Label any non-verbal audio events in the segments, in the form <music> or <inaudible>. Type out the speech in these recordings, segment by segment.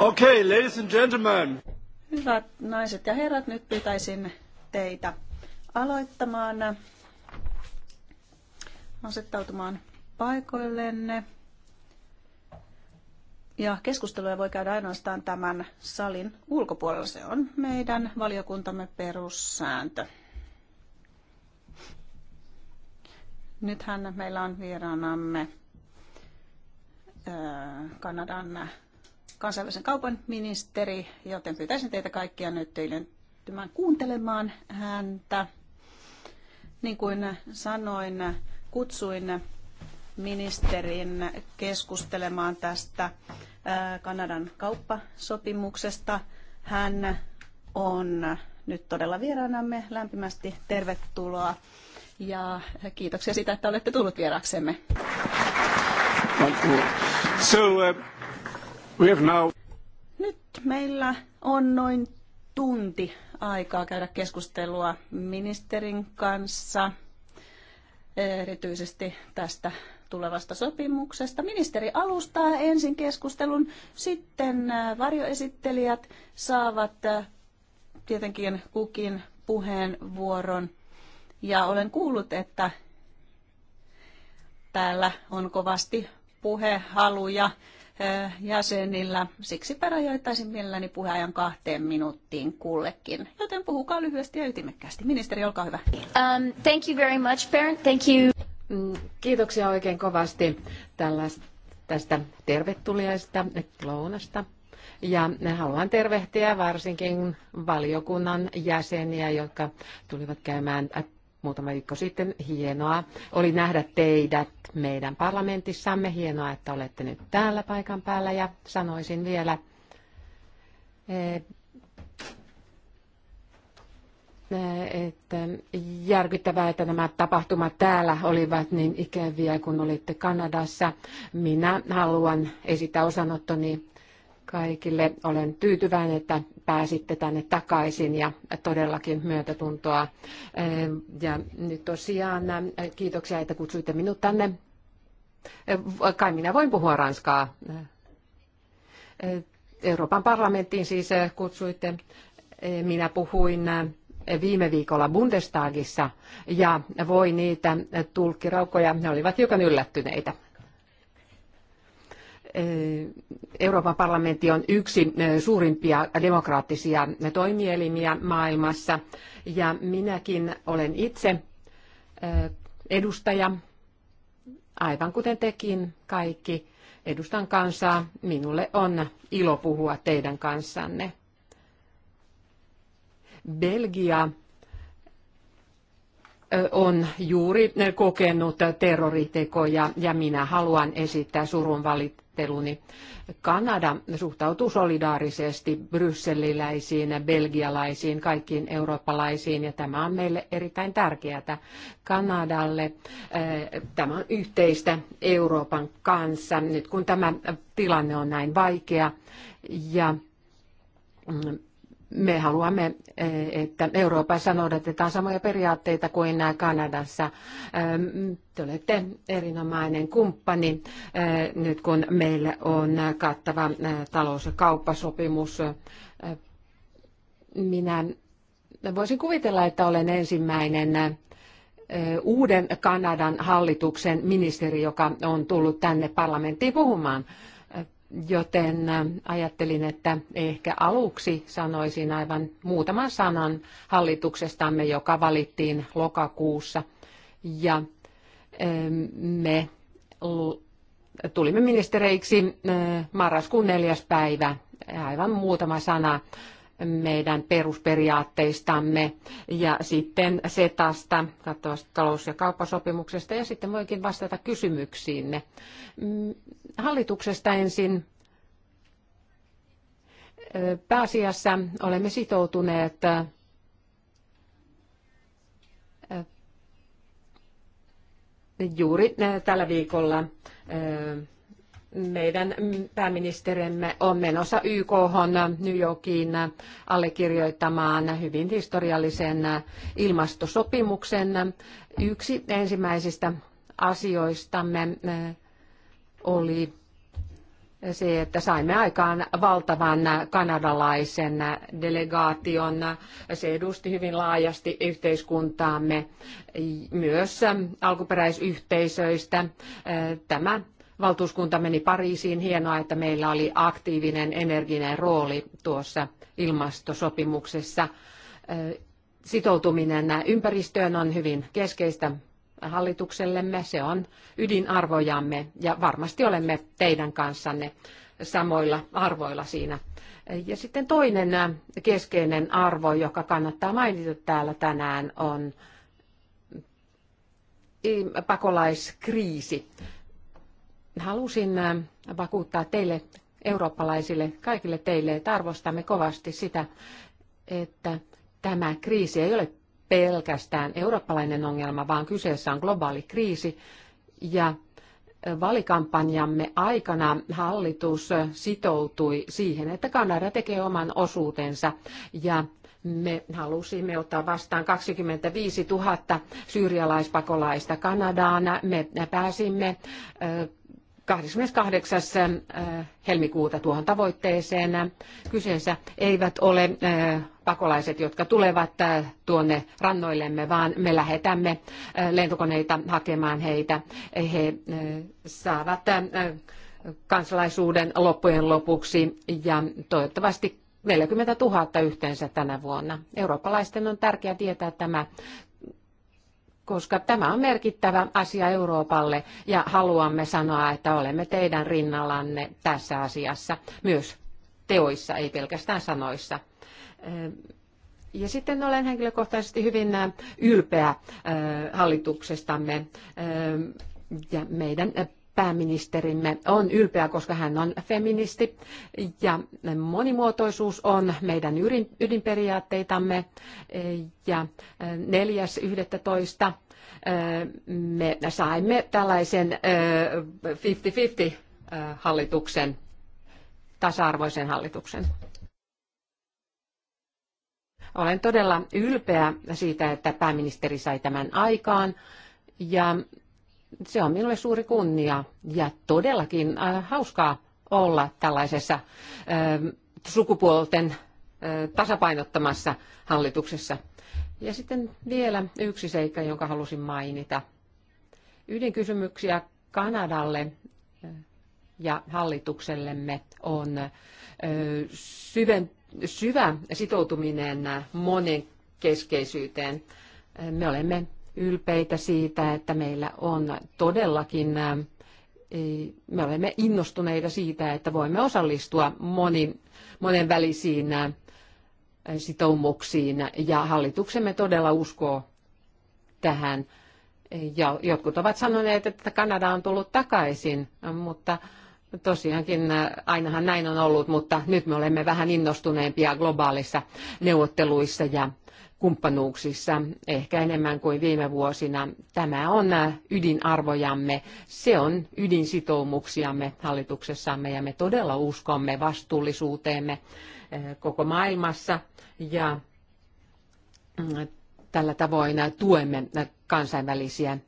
Okay, ladies and gentlemen. Hyvät naiset ja herrat, nyt pyytäisin teitä aloittamaan asettautumaan paikoillenne. Ja keskusteluja voi käydä ainoastaan tämän salin ulkopuolella. Se on meidän valiokuntamme perussääntö. Nythän meillä on vieraanamme Kanadan kansainvälisen kaupan ministeri, joten pyytäisin teitä kaikkia nyt ilmentymään kuuntelemaan häntä. Niin kuin sanoin, kutsuin ministerin keskustelemaan tästä äh, Kanadan kauppasopimuksesta. Hän on nyt todella vieraanamme. Lämpimästi tervetuloa ja kiitoksia siitä, että olette tullut vieraksemme. So, uh, now... Nyt meillä on noin tunti aikaa käydä keskustelua ministerin kanssa, erityisesti tästä tulevasta sopimuksesta. Ministeri alustaa ensin keskustelun, sitten äh, varjoesittelijät saavat äh, tietenkin kukin puheenvuoron. Ja olen kuullut, että täällä on kovasti puhehaluja Eh, jäsenillä. siksi rajoittaisin mielelläni puheajan kahteen minuuttiin kullekin. Joten puhukaa lyhyesti ja ytimekkäästi. Ministeri, olkaa hyvä. Um, thank you very much, Parent. Thank you. Mm, kiitoksia oikein kovasti tällaista, tästä tervetuliaista lounasta. Ja haluan tervehtiä varsinkin valiokunnan jäseniä, jotka tulivat käymään muutama viikko sitten. Hienoa oli nähdä teidät meidän parlamentissamme. Hienoa, että olette nyt täällä paikan päällä ja sanoisin vielä, eh, että järkyttävää, että nämä tapahtumat täällä olivat niin ikäviä, kun olitte Kanadassa. Minä haluan esittää osanottoni kaikille. Olen tyytyväinen, että pääsitte tänne takaisin ja todellakin myötätuntoa. Ehm, ja nyt tosiaan äh, kiitoksia, että kutsuitte minut tänne. Äh, kai minä voin puhua ranskaa. Äh, Euroopan parlamenttiin siis kutsuitte. Minä puhuin viime viikolla Bundestagissa ja voi niitä tulkkiraukkoja, ne olivat hiukan yllättyneitä. Euroopan parlamentti on yksi suurimpia demokraattisia toimielimiä maailmassa ja minäkin olen itse edustaja, aivan kuten tekin kaikki. Edustan kansaa, minulle on ilo puhua teidän kanssanne. Belgia on juuri kokenut terroritekoja ja minä haluan esittää surun niin Kanada suhtautuu solidaarisesti brysseliläisiin, belgialaisiin, kaikkiin eurooppalaisiin ja tämä on meille erittäin tärkeää Kanadalle. Eh, tämä on yhteistä Euroopan kanssa nyt kun tämä tilanne on näin vaikea ja mm, me haluamme, eh, että Euroopassa noudatetaan samoja periaatteita kuin Kanadassa. Ehm, te olette erinomainen kumppani eh, nyt kun meillä on kattava eh, talous- ja kauppasopimus. Minä voisin kuvitella, että olen ensimmäinen uuden Kanadan hallituksen ministeri, joka on tullut tänne parlamenttiin puhumaan Joten ajattelin, että ehkä aluksi sanoisin aivan muutaman sanan hallituksestamme, joka valittiin lokakuussa. Ja me tulimme ministereiksi marraskuun neljäs päivä. Aivan muutama sana meidän perusperiaatteistamme ja sitten SETAsta, kattavasta talous- ja kauppasopimuksesta ja sitten voikin vastata kysymyksiinne. Hallituksesta ensin Pääasiassa olemme sitoutuneet juuri tällä viikolla meidän pääministerimme on menossa YK New Yorkiin allekirjoittamaan hyvin historiallisen ilmastosopimuksen. Yksi ensimmäisistä asioistamme oli se, että saimme aikaan valtavan kanadalaisen delegaation. Se edusti hyvin laajasti yhteiskuntaamme myös alkuperäisyhteisöistä. Tämä valtuuskunta meni Pariisiin. Hienoa, että meillä oli aktiivinen, energinen rooli tuossa ilmastosopimuksessa. Sitoutuminen ympäristöön on hyvin keskeistä hallituksellemme. Se on ydinarvojamme ja varmasti olemme teidän kanssanne samoilla arvoilla siinä. Ja sitten toinen keskeinen arvo, joka kannattaa mainita täällä tänään, on pakolaiskriisi. Halusin äh, vakuuttaa teille eurooppalaisille, kaikille teille, että arvostamme kovasti sitä, että tämä kriisi ei ole pelkästään eurooppalainen ongelma, vaan kyseessä on globaali kriisi. Ja valikampanjamme aikana hallitus sitoutui siihen, että Kanada tekee oman osuutensa ja me halusimme ottaa vastaan 25 000 syyrialaispakolaista Kanadaan. Me pääsimme 28. Eh, helmikuuta tuohon tavoitteeseen. Kyseessä eivät ole eh, pakolaiset, jotka tulevat eh, tuonne rannoillemme, vaan me lähetämme lentokoneita hakemaan heitä. He saavat kansalaisuuden loppujen lopuksi ja toivottavasti 40 000 yhteensä tänä vuonna. Eurooppalaisten on tärkeää tietää tämä, koska tämä on merkittävä asia Euroopalle ja haluamme sanoa, että olemme teidän rinnallanne tässä asiassa myös teoissa, ei pelkästään sanoissa. Ehm, ja sitten olen henkilökohtaisesti hyvin äh, ylpeä äh, hallituksestamme ehm, ja meidän äh, pääministerimme on ylpeä, koska hän on feministi ja monimuotoisuus on meidän ydinperiaatteitamme ja 4.11. Eh, eh, me saimme tällaisen 50-50 eh, hallituksen, tasa-arvoisen hallituksen. Olen todella ylpeä siitä, että pääministeri sai tämän aikaan. Ja se on minulle suuri kunnia ja todellakin äh, hauskaa olla tällaisessa ähm, sukupuolten äh, tasapainottamassa hallituksessa. Ja sitten vielä yksi seikka, jonka halusin mainita. Ydinkysymyksiä Kanadalle äh, ja hallituksellemme on syven, syvä sitoutuminen monen keskeisyyteen Me olemme ylpeitä siitä, että meillä on todellakin, me olemme innostuneita siitä, että voimme osallistua monin, välisiin sitoumuksiin ja hallituksemme todella uskoo tähän. Ja jotkut ovat sanoneet, että Kanada on tullut takaisin, mutta tosiaankin ainahan näin on ollut, mutta nyt me olemme vähän innostuneempia globaalissa neuvotteluissa ja kumppanuuksissa, ehkä enemmän kuin viime vuosina. Tämä on ydinarvojamme, se on ydinsitoumuksiamme hallituksessamme ja me todella uskomme vastuullisuuteemme eh, koko maailmassa ja mm, tällä tavoin tuemme kansainvälisiä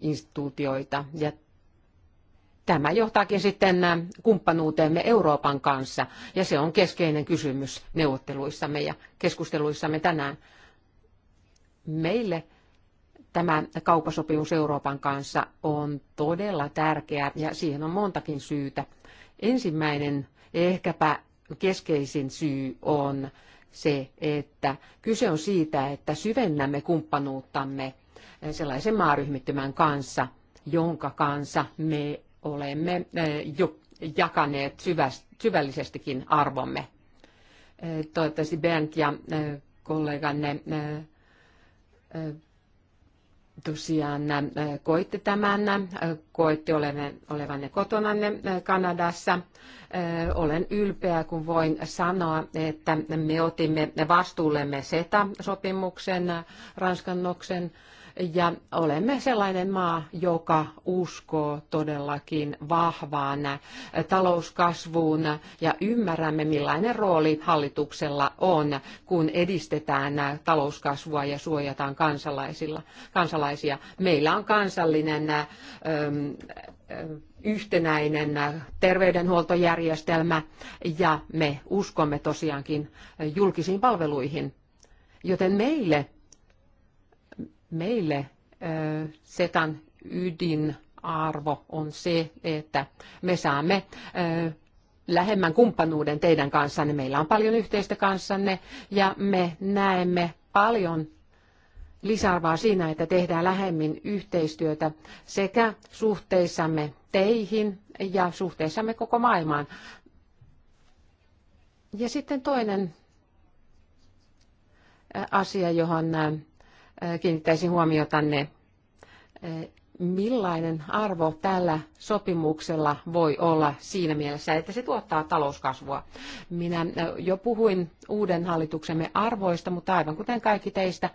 instituutioita ja Tämä johtaakin sitten kumppanuuteemme Euroopan kanssa, ja se on keskeinen kysymys neuvotteluissamme ja keskusteluissamme tänään. Meille tämä kaupasopimus Euroopan kanssa on todella tärkeä, ja siihen on montakin syytä. Ensimmäinen, ehkäpä keskeisin syy on se, että kyse on siitä, että syvennämme kumppanuuttamme sellaisen maaryhmittymän kanssa, jonka kanssa me olemme eh, jo jakaneet syvällisestikin arvomme. Eh, toivottavasti Bernd ja eh, kolleganne tosiaan koitte tämän, koitte olevanne kotonanne Kanadassa. Olen ylpeä, kun voin sanoa, että me otimme vastuullemme SETA-sopimuksen, Ranskan noksen, ja olemme sellainen maa, joka uskoo todellakin vahvaan talouskasvuun ja ymmärrämme, millainen rooli hallituksella on, kun edistetään talouskasvua ja suojataan kansalaisilla, kansalaisia. Meillä on kansallinen ähm, äh, yhtenäinen terveydenhuoltojärjestelmä ja me uskomme tosiaankin julkisiin palveluihin. Joten meille Meille setan ydinarvo on se, että me saamme lähemmän kumppanuuden teidän kanssanne. Meillä on paljon yhteistä kanssanne ja me näemme paljon lisäarvoa siinä, että tehdään lähemmin yhteistyötä sekä suhteissamme teihin ja suhteissamme koko maailmaan. Ja sitten toinen asia, johon kiinnittäisin huomiotanne, millainen arvo tällä sopimuksella voi olla siinä mielessä, että se tuottaa talouskasvua. Minä jo puhuin uuden hallituksemme arvoista, mutta aivan kuten kaikki teistä,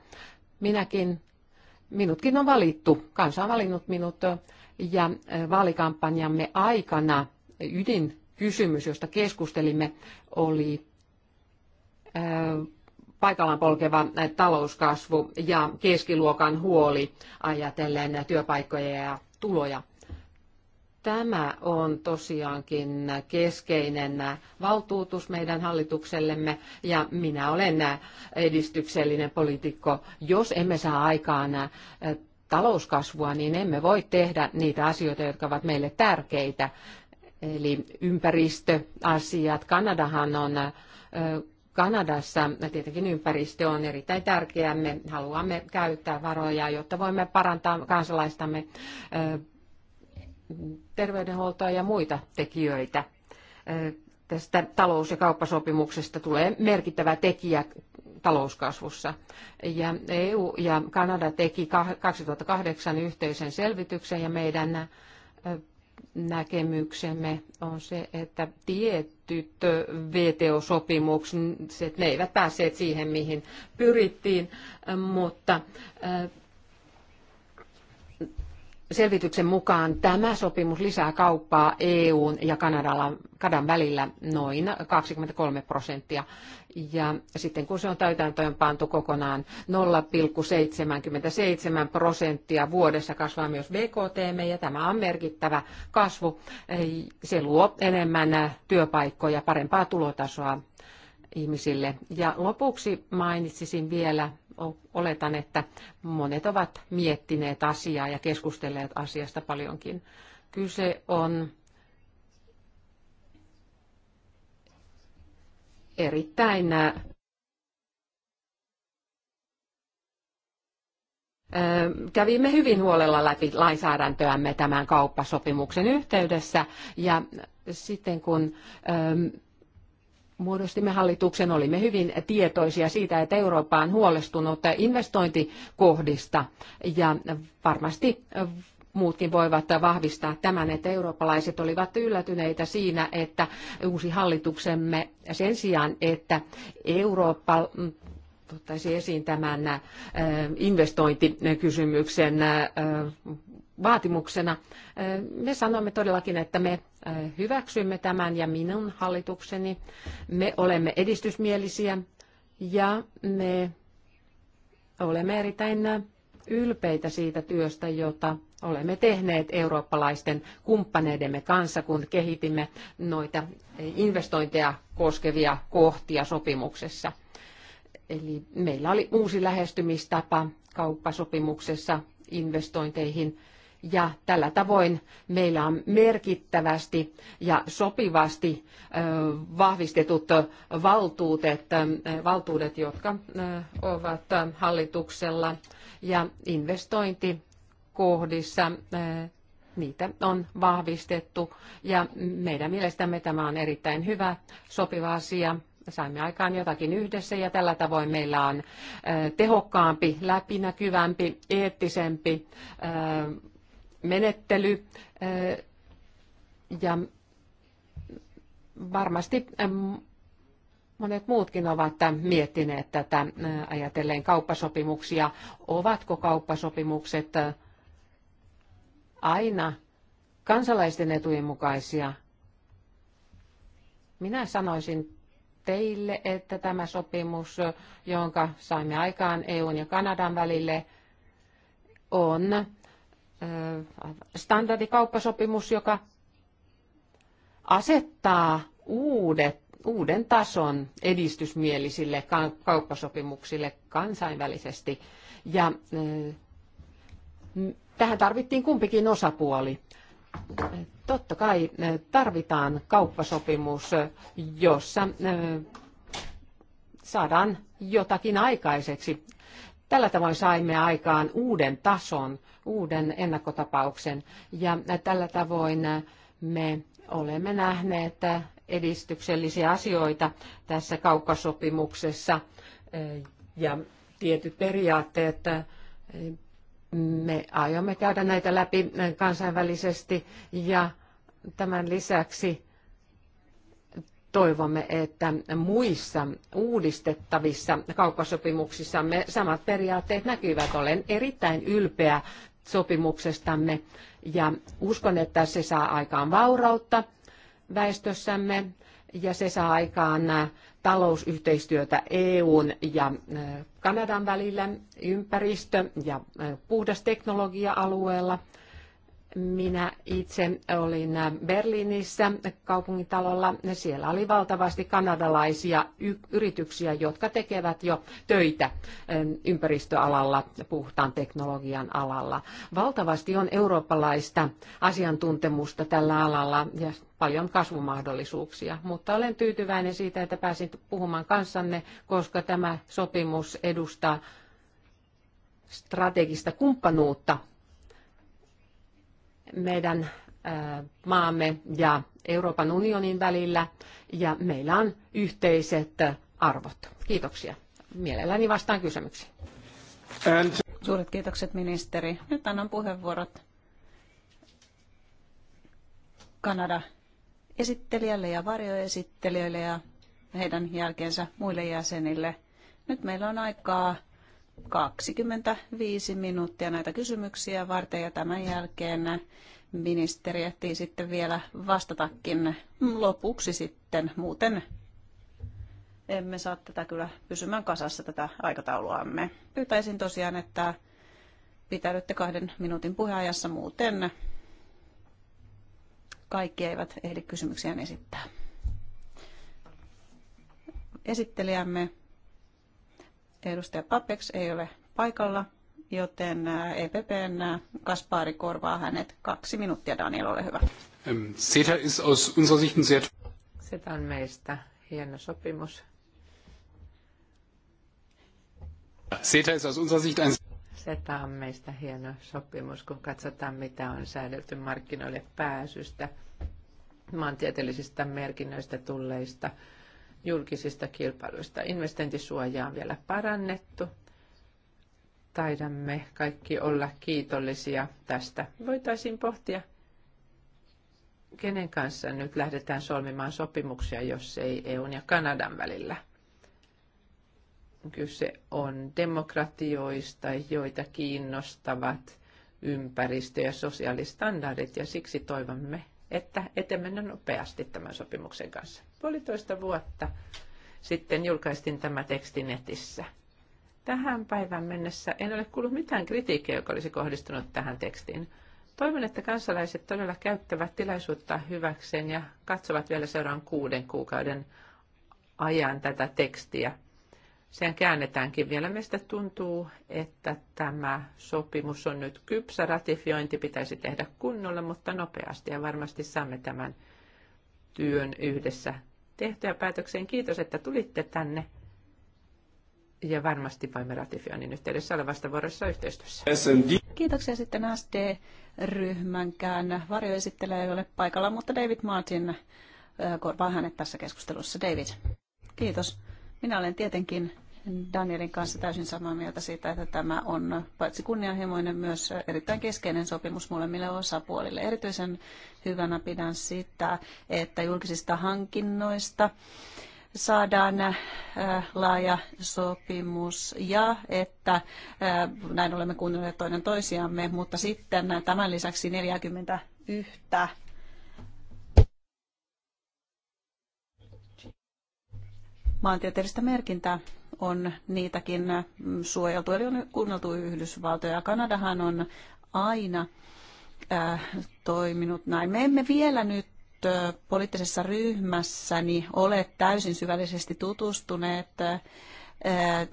minäkin, minutkin on valittu, kansa on valinnut minut, ja vaalikampanjamme aikana ydinkysymys, josta keskustelimme, oli paikallaan polkeva talouskasvu ja keskiluokan huoli ajatellen työpaikkoja ja tuloja. Tämä on tosiaankin keskeinen valtuutus meidän hallituksellemme ja minä olen edistyksellinen poliitikko. Jos emme saa aikaan talouskasvua, niin emme voi tehdä niitä asioita, jotka ovat meille tärkeitä. Eli ympäristöasiat. Kanadahan on Kanadassa tietenkin ympäristö on erittäin tärkeää. Me haluamme käyttää varoja, jotta voimme parantaa kansalaistamme terveydenhuoltoa ja muita tekijöitä. Tästä talous- ja kauppasopimuksesta tulee merkittävä tekijä talouskasvussa. Ja EU ja Kanada teki 2008 yhteisen selvityksen ja meidän näkemyksemme on se, että tietyt VTO-sopimukset, ne eivät päässeet siihen, mihin pyrittiin, mutta äh, selvityksen mukaan tämä sopimus lisää kauppaa EUn ja Kanadan välillä noin 23 prosenttia ja sitten kun se on täytäntöön pantu kokonaan 0,77 prosenttia vuodessa kasvaa myös BKT, ja tämä on merkittävä kasvu. Se luo enemmän työpaikkoja, parempaa tulotasoa ihmisille. Ja lopuksi mainitsisin vielä, oletan, että monet ovat miettineet asiaa ja keskustelleet asiasta paljonkin. Kyse on erittäin Kävimme hyvin huolella läpi lainsäädäntöämme tämän kauppasopimuksen yhteydessä ja sitten kun muodostimme hallituksen, olimme hyvin tietoisia siitä, että Eurooppa on huolestunut investointikohdista ja varmasti muutkin voivat vahvistaa tämän, että eurooppalaiset olivat yllätyneitä siinä, että uusi hallituksemme sen sijaan, että Eurooppa ottaisi esiin tämän äh, investointikysymyksen äh, vaatimuksena. Äh, me sanomme todellakin, että me hyväksymme tämän ja minun hallitukseni. Me olemme edistysmielisiä ja me olemme erittäin ylpeitä siitä työstä, jota olemme tehneet eurooppalaisten kumppaneidemme kanssa, kun kehitimme noita investointeja koskevia kohtia sopimuksessa. Eli meillä oli uusi lähestymistapa kauppasopimuksessa investointeihin ja tällä tavoin meillä on merkittävästi ja sopivasti vahvistetut valtuudet, valtuudet jotka ovat hallituksella ja investointikohdissa niitä on vahvistettu ja meidän mielestämme tämä on erittäin hyvä, sopiva asia. Saimme aikaan jotakin yhdessä ja tällä tavoin meillä on tehokkaampi, läpinäkyvämpi, eettisempi menettely ja varmasti monet muutkin ovat miettineet tätä ajatellen kauppasopimuksia. Ovatko kauppasopimukset aina kansalaisten etujen mukaisia? Minä sanoisin teille, että tämä sopimus, jonka saimme aikaan EUn ja Kanadan välille, on standardikauppasopimus, joka asettaa uudet, uuden tason edistysmielisille kauppasopimuksille kansainvälisesti. Ja tähän tarvittiin kumpikin osapuoli. Totta kai tarvitaan kauppasopimus, jossa saadaan jotakin aikaiseksi Tällä tavoin saimme aikaan uuden tason, uuden ennakkotapauksen ja tällä tavoin me olemme nähneet edistyksellisiä asioita tässä kauppasopimuksessa ja tietyt periaatteet. Me aiomme käydä näitä läpi kansainvälisesti ja tämän lisäksi toivomme, että muissa uudistettavissa kauppasopimuksissamme samat periaatteet näkyvät. Olen erittäin ylpeä sopimuksestamme ja uskon, että se saa aikaan vaurautta väestössämme ja se saa aikaan talousyhteistyötä EUn ja äh, Kanadan välillä ympäristö- ja äh, teknologia alueella minä itse olin Berliinissä kaupungintalolla. Siellä oli valtavasti kanadalaisia yrityksiä, jotka tekevät jo töitä ympäristöalalla, puhtaan teknologian alalla. Valtavasti on eurooppalaista asiantuntemusta tällä alalla ja paljon kasvumahdollisuuksia, mutta olen tyytyväinen siitä, että pääsin puhumaan kanssanne, koska tämä sopimus edustaa strategista kumppanuutta meidän maamme ja Euroopan unionin välillä ja meillä on yhteiset arvot. Kiitoksia. Mielelläni vastaan kysymyksiin. And... Suuret kiitokset ministeri. Nyt annan puheenvuorot Kanada esittelijälle ja varjoesittelijöille ja heidän jälkeensä muille jäsenille. Nyt meillä on aikaa 25 minuuttia näitä kysymyksiä varten ja tämän jälkeen ministeri ehtii sitten vielä vastatakin lopuksi sitten. Muuten emme saa tätä kyllä pysymään kasassa tätä aikatauluamme. Pyytäisin tosiaan, että pitäydytte kahden minuutin puheajassa muuten. Kaikki eivät ehdi kysymyksiään esittää. Esittelijämme Edustaja Papeks ei ole paikalla, joten EPPn Kaspaari korvaa hänet. Kaksi minuuttia, Daniel, ole hyvä. CETA ähm, ist aus unserer Sicht ein sehr... CETA on meistä hieno sopimus. CETA ist aus unserer Sicht ein... CETA on meistä hieno sopimus, kun katsotaan, mitä on säädelty markkinoille pääsystä, maantieteellisistä merkinnöistä tulleista julkisista kilpailuista. Investointisuojaa on vielä parannettu. Taidamme kaikki olla kiitollisia tästä. Voitaisiin pohtia, kenen kanssa nyt lähdetään solmimaan sopimuksia, jos ei EUn ja Kanadan välillä. Kyse on demokratioista, joita kiinnostavat ympäristö- ja sosiaalistandardit, ja siksi toivomme että etemme nopeasti tämän sopimuksen kanssa. Puolitoista vuotta sitten julkaistiin tämä teksti netissä. Tähän päivän mennessä en ole kuullut mitään kritiikkiä, joka olisi kohdistunut tähän tekstiin. Toivon, että kansalaiset todella käyttävät tilaisuutta hyväkseen ja katsovat vielä seuraavan kuuden kuukauden ajan tätä tekstiä sen käännetäänkin vielä. Meistä tuntuu, että tämä sopimus on nyt kypsä. Ratifiointi pitäisi tehdä kunnolla, mutta nopeasti ja varmasti saamme tämän työn yhdessä tehtyä päätökseen. Kiitos, että tulitte tänne. Ja varmasti voimme ratifioinnin yhteydessä olla vastavuorossa yhteistyössä. Kiitoksia sitten SD-ryhmänkään. Varjoesittelijä ei ole paikalla, mutta David Martin korvaa hänet tässä keskustelussa. David, kiitos. Minä olen tietenkin Danielin kanssa täysin samaa mieltä siitä, että tämä on paitsi kunnianhimoinen myös erittäin keskeinen sopimus molemmille osapuolille. Erityisen hyvänä pidän sitä, että julkisista hankinnoista saadaan äh, laaja sopimus ja että äh, näin olemme kuunnelleet toinen toisiamme, mutta sitten tämän lisäksi 41 maantieteellistä merkintää on niitäkin mm, suojeltu, eli on kuunneltu Yhdysvaltoja. Kanadahan on aina äh, toiminut näin. Me emme vielä nyt äh, poliittisessa ryhmässäni ole täysin syvällisesti tutustuneet äh,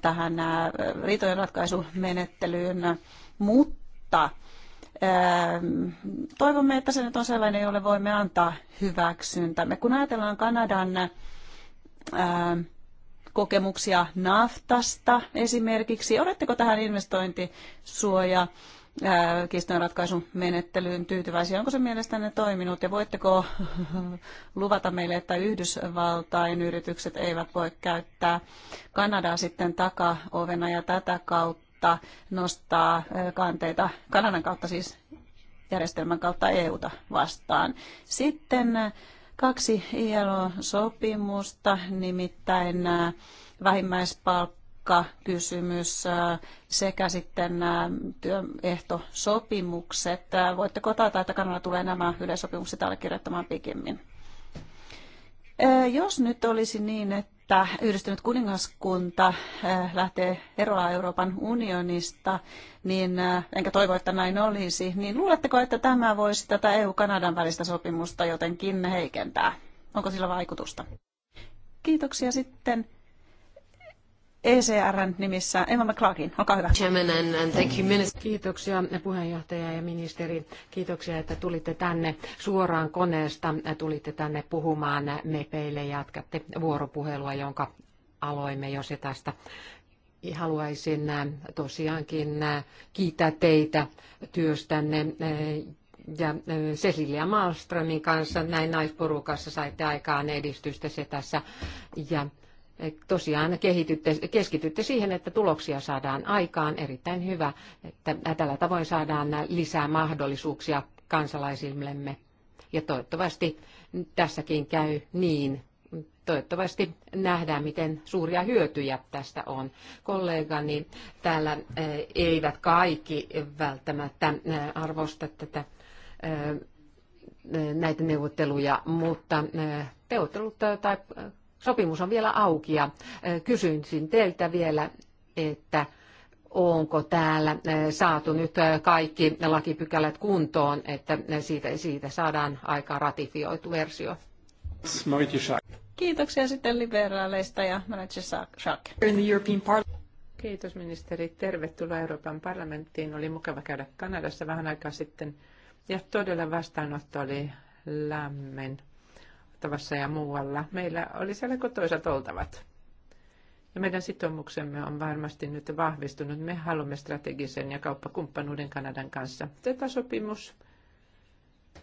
tähän äh, riitojen ratkaisumenettelyyn, mutta äh, toivomme, että se nyt on sellainen, jolle voimme antaa hyväksyntämme. Kun ajatellaan Kanadan äh, kokemuksia naftasta esimerkiksi. Oletteko tähän investointisuoja menettelyyn tyytyväisiä? Onko se mielestänne toiminut ja voitteko <laughs> luvata meille, että Yhdysvaltain yritykset eivät voi käyttää Kanadaa sitten takaovena ja tätä kautta nostaa kanteita Kanadan kautta siis järjestelmän kautta EUta vastaan. Sitten kaksi ILO-sopimusta, nimittäin äh, vähimmäispalkkakysymys äh, sekä sitten äh, työehtosopimukset. Voitteko taata, että Kanada tulee nämä yleissopimukset allekirjoittamaan pikemmin? Jos nyt olisi niin, että että yhdistynyt kuningaskunta eh, lähtee eroa Euroopan unionista, niin eh, enkä toivo, että näin olisi, niin luuletteko, että tämä voisi tätä EU-Kanadan välistä sopimusta jotenkin heikentää? Onko sillä vaikutusta? Kiitoksia sitten ECRn nimissä Emma McClarkin. Olkaa hyvä. Kiitoksia puheenjohtaja ja ministeri. Kiitoksia, että tulitte tänne suoraan koneesta. Tulitte tänne puhumaan mepeille. Jatkatte vuoropuhelua, jonka aloimme jo se tästä haluaisin tosiaankin kiittää teitä työstänne ja Cecilia Malmströmin kanssa näin naisporukassa saitte aikaan edistystä se tässä ja tosiaan kehitytte, keskitytte siihen, että tuloksia saadaan aikaan. Erittäin hyvä, että tällä tavoin saadaan lisää mahdollisuuksia kansalaisillemme. Ja toivottavasti tässäkin käy niin. Toivottavasti nähdään, miten suuria hyötyjä tästä on. Kollegani täällä eivät kaikki välttämättä arvosta tätä, näitä neuvotteluja, mutta neuvottelut tai sopimus on vielä auki ja kysyisin teiltä vielä, että onko täällä saatu nyt kaikki lakipykälät kuntoon, että siitä, siitä saadaan aika ratifioitu versio. Kiitoksia sitten liberaaleista ja manager Kiitos ministeri. Tervetuloa Euroopan parlamenttiin. Oli mukava käydä Kanadassa vähän aikaa sitten ja todella vastaanotto oli lämmin tavassa ja muualla. Meillä oli siellä kotoisat oltavat. Ja meidän sitoumuksemme on varmasti nyt vahvistunut. Me haluamme strategisen ja kauppakumppanuuden Kanadan kanssa. Tätä sopimus,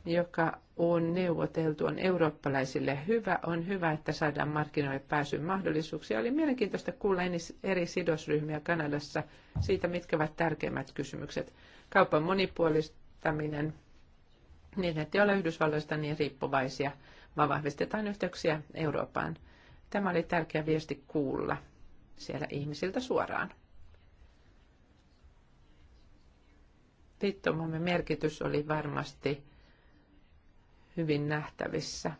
joka on neuvoteltu, on eurooppalaisille hyvä. On hyvä, että saadaan markkinoille pääsyn mahdollisuuksia. Oli mielenkiintoista kuulla eri sidosryhmiä Kanadassa siitä, mitkä ovat tärkeimmät kysymykset. Kaupan monipuolistaminen, niin, että olla Yhdysvalloista niin riippuvaisia, vaan vahvistetaan yhteyksiä Eurooppaan. Tämä oli tärkeä viesti kuulla siellä ihmisiltä suoraan. Liittomamme merkitys oli varmasti hyvin nähtävissä.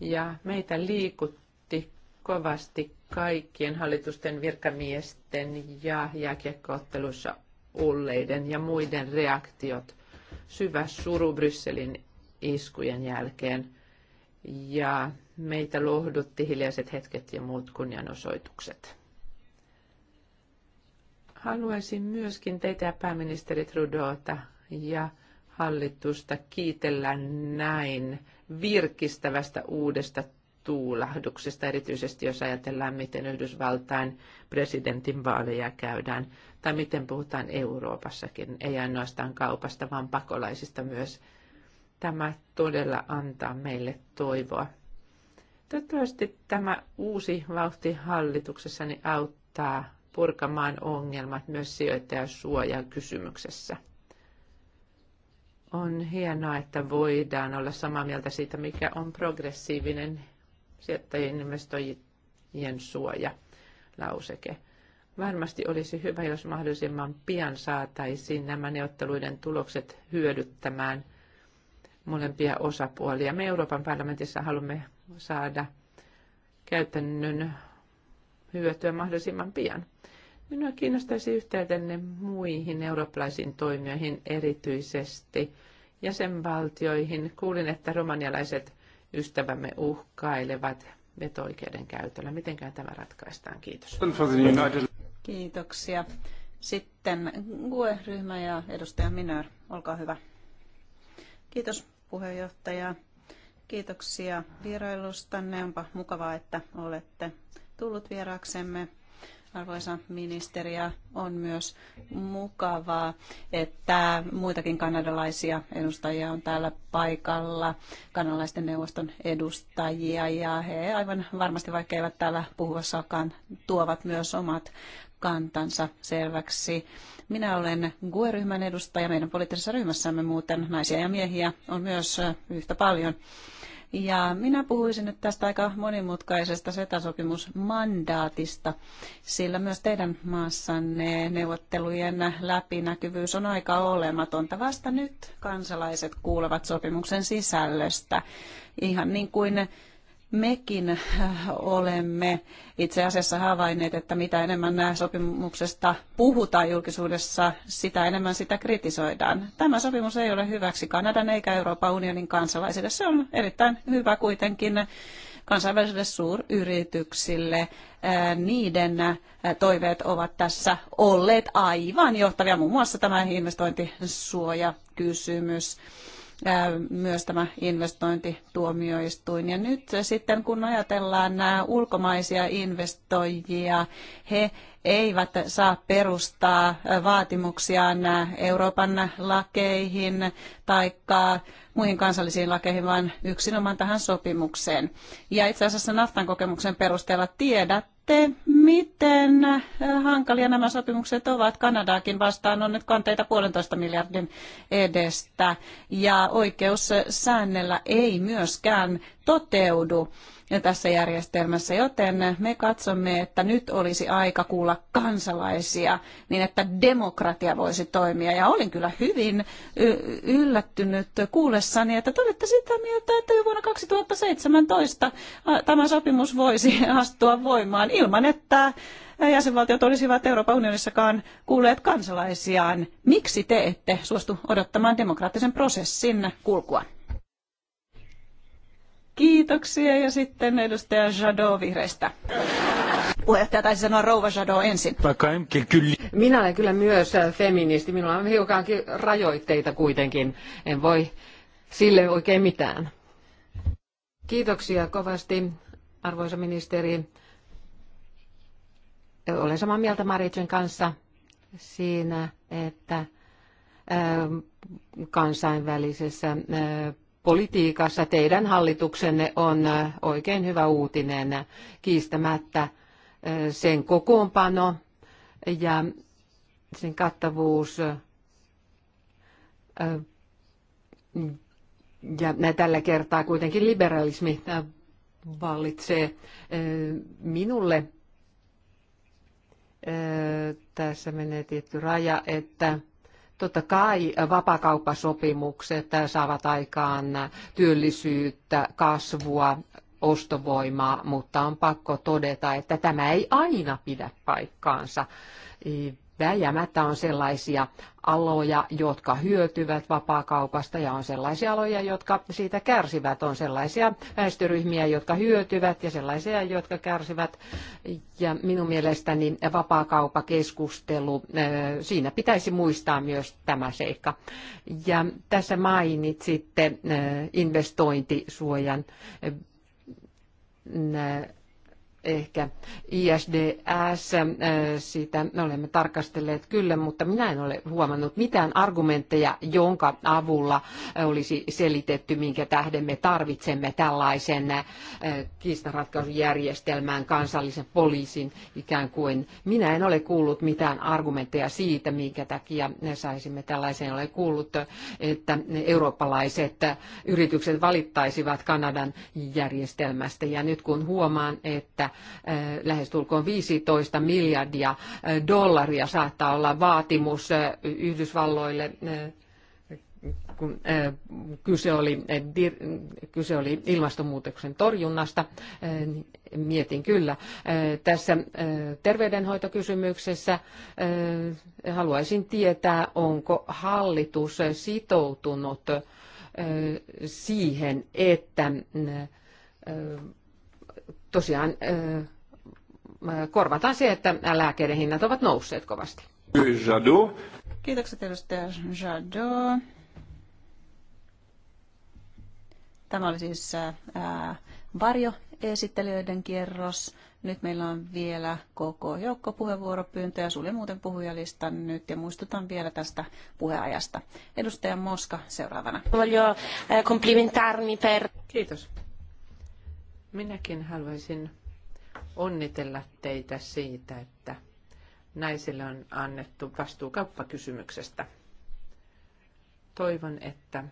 Ja meitä liikutti kovasti kaikkien hallitusten virkamiesten ja jääkiekkootteluissa olleiden ja muiden reaktiot – syvä suru Brysselin iskujen jälkeen ja meitä lohdutti hiljaiset hetket ja muut kunnianosoitukset. Haluaisin myöskin teitä ja pääministeri Trudeauta ja hallitusta kiitellä näin virkistävästä uudesta tuulahduksesta, erityisesti jos ajatellaan, miten Yhdysvaltain presidentin vaaleja käydään tai miten puhutaan Euroopassakin, ei ainoastaan kaupasta, vaan pakolaisista myös. Tämä todella antaa meille toivoa. Toivottavasti tämä uusi vauhti hallituksessani auttaa purkamaan ongelmat myös sijoittajasuojan kysymyksessä. On hienoa, että voidaan olla samaa mieltä siitä, mikä on progressiivinen sijoittajien investoijien suoja lauseke. Varmasti olisi hyvä, jos mahdollisimman pian saataisiin nämä neuvotteluiden tulokset hyödyttämään molempia osapuolia. Me Euroopan parlamentissa haluamme saada käytännön hyötyä mahdollisimman pian. Minua kiinnostaisi yhteytenne muihin eurooppalaisiin toimijoihin erityisesti jäsenvaltioihin. Kuulin, että romanialaiset ystävämme uhkailevat veto-oikeuden käytöllä. Mitenkään tämä ratkaistaan? Kiitos. Kiitoksia. Sitten GUE-ryhmä ja edustaja Minör, olkaa hyvä. Kiitos puheenjohtaja. Kiitoksia vierailustanne. Onpa mukavaa, että olette tullut vieraaksemme. Arvoisa ministeri, on myös mukavaa, että muitakin kanadalaisia edustajia on täällä paikalla, kanadalaisten neuvoston edustajia, ja he aivan varmasti, vaikka eivät täällä puhua tuovat myös omat kantansa selväksi. Minä olen GUE-ryhmän edustaja. Meidän poliittisessa ryhmässämme muuten naisia ja miehiä on myös yhtä paljon. Ja minä puhuisin nyt tästä aika monimutkaisesta setasopimusmandaatista, sillä myös teidän maassanne neuvottelujen läpinäkyvyys on aika olematonta. Vasta nyt kansalaiset kuulevat sopimuksen sisällöstä, ihan niin kuin mekin äh, olemme itse asiassa havainneet, että mitä enemmän nämä sopimuksesta puhutaan julkisuudessa, sitä enemmän sitä kritisoidaan. Tämä sopimus ei ole hyväksi Kanadan eikä Euroopan unionin kansalaisille. Se on erittäin hyvä kuitenkin kansainvälisille suuryrityksille. Äh, niiden äh, toiveet ovat tässä olleet aivan johtavia, muun muassa tämä investointisuojakysymys. kysymys myös tämä investointituomioistuin. Ja nyt sitten kun ajatellaan nämä ulkomaisia investoijia, he eivät saa perustaa vaatimuksiaan Euroopan lakeihin tai muihin kansallisiin lakeihin, vaan yksinomaan tähän sopimukseen. Ja itse asiassa Naftan kokemuksen perusteella tiedät, sitten, miten äh, hankalia nämä sopimukset ovat. Kanadaakin vastaan on nyt kanteita puolentoista miljardin edestä ja oikeus säännellä ei myöskään toteudu tässä järjestelmässä, joten me katsomme, että nyt olisi aika kuulla kansalaisia niin, että demokratia voisi toimia. Ja olin kyllä hyvin yllättynyt kuullessani, että te olette sitä mieltä, että jo vuonna 2017 tämä sopimus voisi <laughs> astua voimaan ilman, että jäsenvaltiot olisivat Euroopan unionissakaan kuulleet kansalaisiaan. Miksi te ette suostu odottamaan demokraattisen prosessin kulkua? Kiitoksia ja sitten edustaja Jadot vihreistä. Puheenjohtaja taisi sanoa rouva Jadot ensin. Minä olen kyllä myös äh, feministi. Minulla on hiukankin rajoitteita kuitenkin. En voi sille oikein mitään. Kiitoksia kovasti, arvoisa ministeri. Olen samaa mieltä Maritsen kanssa siinä, että äh, kansainvälisessä äh, politiikassa teidän hallituksenne on oikein hyvä uutinen kiistämättä sen kokoonpano ja sen kattavuus ja tällä kertaa kuitenkin liberalismi vallitsee minulle. Tässä menee tietty raja, että Totta kai vapakauppasopimukset saavat aikaan työllisyyttä, kasvua, ostovoimaa, mutta on pakko todeta, että tämä ei aina pidä paikkaansa. Vääjäämättä on sellaisia aloja, jotka hyötyvät vapaakaupasta ja on sellaisia aloja, jotka siitä kärsivät. On sellaisia väestöryhmiä, jotka hyötyvät ja sellaisia, jotka kärsivät. Ja minun mielestäni vapaakaupakeskustelu, siinä pitäisi muistaa myös tämä seikka. Ja tässä mainitsitte investointisuojan ehkä ISDS, äh, sitä me olemme tarkastelleet kyllä, mutta minä en ole huomannut mitään argumentteja, jonka avulla olisi selitetty, minkä tähden me tarvitsemme tällaisen äh, kiistanratkaisujärjestelmään kansallisen poliisin ikään kuin. Minä en ole kuullut mitään argumentteja siitä, minkä takia me saisimme tällaisen. Olen kuullut, että eurooppalaiset yritykset valittaisivat Kanadan järjestelmästä ja nyt kun huomaan, että lähestulkoon 15 miljardia dollaria saattaa olla vaatimus Yhdysvalloille kun kyse oli, kyse oli ilmastonmuutoksen torjunnasta, mietin kyllä. Tässä terveydenhoitokysymyksessä haluaisin tietää, onko hallitus sitoutunut siihen, että tosiaan korvataan se, että lääkkeiden hinnat ovat nousseet kovasti. Kiitokset edustaja Jadot. Tämä oli siis ää, varjoesittelijöiden kierros. Nyt meillä on vielä koko joukko puheenvuoropyyntöjä. Sulje muuten puhujalista nyt ja muistutan vielä tästä puheajasta. Edustaja Moska seuraavana. Kiitos. Minäkin haluaisin onnitella teitä siitä, että naisille on annettu vastuu kauppakysymyksestä. Toivon, että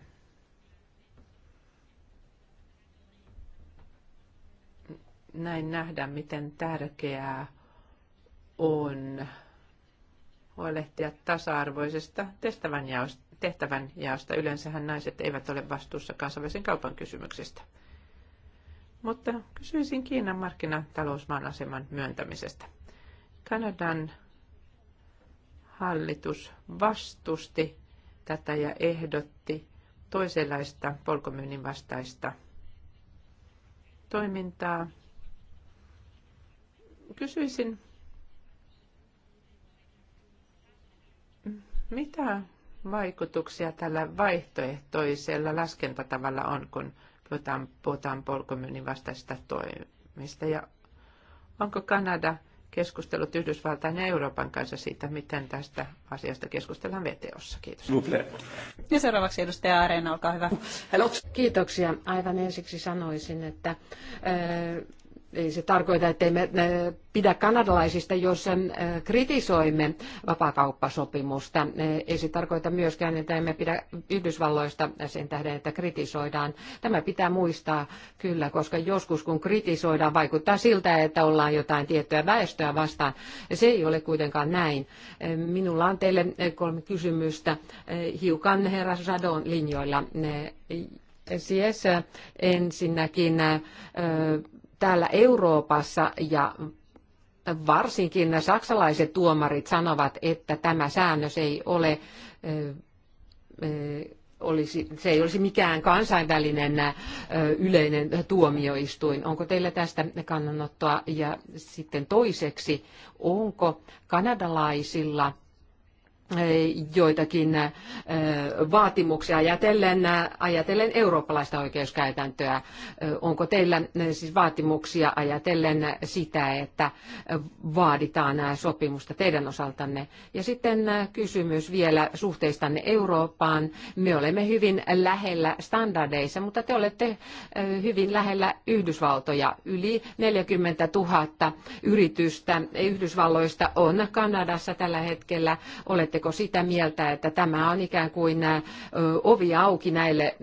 näin nähdään, miten tärkeää on huolehtia tasa-arvoisesta tehtävänjaosta. tehtävänjaosta. Yleensähän naiset eivät ole vastuussa kansainvälisen kaupan kysymyksistä mutta kysyisin Kiinan markkinatalousmaan aseman myöntämisestä. Kanadan hallitus vastusti tätä ja ehdotti toisenlaista polkomyynnin vastaista toimintaa. Kysyisin, mitä vaikutuksia tällä vaihtoehtoisella laskentatavalla on, kun puhutaan, puhutaan polkumyynnin vastaista toimista. Ja onko Kanada keskustellut Yhdysvaltain ja Euroopan kanssa siitä, miten tästä asiasta keskustellaan VTOssa. Kiitos. Ja seuraavaksi edustaja Areena, olkaa hyvä. Hello. Kiitoksia. Aivan ensiksi sanoisin, että ei se tarkoita, että me pidä kanadalaisista, jos kritisoimme vapakauppasopimusta. Ei se tarkoita myöskään, että emme pidä Yhdysvalloista sen tähden, että kritisoidaan. Tämä pitää muistaa kyllä, koska joskus kun kritisoidaan, vaikuttaa siltä, että ollaan jotain tiettyä väestöä vastaan. Se ei ole kuitenkaan näin. Minulla on teille kolme kysymystä hiukan herra Sadon linjoilla. Siis ensinnäkin täällä Euroopassa ja varsinkin saksalaiset tuomarit sanovat, että tämä säännös ei ole, olisi, se ei olisi mikään kansainvälinen yleinen tuomioistuin. Onko teillä tästä kannanottoa? Ja sitten toiseksi, onko kanadalaisilla – Eh, joitakin eh, vaatimuksia ajatellen, eh, ajatellen eurooppalaista oikeuskäytäntöä. Onko teillä siis vaatimuksia ajatellen sitä, että vaaditaan sopimusta teidän osaltanne? Ja sitten kysymys vielä suhteistanne Eurooppaan. Me olemme hyvin lähellä standardeissa, mutta te olette hyvin lähellä Yhdysvaltoja. Yli 40 000 yritystä Yhdysvalloista on Kanadassa tällä hetkellä. Olette oletteko sitä mieltä, että tämä on ikään kuin ovi auki näille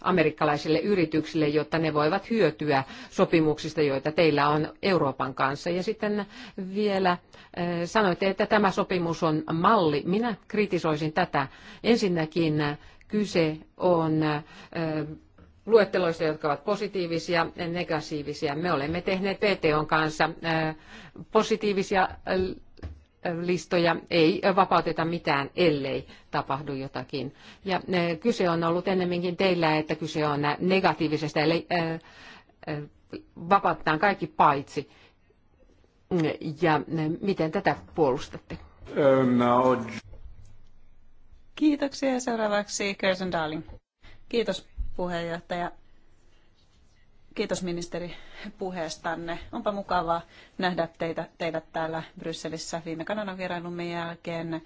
amerikkalaisille yrityksille, jotta ne voivat hyötyä sopimuksista, joita teillä on Euroopan kanssa? Ja sitten vielä sanoitte, että tämä sopimus on malli. Minä kritisoisin tätä. Ensinnäkin kyse on luetteloista, jotka ovat positiivisia ja negatiivisia. Me olemme tehneet VTOn kanssa positiivisia listoja ei vapauteta mitään, ellei tapahdu jotakin. Ja kyse on ollut ennemminkin teillä, että kyse on negatiivisesta, eli vapautetaan kaikki paitsi. Ja miten tätä puolustatte? Kiitoksia. Seuraavaksi Kirsten Darling. Kiitos puheenjohtaja. Kiitos ministeri puheestanne. Onpa mukavaa nähdä teitä, teidät täällä Brysselissä viime kanavan vierailun jälkeen.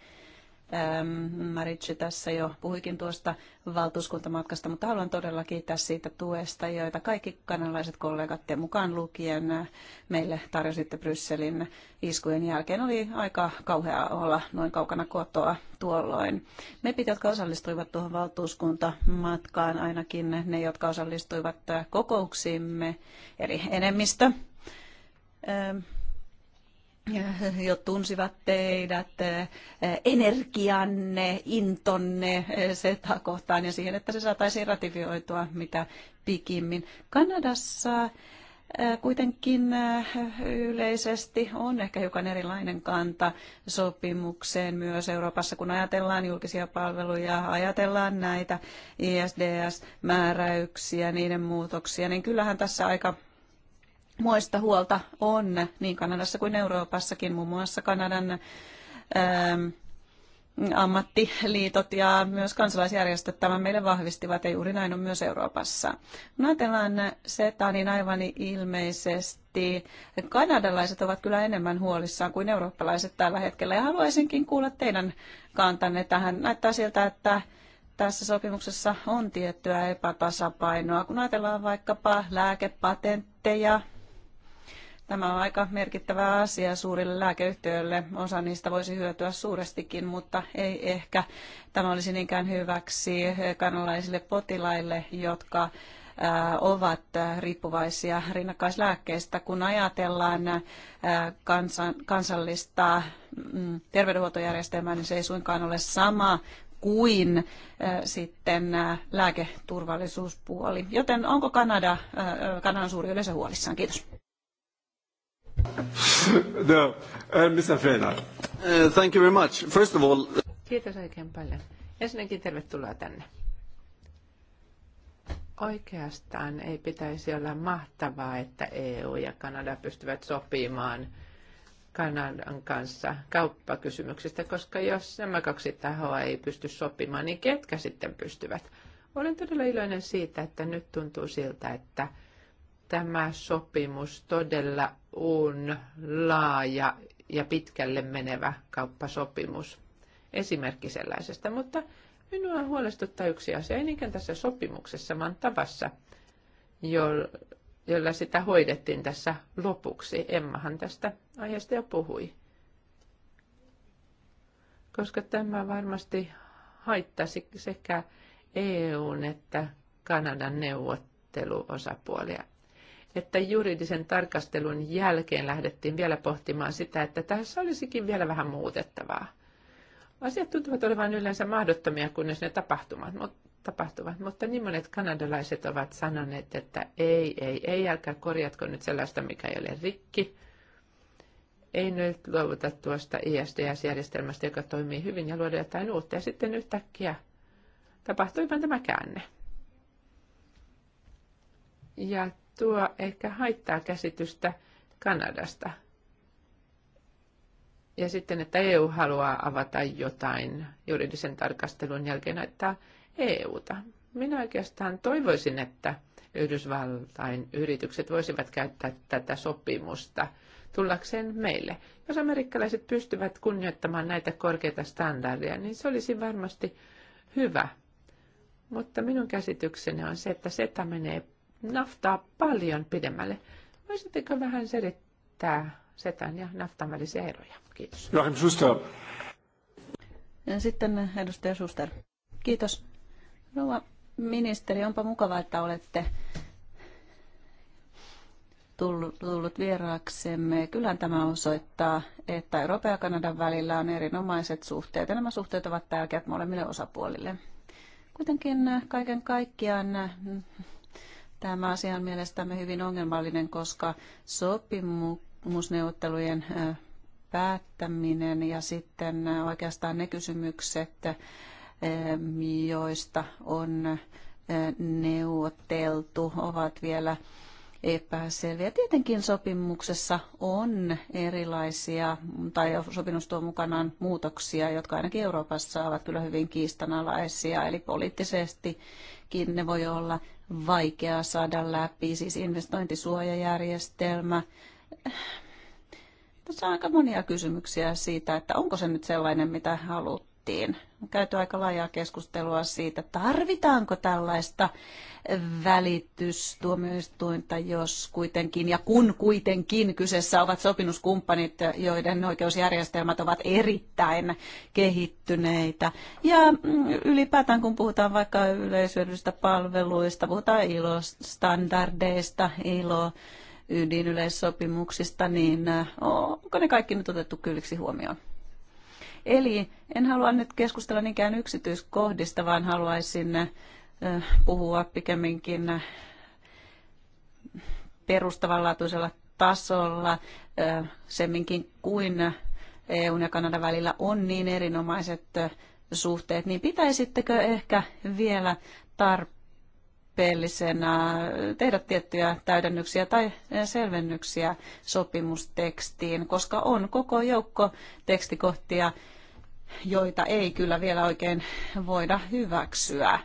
Ähm, Maritsi tässä jo puhuikin tuosta valtuuskuntamatkasta, mutta haluan todella kiittää siitä tuesta, joita kaikki kanalaiset kollegat te mukaan lukien meille tarjositte Brysselin iskujen jälkeen. Oli aika kauhea olla noin kaukana kotoa tuolloin. Me jotka osallistuivat tuohon valtuuskuntamatkaan, ainakin ne, jotka osallistuivat kokouksiimme, eli enemmistö, ähm, jo tunsivat teidät, eh, energianne, intonne eh, SETA kohtaan ja siihen, että se saataisiin ratifioitua mitä pikimmin. Kanadassa eh, kuitenkin yleisesti on ehkä hiukan erilainen kanta sopimukseen myös Euroopassa, kun ajatellaan julkisia palveluja, ajatellaan näitä ISDS-määräyksiä, niiden muutoksia, niin kyllähän tässä aika Muista huolta on niin Kanadassa kuin Euroopassakin, muun muassa Kanadan ähm, ammattiliitot ja myös kansalaisjärjestöt tämän meille vahvistivat ja juuri näin on myös Euroopassa. Kun ajatellaan SETA, niin aivan ilmeisesti kanadalaiset ovat kyllä enemmän huolissaan kuin eurooppalaiset tällä hetkellä ja haluaisinkin kuulla teidän kantanne tähän. Näyttää siltä, että tässä sopimuksessa on tiettyä epätasapainoa. Kun ajatellaan vaikkapa lääkepatentteja, Tämä on aika merkittävä asia suurille lääkeyhtiöille. Osa niistä voisi hyötyä suurestikin, mutta ei ehkä. Tämä olisi niinkään hyväksi kanalaisille potilaille, jotka ovat riippuvaisia rinnakkaislääkkeistä. Kun ajatellaan kansallista mm, terveydenhuoltojärjestelmää, niin se ei suinkaan ole sama kuin sitten lääketurvallisuuspuoli. Joten onko Kanada, Kanadan suuri yleisö huolissaan? Kiitos no, uh, Mr. Uh, thank you very much. First of all... Kiitos oikein paljon. Ensinnäkin tervetuloa tänne. Oikeastaan ei pitäisi olla mahtavaa, että EU ja Kanada pystyvät sopimaan Kanadan kanssa kauppakysymyksistä, koska jos nämä kaksi tahoa ei pysty sopimaan, niin ketkä sitten pystyvät? Olen todella iloinen siitä, että nyt tuntuu siltä, että tämä sopimus todella EUn laaja ja pitkälle menevä kauppasopimus esimerkki sellaisesta, mutta minua huolestuttaa yksi asia, eninkään niinkään tässä sopimuksessa, vaan tavassa, jolla sitä hoidettiin tässä lopuksi. Emmahan tästä aiheesta jo puhui. Koska tämä varmasti haittasi sekä EUn että Kanadan neuvotteluosapuolia että juridisen tarkastelun jälkeen lähdettiin vielä pohtimaan sitä, että tässä olisikin vielä vähän muutettavaa. Asiat tuntuvat olevan yleensä mahdottomia, kunnes ne tapahtuvat, tapahtuvat, mutta niin monet kanadalaiset ovat sanoneet, että ei, ei, ei, älkää korjatko nyt sellaista, mikä ei ole rikki. Ei nyt luovuta tuosta ISDS-järjestelmästä, joka toimii hyvin ja luoda jotain uutta. Ja sitten yhtäkkiä tapahtui tämä käänne. Ja tuo ehkä haittaa käsitystä Kanadasta. Ja sitten, että EU haluaa avata jotain juridisen tarkastelun jälkeen, näyttää EUta. Minä oikeastaan toivoisin, että Yhdysvaltain yritykset voisivat käyttää tätä sopimusta tullakseen meille. Jos amerikkalaiset pystyvät kunnioittamaan näitä korkeita standardeja, niin se olisi varmasti hyvä. Mutta minun käsitykseni on se, että SETA menee naftaa paljon pidemmälle. Voisitteko vähän selittää setan ja naftan välisiä eroja? Kiitos. Joachim Schuster. Sitten edustaja Schuster. Kiitos. Rouva ministeri, onpa mukava, että olette tullut, tullut vieraaksemme. Kyllä tämä osoittaa, että Euroopan ja Kanadan välillä on erinomaiset suhteet ja nämä suhteet ovat tärkeät molemmille osapuolille. Kuitenkin kaiken kaikkiaan Tämä asia on mielestämme hyvin ongelmallinen, koska sopimusneuvottelujen päättäminen ja sitten oikeastaan ne kysymykset, joista on neuvoteltu, ovat vielä epäselviä. Tietenkin sopimuksessa on erilaisia, tai sopimus tuo mukanaan muutoksia, jotka ainakin Euroopassa ovat kyllä hyvin kiistanalaisia, eli poliittisestikin ne voi olla vaikea saada läpi, siis investointisuojajärjestelmä. Tässä on aika monia kysymyksiä siitä, että onko se nyt sellainen, mitä halutaan käytiin. On käyty aika laajaa keskustelua siitä, tarvitaanko tällaista välitystuomioistuinta, jos kuitenkin ja kun kuitenkin kyseessä ovat sopimuskumppanit, joiden oikeusjärjestelmät ovat erittäin kehittyneitä. Ja mm, ylipäätään kun puhutaan vaikka yleisyydellisistä palveluista, puhutaan ILO-standardeista, ILO ydinyleissopimuksista, niin onko ne kaikki nyt otettu kylliksi huomioon? Eli en halua nyt keskustella niinkään yksityiskohdista, vaan haluaisin puhua pikemminkin perustavanlaatuisella tasolla semminkin kuin EUn ja Kanadan välillä on niin erinomaiset suhteet, niin pitäisittekö ehkä vielä tarpeellisena tehdä tiettyjä täydennyksiä tai selvennyksiä sopimustekstiin, koska on koko joukko tekstikohtia, joita ei kyllä vielä oikein voida hyväksyä.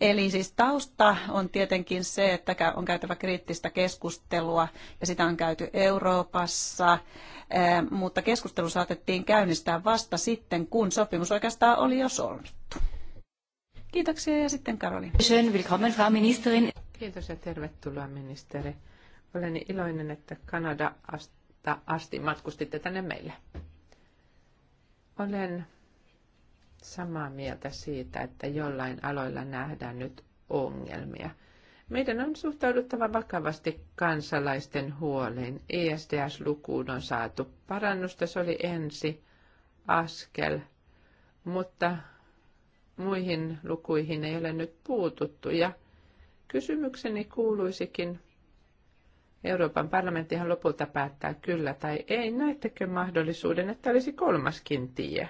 Eli siis tausta on tietenkin se, että on käytävä kriittistä keskustelua ja sitä on käyty Euroopassa, eh, mutta keskustelu saatettiin käynnistää vasta sitten, kun sopimus oikeastaan oli jo solmittu. Kiitoksia ja sitten Karoli. Schön, willkommen, Frau Ministerin. Kiitos ja tervetuloa ministeri. Olen iloinen, että Kanada asti matkustitte tänne meille. Olen samaa mieltä siitä, että jollain aloilla nähdään nyt ongelmia. Meidän on suhtauduttava vakavasti kansalaisten huoleen. ESDS-lukuun on saatu parannusta, se oli ensi askel, mutta muihin lukuihin ei ole nyt puututtu. Ja kysymykseni kuuluisikin, Euroopan parlamenttihan lopulta päättää kyllä tai ei. Näettekö mahdollisuuden, että olisi kolmaskin tie?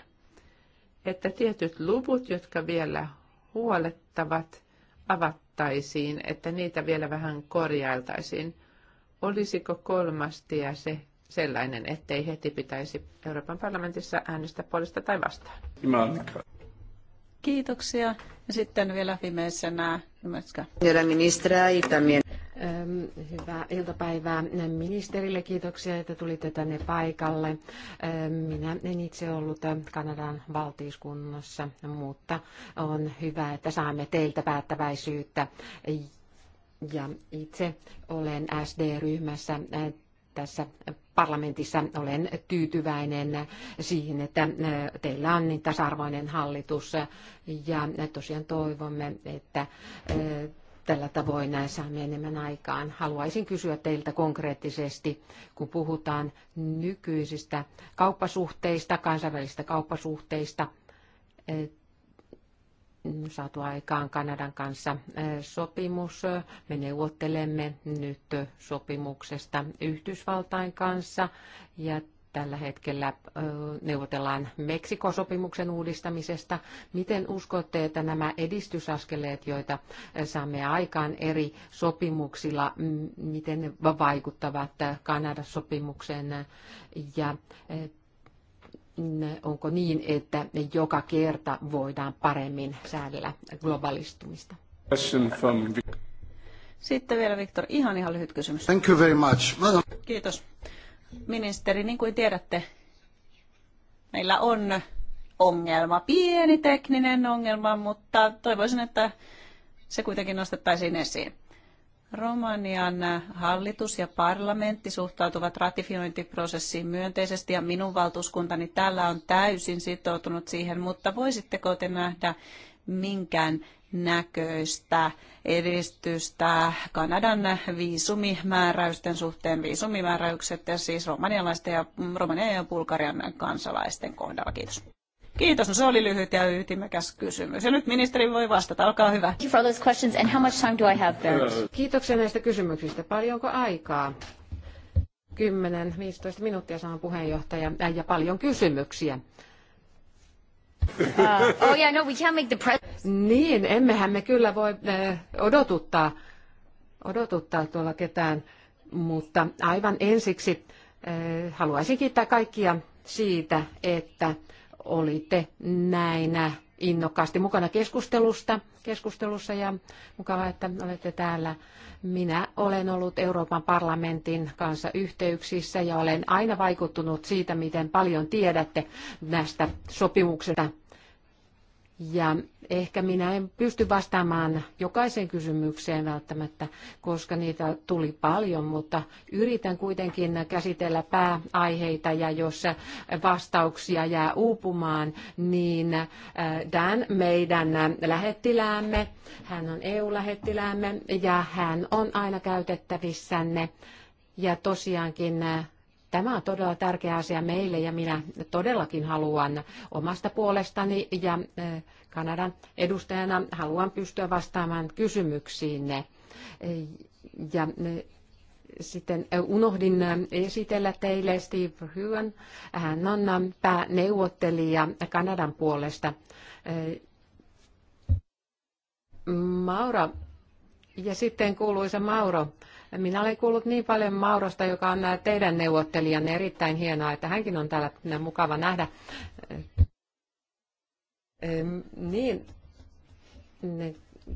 Että tietyt luvut, jotka vielä huolettavat, avattaisiin, että niitä vielä vähän korjailtaisiin. Olisiko kolmas tie se sellainen, ettei heti pitäisi Euroopan parlamentissa äänestää puolesta tai vastaan? Kiitoksia. Ja sitten vielä viimeisenä Nymätskä. Hyvää iltapäivää ministerille. Kiitoksia, että tulitte tänne paikalle. Minä en itse ollut Kanadan valtiiskunnassa, mutta on hyvä, että saamme teiltä päättäväisyyttä. Ja itse olen SD-ryhmässä tässä parlamentissa olen tyytyväinen siihen, että teillä on niin tasa-arvoinen hallitus ja tosiaan toivomme, että tällä tavoin saamme enemmän aikaan. Haluaisin kysyä teiltä konkreettisesti, kun puhutaan nykyisistä kauppasuhteista, kansainvälisistä kauppasuhteista, eh, saatu aikaan Kanadan kanssa eh, sopimus. Me neuvottelemme nyt sopimuksesta Yhdysvaltain kanssa ja Tällä hetkellä neuvotellaan Meksikosopimuksen uudistamisesta. Miten uskotte, että nämä edistysaskeleet, joita saamme aikaan eri sopimuksilla, miten ne vaikuttavat Kanadan sopimukseen ja onko niin, että joka kerta voidaan paremmin säädellä globalistumista? Sitten vielä Viktor, ihan ihan lyhyt kysymys. Thank you very much. Kiitos. Ministeri, niin kuin tiedätte, meillä on ongelma, pieni tekninen ongelma, mutta toivoisin, että se kuitenkin nostettaisiin esiin. Romanian hallitus ja parlamentti suhtautuvat ratifiointiprosessiin myönteisesti ja minun valtuuskuntani täällä on täysin sitoutunut siihen, mutta voisitteko te nähdä minkään näköistä edistystä Kanadan viisumimääräysten suhteen. Viisumimääräykset ja siis romanialaisten ja, mm, romanian ja bulgarian kansalaisten kohdalla. Kiitos. Kiitos, no se oli lyhyt ja ytimekäs kysymys. Ja nyt ministeri voi vastata, olkaa hyvä. Kiitoksia näistä kysymyksistä. Paljonko aikaa? 10-15 minuuttia saan puheenjohtaja ja paljon kysymyksiä. Uh, oh yeah, no, we can't make the press. niin, emmehän me kyllä voi äh, odotuttaa, odotuttaa tuolla ketään, mutta aivan ensiksi äh, haluaisin kiittää kaikkia siitä, että olitte näinä innokkaasti mukana keskustelusta, keskustelussa ja mukavaa, että olette täällä. Minä olen ollut Euroopan parlamentin kanssa yhteyksissä ja olen aina vaikuttunut siitä, miten paljon tiedätte näistä sopimuksista ja ehkä minä en pysty vastaamaan jokaiseen kysymykseen välttämättä, koska niitä tuli paljon, mutta yritän kuitenkin käsitellä pääaiheita ja jos vastauksia jää uupumaan, niin äh, Dan, meidän lähettiläämme, hän on EU-lähettiläämme ja hän on aina käytettävissänne. Ja tosiaankin äh, Tämä on todella tärkeä asia meille ja minä todellakin haluan omasta puolestani ja Kanadan edustajana haluan pystyä vastaamaan kysymyksiinne. Ja sitten unohdin esitellä teille Steve Hyön. Hän on pääneuvottelija Kanadan puolesta. Maura ja sitten kuuluisa Mauro minä olen kuullut niin paljon Maurosta, joka on teidän neuvottelijanne. Erittäin hienoa, että hänkin on täällä mukava nähdä. Niin,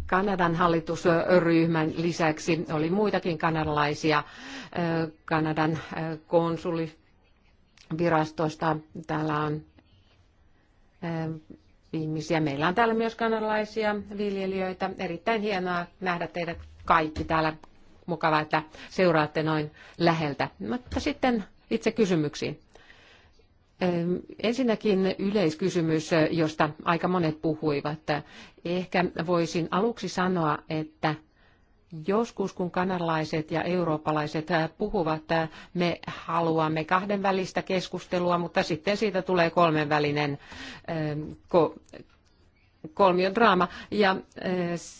Kanadan hallitusryhmän lisäksi oli muitakin kanadalaisia Kanadan konsulivirastosta. Täällä on ihmisiä. Meillä on täällä myös kanadalaisia viljelijöitä. Erittäin hienoa nähdä teidät kaikki täällä mukavaa, että seuraatte noin läheltä. Mutta sitten itse kysymyksiin. Ensinnäkin yleiskysymys, josta aika monet puhuivat. Ehkä voisin aluksi sanoa, että joskus kun kanalaiset ja eurooppalaiset puhuvat, että me haluamme kahdenvälistä keskustelua, mutta sitten siitä tulee kolmenvälinen kolmiodraama. Ja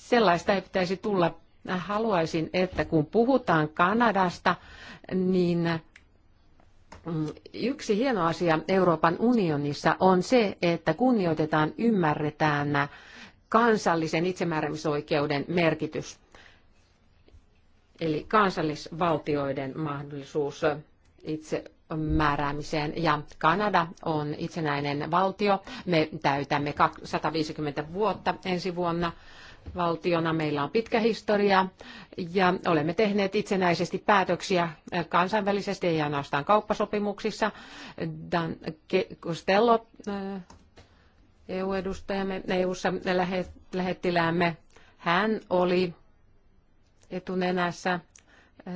sellaista ei pitäisi tulla haluaisin, että kun puhutaan Kanadasta, niin mm, yksi hieno asia Euroopan unionissa on se, että kunnioitetaan, ymmärretään kansallisen itsemääräämisoikeuden merkitys. Eli kansallisvaltioiden mahdollisuus itse määräämiseen. Ja Kanada on itsenäinen valtio. Me täytämme 150 vuotta ensi vuonna valtiona meillä on pitkä historia ja olemme tehneet itsenäisesti päätöksiä äh, kansainvälisesti, ei ainoastaan kauppasopimuksissa. Dan Costello, äh, EU-edustajamme, EU-ssa lähettiläämme, hän oli etunenässä äh,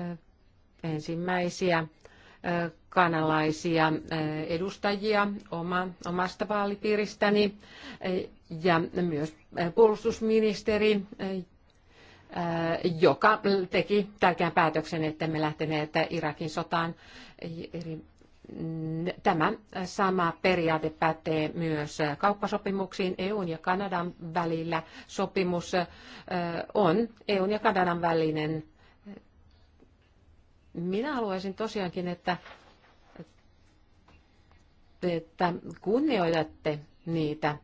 ensimmäisiä kanalaisia edustajia oma, omasta vaalipiiristäni ja myös puolustusministeri, joka teki tärkeän päätöksen, että me lähteneet Irakin sotaan. Mm, tämä sama periaate pätee myös kauppasopimuksiin EUn ja Kanadan välillä. Sopimus on EUn ja Kanadan välinen minä haluaisin tosiaankin, että, että kunnioitatte niitä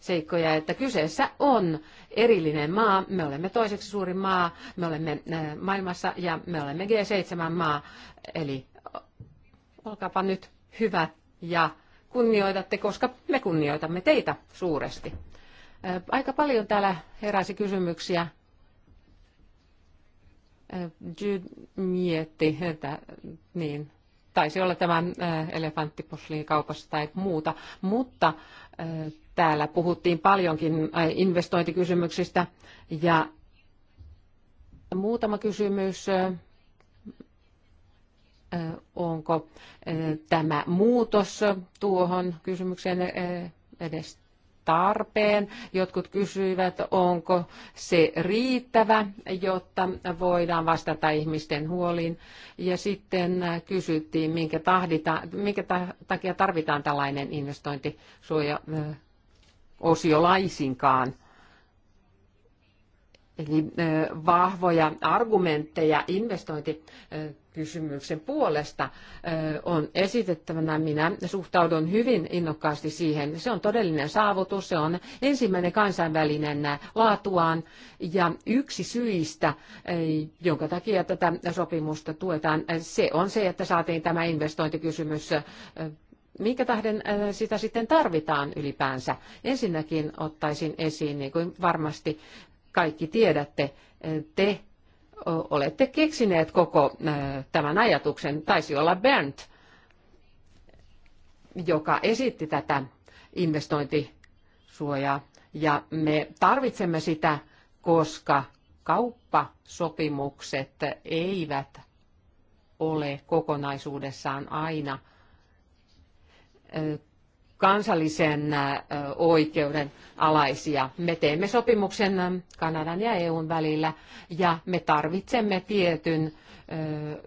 seikkoja, että kyseessä on erillinen maa. Me olemme toiseksi suurin maa, me olemme äh, maailmassa ja me olemme G7-maa. Eli olkaapa nyt hyvä ja kunnioitatte, koska me kunnioitamme teitä suuresti. Äh, aika paljon täällä heräsi kysymyksiä Mietti, että, niin, taisi olla tämä äh, elefanttiposliin kaupassa tai muuta, mutta äh, täällä puhuttiin paljonkin äh, investointikysymyksistä ja muutama kysymys onko tämä muutos tuohon kysymykseen edes tarpeen. Jotkut kysyivät, onko se riittävä, jotta voidaan vastata ihmisten huoliin. Ja sitten kysyttiin, minkä, tahdita, minkä takia tarvitaan tällainen investointisuoja osio laisinkaan – Eli vahvoja argumentteja investointikysymyksen puolesta on esitettävänä. Minä suhtaudun hyvin innokkaasti siihen. Se on todellinen saavutus, se on ensimmäinen kansainvälinen laatuaan ja yksi syistä, jonka takia tätä sopimusta tuetaan, se on se, että saatiin tämä investointikysymys minkä tähden sitä sitten tarvitaan ylipäänsä. Ensinnäkin ottaisin esiin, niin kuin varmasti kaikki tiedätte, te olette keksineet koko tämän ajatuksen. Taisi olla Bernd, joka esitti tätä investointisuojaa. Ja me tarvitsemme sitä, koska kauppasopimukset eivät ole kokonaisuudessaan aina kansallisen oikeuden alaisia. Me teemme sopimuksen Kanadan ja EUn välillä ja me tarvitsemme tietyn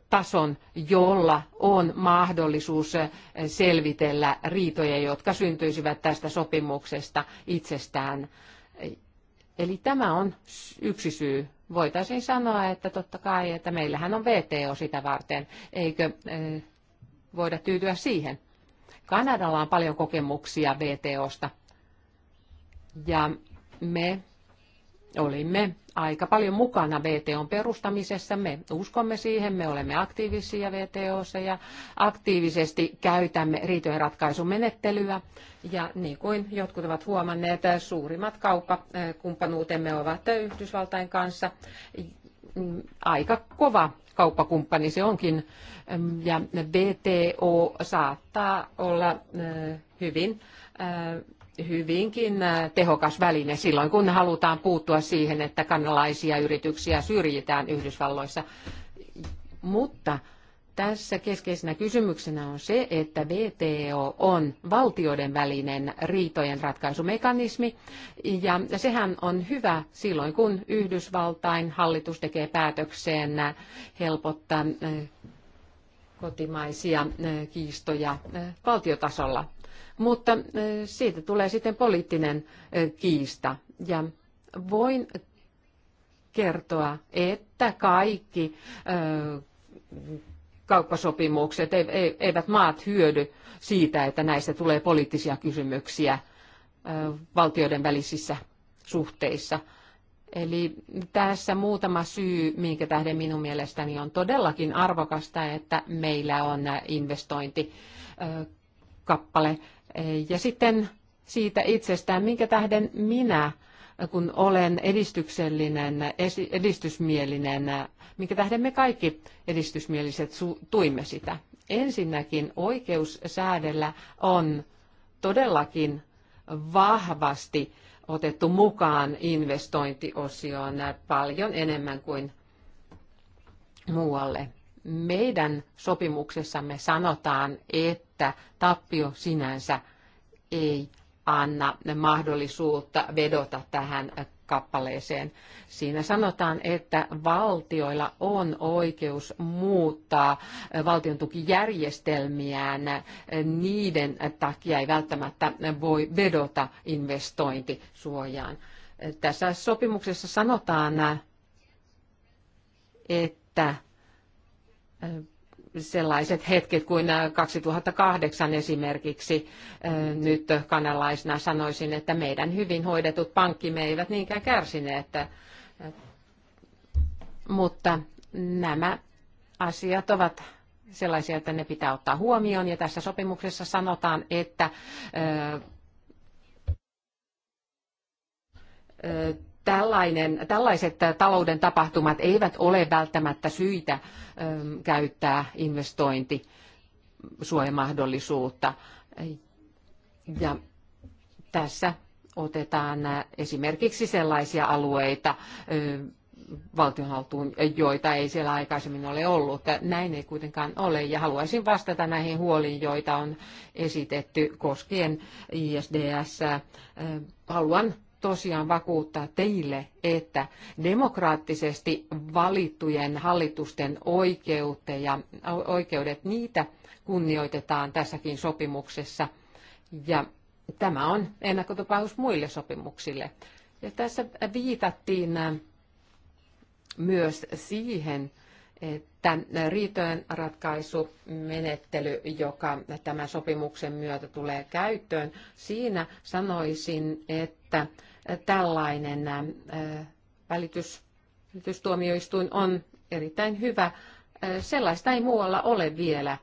tason, jolla on mahdollisuus selvitellä riitoja, jotka syntyisivät tästä sopimuksesta itsestään. Eli tämä on yksi syy. Voitaisiin sanoa, että totta kai, että meillähän on VTO sitä varten, eikö voida tyytyä siihen. Kanadalla on paljon kokemuksia VTOsta. Ja me olimme aika paljon mukana VTOn perustamisessa. Me uskomme siihen, me olemme aktiivisia VTOssa ja aktiivisesti käytämme riitojenratkaisumenettelyä. Ja niin kuin jotkut ovat huomanneet, suurimmat kauppakumppanuutemme ovat Yhdysvaltain kanssa aika kova kauppakumppani se onkin. Ja VTO saattaa olla hyvin hyvinkin tehokas väline silloin, kun halutaan puuttua siihen, että kanalaisia yrityksiä syrjitään Yhdysvalloissa. Mutta tässä keskeisenä kysymyksenä on se, että VTO on valtioiden välinen riitojen ratkaisumekanismi, ja sehän on hyvä silloin, kun Yhdysvaltain hallitus tekee päätökseen helpottaa eh, kotimaisia eh, kiistoja eh, valtiotasolla. Mutta siitä tulee sitten poliittinen kiista. Ja voin kertoa, että kaikki kauppasopimukset, eivät maat hyödy siitä, että näistä tulee poliittisia kysymyksiä valtioiden välisissä suhteissa. Eli tässä muutama syy, minkä tähden minun mielestäni on todellakin arvokasta, että meillä on investointikappale. Ja sitten siitä itsestään, minkä tähden minä kun olen edistyksellinen, edistysmielinen, minkä tähden me kaikki edistysmieliset tuimme sitä. Ensinnäkin oikeus säädellä on todellakin vahvasti otettu mukaan investointiosioon paljon enemmän kuin muualle. Meidän sopimuksessamme sanotaan, että tappio sinänsä ei anna mahdollisuutta vedota tähän kappaleeseen. Siinä sanotaan, että valtioilla on oikeus muuttaa valtiontukijärjestelmiään. Niiden takia ei välttämättä voi vedota investointisuojaan. Tässä sopimuksessa sanotaan, että sellaiset hetket kuin 2008 äh, esimerkiksi äh, nyt kanalaisena sanoisin, että meidän hyvin hoidetut pankkimme eivät niinkään kärsineet. Äh, mutta nämä asiat ovat sellaisia, että ne pitää ottaa huomioon ja tässä sopimuksessa sanotaan, että tällainen, tällaiset talouden tapahtumat eivät ole välttämättä syitä ähm, käyttää investointi Ja tässä otetaan äh, esimerkiksi sellaisia alueita äh, valtionhaltuun, joita ei siellä aikaisemmin ole ollut. Näin ei kuitenkaan ole ja haluaisin vastata näihin huoliin, joita on esitetty koskien ISDS. Äh, haluan tosiaan vakuuttaa teille, että demokraattisesti valittujen hallitusten oikeute ja oikeudet, niitä kunnioitetaan tässäkin sopimuksessa. Ja tämä on ennakkotapaus muille sopimuksille. Ja tässä viitattiin äh, myös siihen, että riitojenratkaisumenettely, ratkaisumenettely, joka tämän sopimuksen myötä tulee käyttöön, siinä sanoisin, että tällainen äh, välitys, välitystuomioistuin on erittäin hyvä. Äh, sellaista ei muualla ole vielä,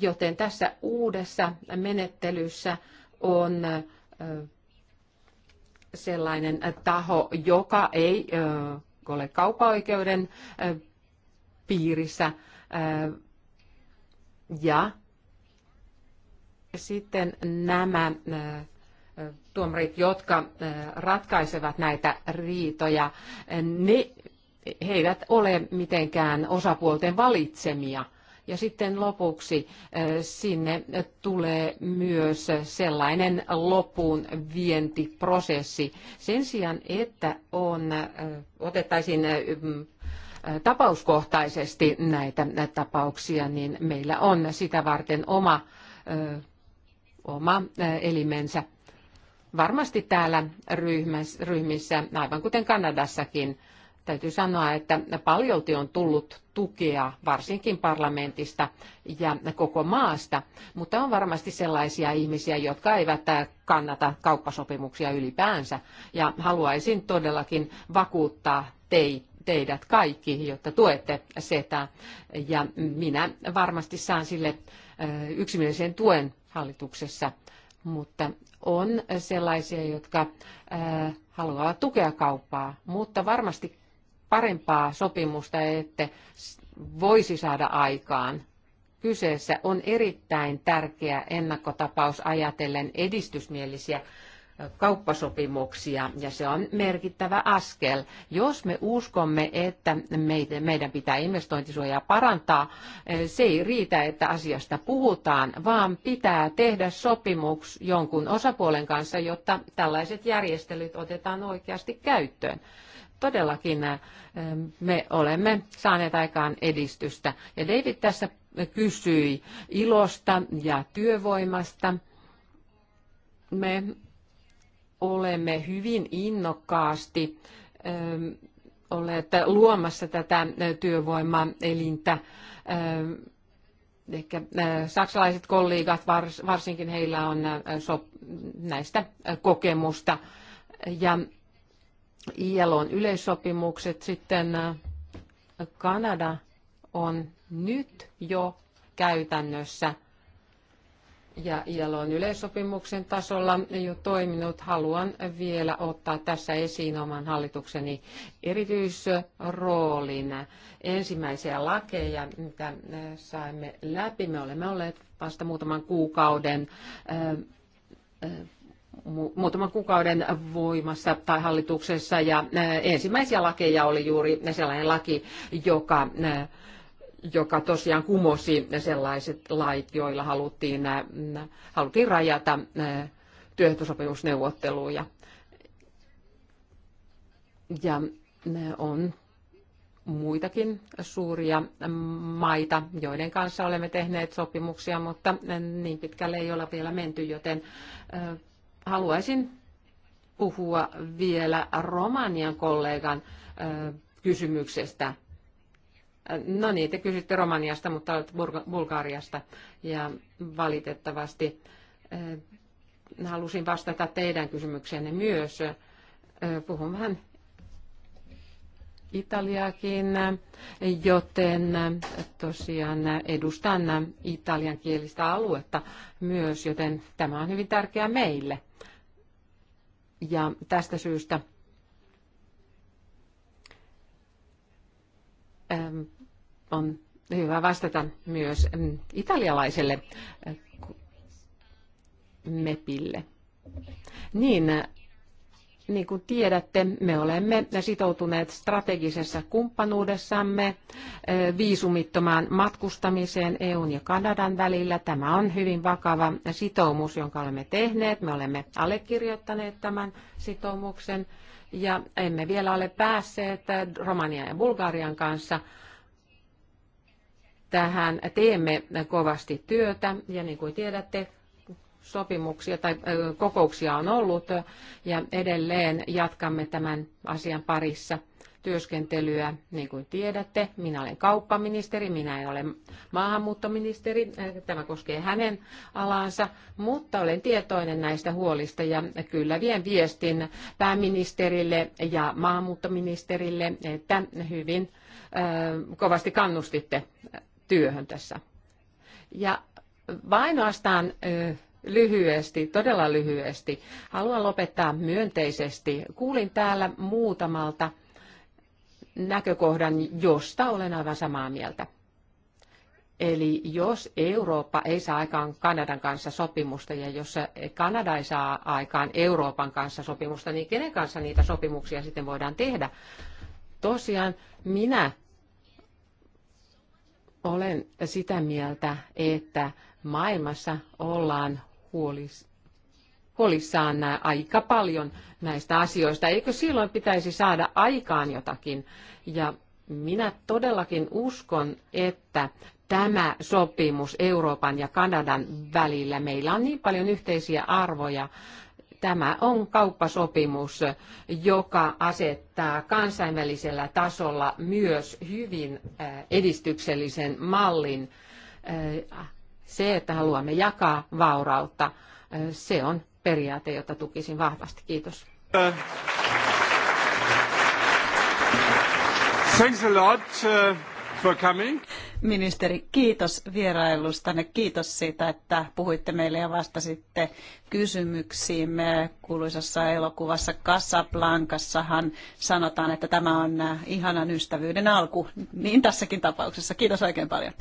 joten tässä uudessa menettelyssä on äh, sellainen taho, joka ei ole kaupaoikeuden piirissä. Ja sitten nämä tuomarit, jotka ratkaisevat näitä riitoja, ne, he eivät ole mitenkään osapuolten valitsemia. Ja sitten lopuksi sinne tulee myös sellainen lopun vientiprosessi. Sen sijaan, että on, otettaisiin tapauskohtaisesti näitä tapauksia, niin meillä on sitä varten oma, oma elimensä varmasti täällä ryhmissä, aivan kuten Kanadassakin, täytyy sanoa, että paljolti on tullut tukea varsinkin parlamentista ja koko maasta, mutta on varmasti sellaisia ihmisiä, jotka eivät kannata kauppasopimuksia ylipäänsä. Ja haluaisin todellakin vakuuttaa teitä teidät kaikki, jotta tuette sitä. Ja minä varmasti saan sille yksimielisen tuen hallituksessa mutta on sellaisia, jotka haluavat tukea kauppaa, mutta varmasti parempaa sopimusta ette voisi saada aikaan. Kyseessä on erittäin tärkeä ennakkotapaus ajatellen edistysmielisiä kauppasopimuksia ja se on merkittävä askel. Jos me uskomme, että meidän pitää investointisuojaa parantaa, eh, se ei riitä, että asiasta puhutaan, vaan pitää tehdä sopimus jonkun osapuolen kanssa, jotta tällaiset järjestelyt otetaan oikeasti käyttöön. Todellakin eh, me olemme saaneet aikaan edistystä. Ja David tässä kysyi ilosta ja työvoimasta. Me olemme hyvin innokkaasti ähm, olleet luomassa tätä äh, työvoimaelintä. Ähm, ehkä äh, saksalaiset kollegat, varsinkin heillä on äh, näistä kokemusta. Ja ILOn yleissopimukset sitten Kanada on nyt jo käytännössä ja ILOn yleissopimuksen tasolla jo toiminut. Haluan vielä ottaa tässä esiin oman hallitukseni erityisroolin. Ensimmäisiä lakeja, mitä saimme läpi, me olemme olleet vasta muutaman kuukauden muutaman kuukauden voimassa tai hallituksessa ja ensimmäisiä lakeja oli juuri sellainen laki, joka joka tosiaan kumosi sellaiset lait, joilla haluttiin, äh, haluttiin rajata äh, työehtosopimusneuvotteluja. Ja äh, on muitakin suuria maita, joiden kanssa olemme tehneet sopimuksia, mutta niin pitkälle ei olla vielä menty, joten haluaisin puhua vielä Romanian kollegan kysymyksestä No niin, te kysytte Romaniasta, mutta olet Bulgariasta. Ja valitettavasti eh, halusin vastata teidän kysymykseenne myös. Eh, puhun vähän Italiakin, joten eh, tosiaan edustan italiankielistä aluetta myös, joten tämä on hyvin tärkeää meille. Ja tästä syystä on hyvä vastata myös italialaiselle eh, MEPille. Niin, eh, niin kuin tiedätte, me olemme sitoutuneet strategisessa kumppanuudessamme eh, viisumittomaan matkustamiseen EUn ja Kanadan välillä. Tämä on hyvin vakava sitoumus, jonka olemme tehneet. Me olemme allekirjoittaneet tämän sitoumuksen ja emme vielä ole päässeet Romanian ja Bulgarian kanssa tähän. Teemme kovasti työtä ja niin kuin tiedätte, sopimuksia tai kokouksia on ollut ja edelleen jatkamme tämän asian parissa – työskentelyä, niin kuin tiedätte. Minä olen kauppaministeri, minä en ole maahanmuuttoministeri, tämä koskee hänen alansa, mutta olen tietoinen näistä huolista ja kyllä vien viestin pääministerille ja maahanmuuttoministerille, että hyvin äh, kovasti kannustitte työhön tässä. Ja ainoastaan äh, lyhyesti, todella lyhyesti. Haluan lopettaa myönteisesti. Kuulin täällä muutamalta näkökohdan, josta olen aivan samaa mieltä. Eli jos Eurooppa ei saa aikaan Kanadan kanssa sopimusta ja jos Kanada ei saa aikaan Euroopan kanssa sopimusta, niin kenen kanssa niitä sopimuksia sitten voidaan tehdä? Tosiaan minä olen sitä mieltä, että maailmassa ollaan huolissa huolissaan aika paljon näistä asioista. Eikö silloin pitäisi saada aikaan jotakin? Ja minä todellakin uskon, että tämä sopimus Euroopan ja Kanadan välillä, meillä on niin paljon yhteisiä arvoja, Tämä on kauppasopimus, joka asettaa kansainvälisellä tasolla myös hyvin äh, edistyksellisen mallin. Äh, se, että haluamme jakaa vaurautta, äh, se on periaate, jota tukisin vahvasti. Kiitos. Thanks a lot uh, for coming. Ministeri, kiitos vierailustanne. Kiitos siitä, että puhuitte meille ja vastasitte kysymyksiimme. Kuuluisassa elokuvassa Casablancassahan sanotaan, että tämä on äh, ihanan ystävyyden alku. Niin tässäkin tapauksessa. Kiitos oikein paljon.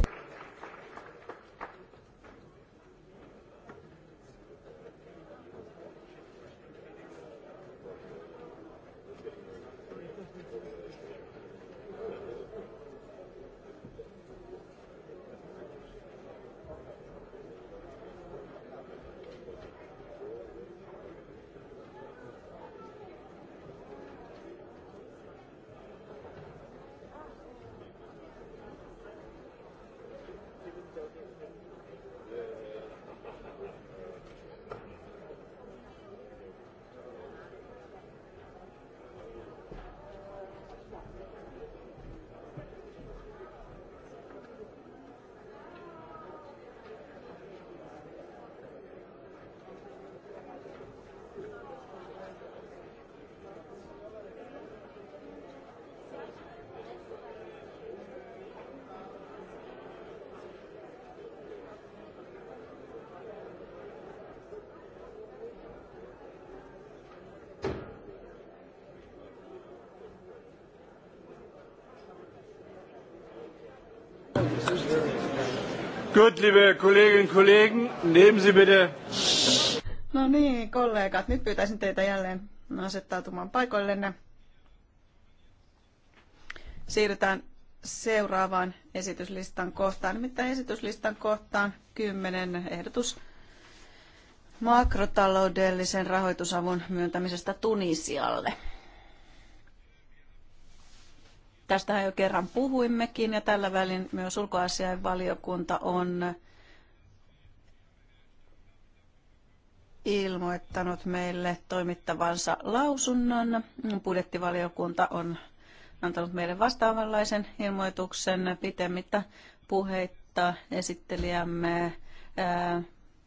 Gut, liebe Kolleginnen und Kollegen, nehmen Sie bitte... No niin, kollegat, nyt pyytäisin teitä jälleen asettautumaan paikoillenne. Siirrytään seuraavaan esityslistan kohtaan, nimittäin esityslistan kohtaan 10 ehdotus makrotaloudellisen rahoitusavun myöntämisestä Tunisialle. Tästä jo kerran puhuimmekin ja tällä välin myös ulkoasiainvaliokunta on ilmoittanut meille toimittavansa lausunnon. Budjettivaliokunta on antanut meille vastaavanlaisen ilmoituksen pitemmittä puheitta esittelijämme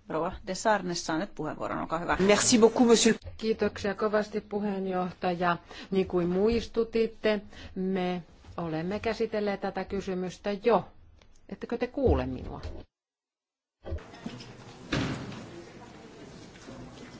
Rova de Sarnes saa nyt puheenvuoron, olkaa hyvä. Merci beaucoup, monsieur. Kiitoksia kovasti puheenjohtaja. Niin kuin muistutitte, me olemme käsitelleet tätä kysymystä jo. Ettekö te kuule minua?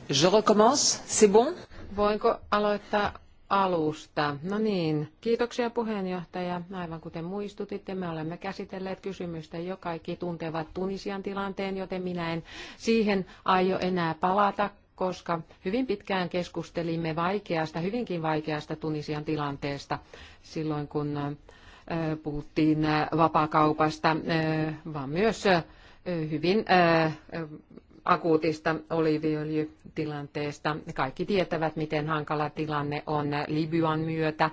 Je recommence, c'est bon? Voinko aloittaa alusta. No niin, kiitoksia puheenjohtaja. Aivan kuten muistutitte, me olemme käsitelleet kysymystä, jo kaikki tuntevat Tunisian tilanteen, joten minä en siihen aio enää palata koska hyvin pitkään keskustelimme vaikeasta, hyvinkin vaikeasta Tunisian tilanteesta silloin, kun puhuttiin vapakaupasta, vaan myös hyvin akuutista oliiviöljytilanteesta. Kaikki tietävät, miten hankala tilanne on Libyan myötä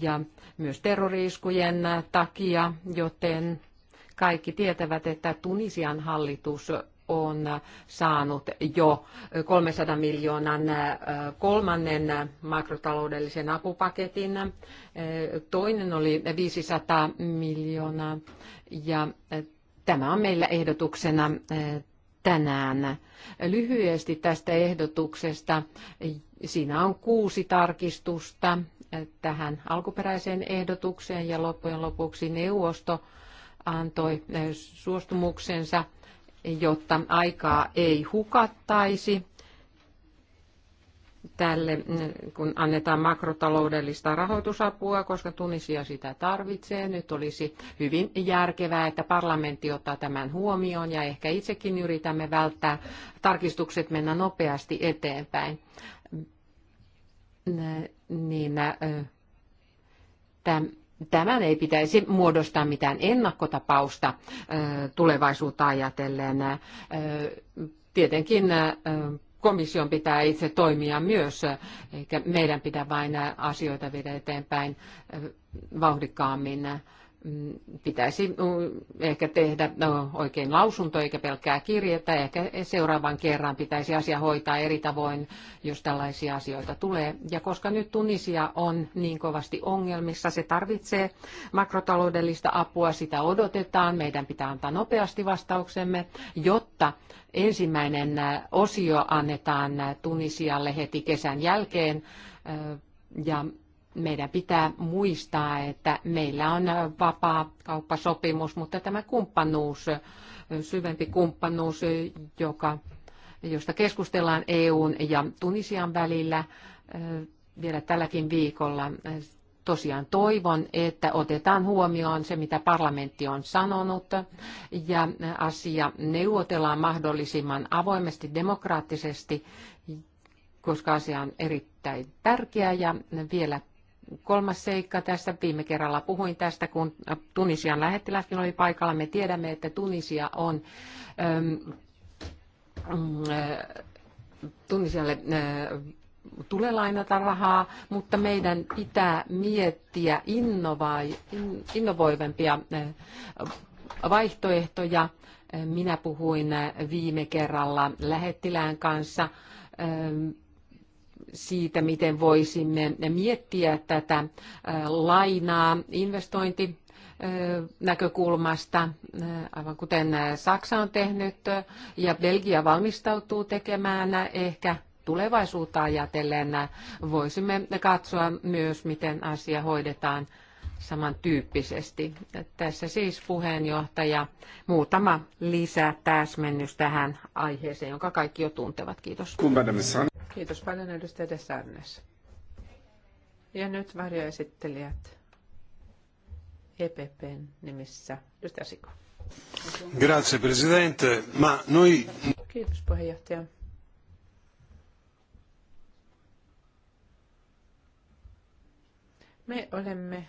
ja myös terroriiskujen takia, joten kaikki tietävät, että Tunisian hallitus on saanut jo 300 miljoonan kolmannen makrotaloudellisen apupaketin. Toinen oli 500 miljoonaa ja tämä on meillä ehdotuksena tänään. Lyhyesti tästä ehdotuksesta. Siinä on kuusi tarkistusta tähän alkuperäiseen ehdotukseen ja loppujen lopuksi neuvosto antoi suostumuksensa, jotta aikaa ei hukattaisi tälle, mm, kun annetaan makrotaloudellista rahoitusapua, koska Tunisia sitä tarvitsee. Nyt olisi hyvin järkevää, että parlamentti ottaa tämän huomioon ja ehkä itsekin yritämme välttää tarkistukset mennä nopeasti eteenpäin. Niin, äh, tämän ei pitäisi muodostaa mitään ennakkotapausta äh, tulevaisuutta ajatellen. Äh, tietenkin komission pitää itse toimia myös, eikä meidän pitää vain asioita viedä eteenpäin vauhdikkaammin. Pitäisi ehkä tehdä no, oikein lausunto eikä pelkkää kirjettä. Ehkä seuraavan kerran pitäisi asia hoitaa eri tavoin, jos tällaisia asioita tulee. Ja koska nyt Tunisia on niin kovasti ongelmissa, se tarvitsee makrotaloudellista apua, sitä odotetaan. Meidän pitää antaa nopeasti vastauksemme, jotta Ensimmäinen äh, osio annetaan äh, Tunisialle heti kesän jälkeen äh, ja meidän pitää muistaa, että meillä on vapaa kauppasopimus, mutta tämä kumppanuus, syvempi kumppanuus, joka, josta keskustellaan EUn ja Tunisian välillä vielä tälläkin viikolla, tosiaan toivon, että otetaan huomioon se, mitä parlamentti on sanonut, ja asia neuvotellaan mahdollisimman avoimesti, demokraattisesti, koska asia on erittäin tärkeä. Ja vielä kolmas seikka tästä, viime kerralla puhuin tästä, kun Tunisian lähettiläskin oli paikalla. Me tiedämme, että Tunisia on... Öm, ähm, äh, Tunisialle äh, tulee lainata rahaa, mutta meidän pitää miettiä innovoivempia eh, vaihtoehtoja. Eh, minä puhuin eh, viime kerralla lähettilään kanssa siitä, miten voisimme miettiä tätä lainaa investointi näkökulmasta, aivan kuten Saksa on tehnyt ja Belgia valmistautuu tekemään ehkä tulevaisuutta ajatellen voisimme katsoa myös, miten asia hoidetaan samantyyppisesti. Tässä siis puheenjohtaja muutama lisää täsmennys tähän aiheeseen, jonka kaikki jo tuntevat. Kiitos. Kiitos paljon edustaja Desarnes. Ja nyt varjoesittelijät EPPn nimissä. Edustaja Grazie, Presidente. Ma noi... Kiitos puheenjohtaja. Me olemme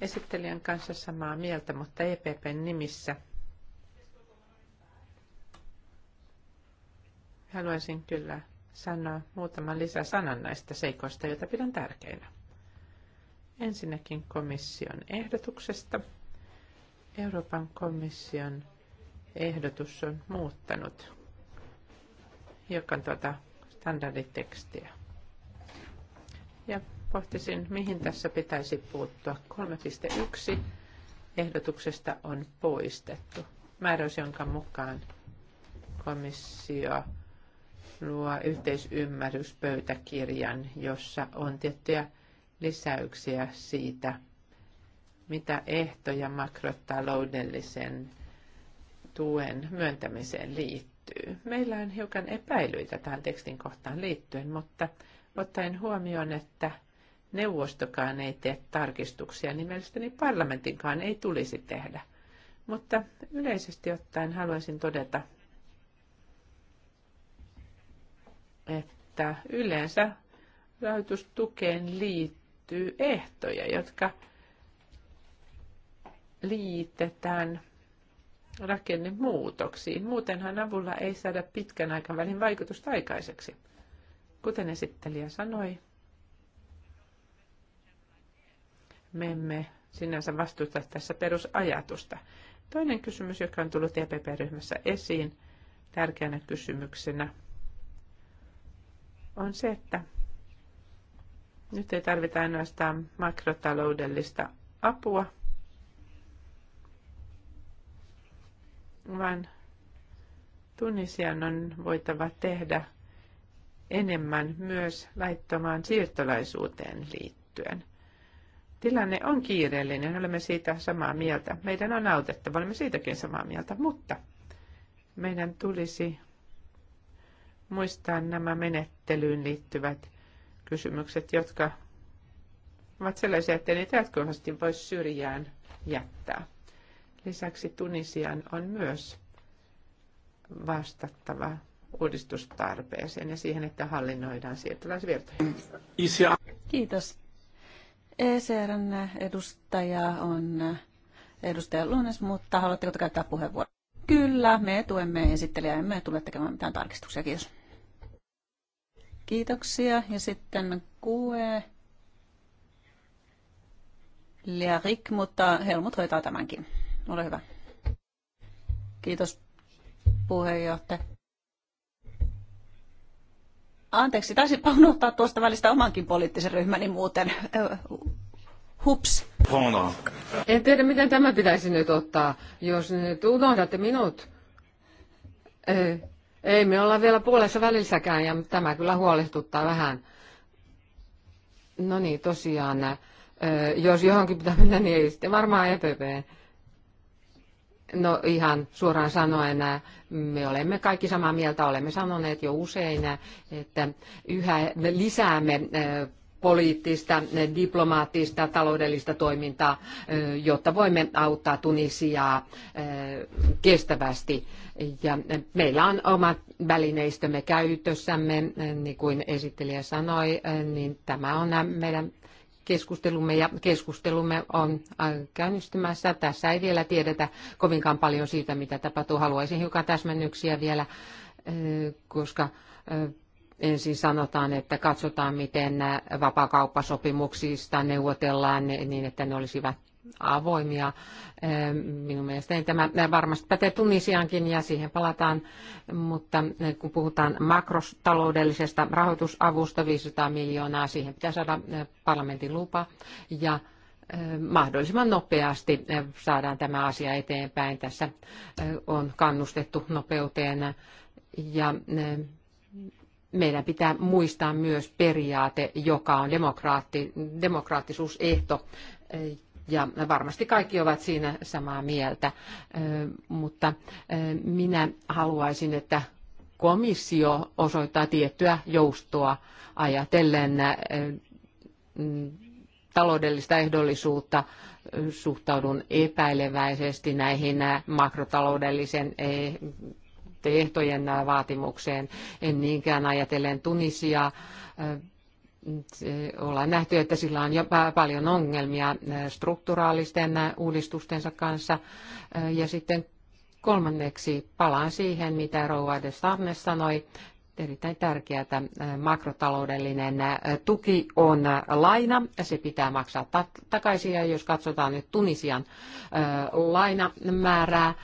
esittelijän kanssa samaa mieltä, mutta EPPn nimissä haluaisin kyllä sanoa muutaman lisäsanan näistä seikoista, joita pidän tärkeinä. Ensinnäkin komission ehdotuksesta. Euroopan komission ehdotus on muuttanut hiukan tuota standarditekstiä. Ja pohtisin, mihin tässä pitäisi puuttua. 3.1 ehdotuksesta on poistettu. Määräys, jonka mukaan komissio luo yhteisymmärryspöytäkirjan, jossa on tiettyjä lisäyksiä siitä, mitä ehtoja makrotaloudellisen tuen myöntämiseen liittyy. Meillä on hiukan epäilyitä tähän tekstin kohtaan liittyen, mutta ottaen huomioon, että neuvostokaan ei tee tarkistuksia, niin mielestäni parlamentinkaan ei tulisi tehdä. Mutta yleisesti ottaen haluaisin todeta, että yleensä rahoitustukeen liittyy ehtoja, jotka liitetään rakennemuutoksiin. Muutenhan avulla ei saada pitkän aikavälin vaikutusta aikaiseksi. Kuten esittelijä sanoi, me emme sinänsä vastusta tässä perusajatusta. Toinen kysymys, joka on tullut EPP-ryhmässä esiin tärkeänä kysymyksenä, on se, että nyt ei tarvita ainoastaan makrotaloudellista apua, vaan Tunisian on voitava tehdä enemmän myös laittomaan siirtolaisuuteen liittyen. Tilanne on kiireellinen, olemme siitä samaa mieltä. Meidän on autettava, olemme siitäkin samaa mieltä, mutta meidän tulisi muistaa nämä menettelyyn liittyvät kysymykset, jotka ovat sellaisia, että niitä jatkuvasti voi syrjään jättää. Lisäksi Tunisian on myös vastattava uudistustarpeeseen ja siihen, että hallinnoidaan siirtolaisvirtoja. Kiitos. ECRn edustaja on edustaja Lunes, mutta haluatteko käyttää puheenvuoron? Kyllä, me tuemme esittelijää, emme tule tekemään mitään tarkistuksia. Kiitos. Kiitoksia. Ja sitten QE. Liarik, mutta Helmut hoitaa tämänkin. Ole hyvä. Kiitos puheenjohtaja. Anteeksi, taisinpa unohtaa tuosta välistä omankin poliittisen ryhmäni muuten. Hups. En tiedä, miten tämä pitäisi nyt ottaa, jos nyt unohdatte minut. Ei, ei me olla vielä puolessa välissäkään, ja tämä kyllä huolestuttaa vähän. No niin, tosiaan, jos johonkin pitää mennä, niin ei sitten varmaan EPP. No ihan suoraan sanoen, me olemme kaikki samaa mieltä, olemme sanoneet jo usein, että yhä lisäämme eh, poliittista, eh, diplomaattista, taloudellista toimintaa, eh, jotta voimme auttaa Tunisiaa kestävästi. Ja meillä on omat välineistömme käytössämme, niin kuin esittelijä sanoi, niin tämä on meidän keskustelumme ja keskustelumme on käynnistymässä. Tässä ei vielä tiedetä kovinkaan paljon siitä, mitä tapahtuu. Haluaisin hiukan täsmennyksiä vielä, eh, koska eh, ensin sanotaan, että katsotaan, miten vapakauppasopimuksista neuvotellaan niin, että ne olisivat avoimia. Eh, minun mielestäni tämä varmasti pätee Tunisiankin ja siihen palataan, mutta eh, kun puhutaan makrotaloudellisesta rahoitusavusta 500 miljoonaa, siihen pitää saada eh, parlamentin lupa ja mahdollisimman nopeasti saadaan tämä asia eteenpäin. Tässä on kannustettu nopeuteen ja meidän pitää muistaa myös periaate, joka on demokraatti, demokraattisuusehto ja varmasti kaikki ovat siinä samaa mieltä, mutta minä haluaisin, että komissio osoittaa tiettyä joustoa ajatellen mm, taloudellista ehdollisuutta suhtaudun epäileväisesti näihin makrotaloudellisen e, ehtojen vaatimukseen. En niinkään ajatellen Tunisia ollaan nähty, että sillä on jopa paljon ongelmia äh, strukturaalisten uudistustensa kanssa. Äh, ja sitten kolmanneksi palaan siihen, mitä Rouva de Sarne sanoi, erittäin tärkeää, että äh, makrotaloudellinen tuki on laina. Se pitää maksaa takaisin ja jos katsotaan nyt Tunisian lainamäärää,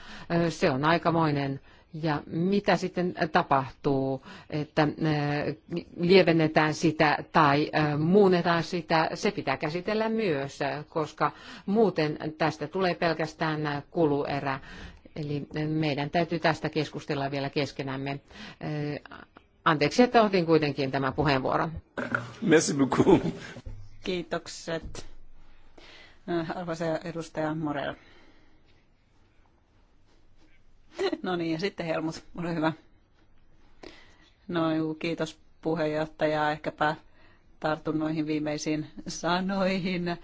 se on aikamoinen ja mitä sitten äh, tapahtuu, että äh, lievennetään sitä tai äh, muunnetaan sitä, se pitää käsitellä myös, koska muuten tästä tulee pelkästään kuluerä. Eli meidän täytyy tästä keskustella vielä keskenämme. Anteeksi, että otin kuitenkin tämän puheenvuoron. Merci beaucoup. Kiitokset. Arvoisa edustaja Morel. No niin, ja sitten Helmut, ole hyvä. No juu, kiitos puheenjohtaja. Ehkäpä tartun noihin viimeisiin sanoihin. Äh,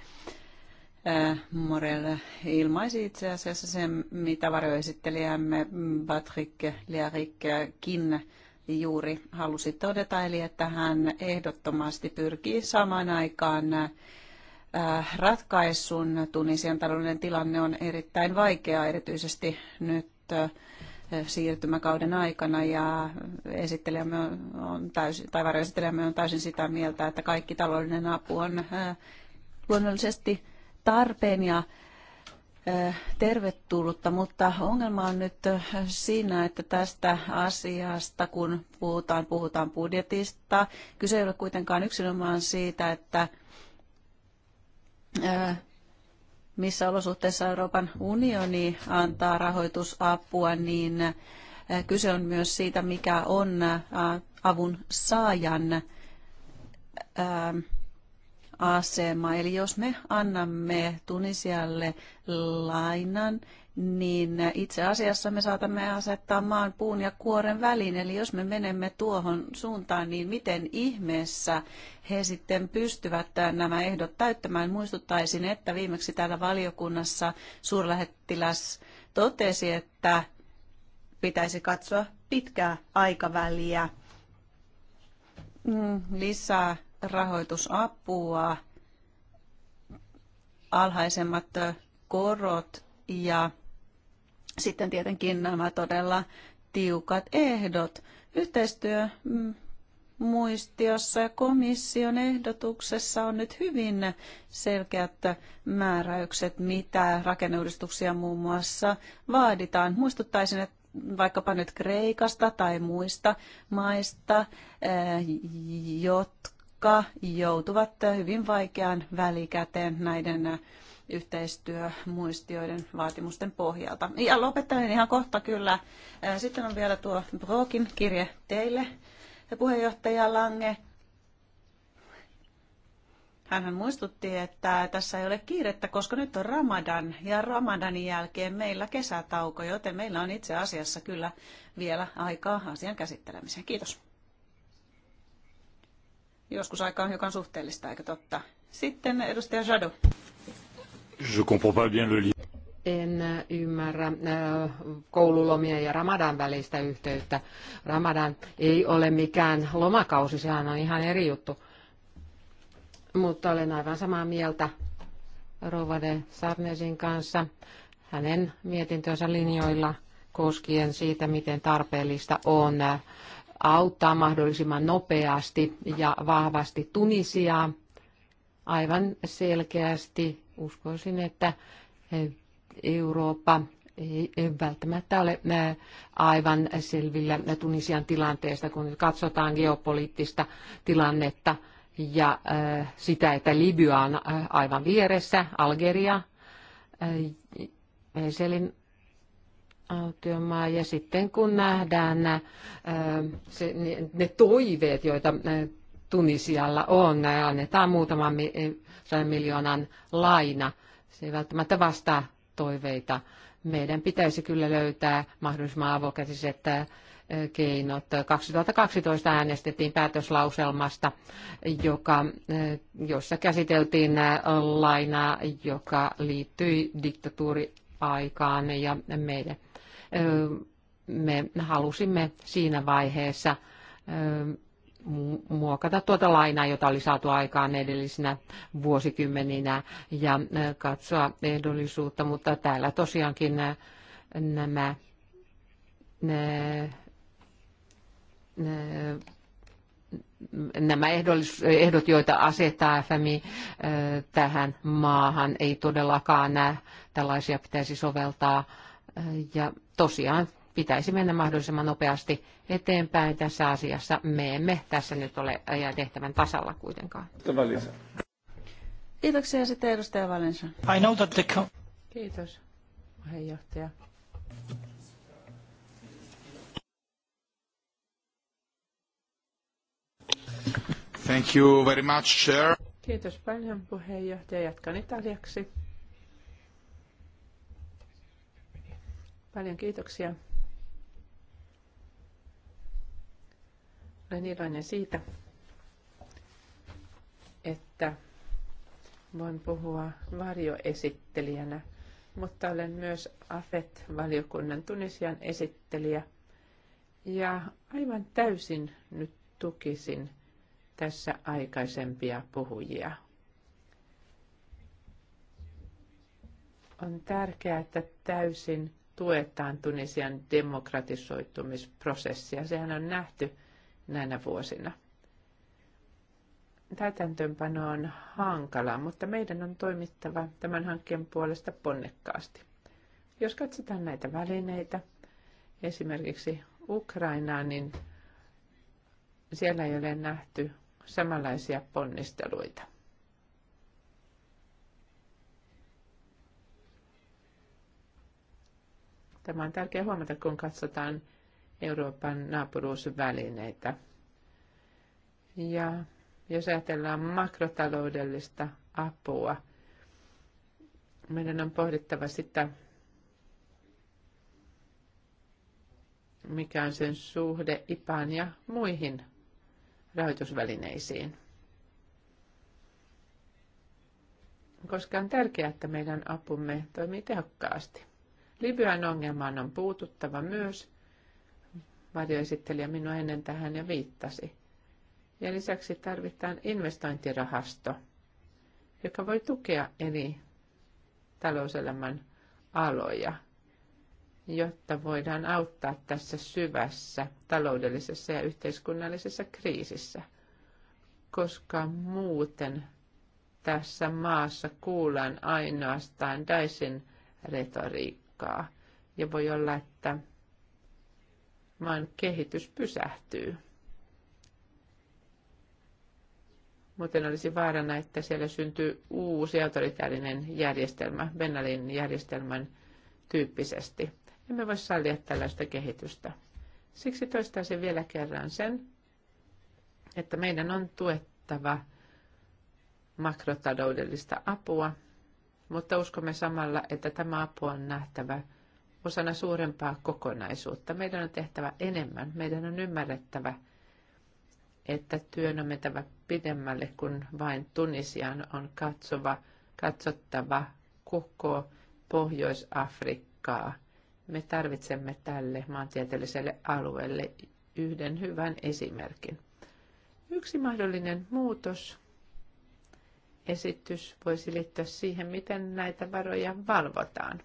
Morel ilmaisi itse asiassa sen, mitä varjoesittelijämme Patrick Liarikkin juuri halusi todeta, eli että hän ehdottomasti pyrkii samaan aikaan äh, ratkaisun. Tunisian taloudellinen tilanne on erittäin vaikea, erityisesti nyt Eh, siirtymäkauden aikana ja esittelijämme on täysin, tai varjoesittelijämme on täysin sitä mieltä, että kaikki taloudellinen apu on eh, luonnollisesti tarpeen ja eh, tervetullutta, mutta ongelma on nyt siinä, että tästä asiasta, kun puhutaan, puhutaan budjetista. Kyse ei ole kuitenkaan yksinomaan siitä, että missä olosuhteissa Euroopan unioni antaa rahoitusapua, niin kyse on myös siitä, mikä on avun saajan asema. Eli jos me annamme Tunisialle lainan, niin itse asiassa me saatamme asettaa maan puun ja kuoren väliin. Eli jos me menemme tuohon suuntaan, niin miten ihmeessä he sitten pystyvät nämä ehdot täyttämään? Muistuttaisin, että viimeksi täällä valiokunnassa suurlähettiläs totesi, että pitäisi katsoa pitkää aikaväliä, mm, lisää rahoitusapua, alhaisemmat korot ja sitten tietenkin nämä todella tiukat ehdot. Yhteistyö mm, muistiossa ja komission ehdotuksessa on nyt hyvin selkeät määräykset, mitä rakenneuudistuksia muun muassa vaaditaan. Muistuttaisin, että vaikkapa nyt Kreikasta tai muista maista, eh, jotka joutuvat hyvin vaikeaan välikäteen näiden Yhteistyö muistioiden vaatimusten pohjalta. Ja lopettelen ihan kohta kyllä. Sitten on vielä tuo Brokin kirje teille, puheenjohtaja Lange. Hän muistutti, että tässä ei ole kiirettä, koska nyt on Ramadan ja Ramadanin jälkeen meillä kesätauko, joten meillä on itse asiassa kyllä vielä aikaa asian käsittelemiseen. Kiitos. Joskus aika on hiukan suhteellista, eikö totta? Sitten edustaja Jadu. Je comprends pas bien le lien. En ymmärrä äh, koululomien ja Ramadan välistä yhteyttä. Ramadan ei ole mikään lomakausi, sehän on ihan eri juttu. Mutta olen aivan samaa mieltä Rovade Sarnesin kanssa hänen mietintönsä linjoilla koskien siitä, miten tarpeellista on auttaa mahdollisimman nopeasti ja vahvasti Tunisiaa aivan selkeästi uskoisin, että eh, Eurooppa ei välttämättä ole eh, aivan selvillä Tunisian tilanteesta, kun katsotaan geopoliittista tilannetta ja eh, sitä, että Libya on aivan vieressä, Algeria, Meselin autiomaa. Ja sitten kun nähdään ne toiveet, joita Tunisialla on. Annetaan muutaman eh, sadan miljoonan laina. Se ei välttämättä vastaa toiveita. Meidän pitäisi kyllä löytää mahdollisimman avokätiset eh, keinot. 2012 äänestettiin päätöslauselmasta, joka, eh, jossa käsiteltiin lainaa, joka liittyi diktatuuriaikaan ja meidän me halusimme siinä vaiheessa muokata tuota lainaa, jota oli saatu aikaan edellisinä vuosikymmeninä ja katsoa ehdollisuutta, mutta täällä tosiaankin nämä ne, ne, nämä ehdot, joita asettaa FMI tähän maahan, ei todellakaan nämä tällaisia pitäisi soveltaa. Ja tosiaan pitäisi mennä mahdollisimman nopeasti eteenpäin tässä asiassa. Me emme tässä nyt ole tehtävän tasalla kuitenkaan. Kiitoksia sitten edustaja Valensa. I know that the... Kiitos, puheenjohtaja. Thank you very much, Chair. Kiitos paljon puheenjohtaja. Jatkan italiaksi. Paljon kiitoksia Olen iloinen siitä, että voin puhua varjoesittelijänä, mutta olen myös AFET-valiokunnan Tunisian esittelijä. Ja aivan täysin nyt tukisin tässä aikaisempia puhujia. On tärkeää, että täysin tuetaan Tunisian demokratisoitumisprosessia. Sehän on nähty näinä vuosina. Täytäntöönpano on hankalaa, mutta meidän on toimittava tämän hankkeen puolesta ponnekkaasti. Jos katsotaan näitä välineitä, esimerkiksi Ukrainaa, niin siellä ei ole nähty samanlaisia ponnisteluita. Tämä on tärkeää huomata, kun katsotaan Euroopan naapuruusvälineitä. Ja jos ajatellaan makrotaloudellista apua, meidän on pohdittava sitä, mikä on sen suhde IPAan ja muihin rahoitusvälineisiin. Koska on tärkeää, että meidän apumme toimii tehokkaasti. Libyan ongelmaan on puututtava myös varjoesittelijä minua ennen tähän ja viittasi. Ja lisäksi tarvitaan investointirahasto, joka voi tukea eri talouselämän aloja, jotta voidaan auttaa tässä syvässä taloudellisessa ja yhteiskunnallisessa kriisissä, koska muuten tässä maassa kuullaan ainoastaan Daisin retoriikkaa. Ja voi olla, että vaan kehitys pysähtyy. Muuten olisi vaarana, että siellä syntyy uusi autoritäärinen järjestelmä, Benalin järjestelmän tyyppisesti. Emme voi sallia tällaista kehitystä. Siksi toistaisin vielä kerran sen, että meidän on tuettava makrotaloudellista apua, mutta uskomme samalla, että tämä apu on nähtävä – osana suurempaa kokonaisuutta. Meidän on tehtävä enemmän. Meidän on ymmärrettävä, että työn on mentävä pidemmälle kuin vain Tunisian on katsova, katsottava koko Pohjois-Afrikkaa. Me tarvitsemme tälle maantieteelliselle alueelle yhden hyvän esimerkin. Yksi mahdollinen muutos esitys voisi liittyä siihen, miten näitä varoja valvotaan.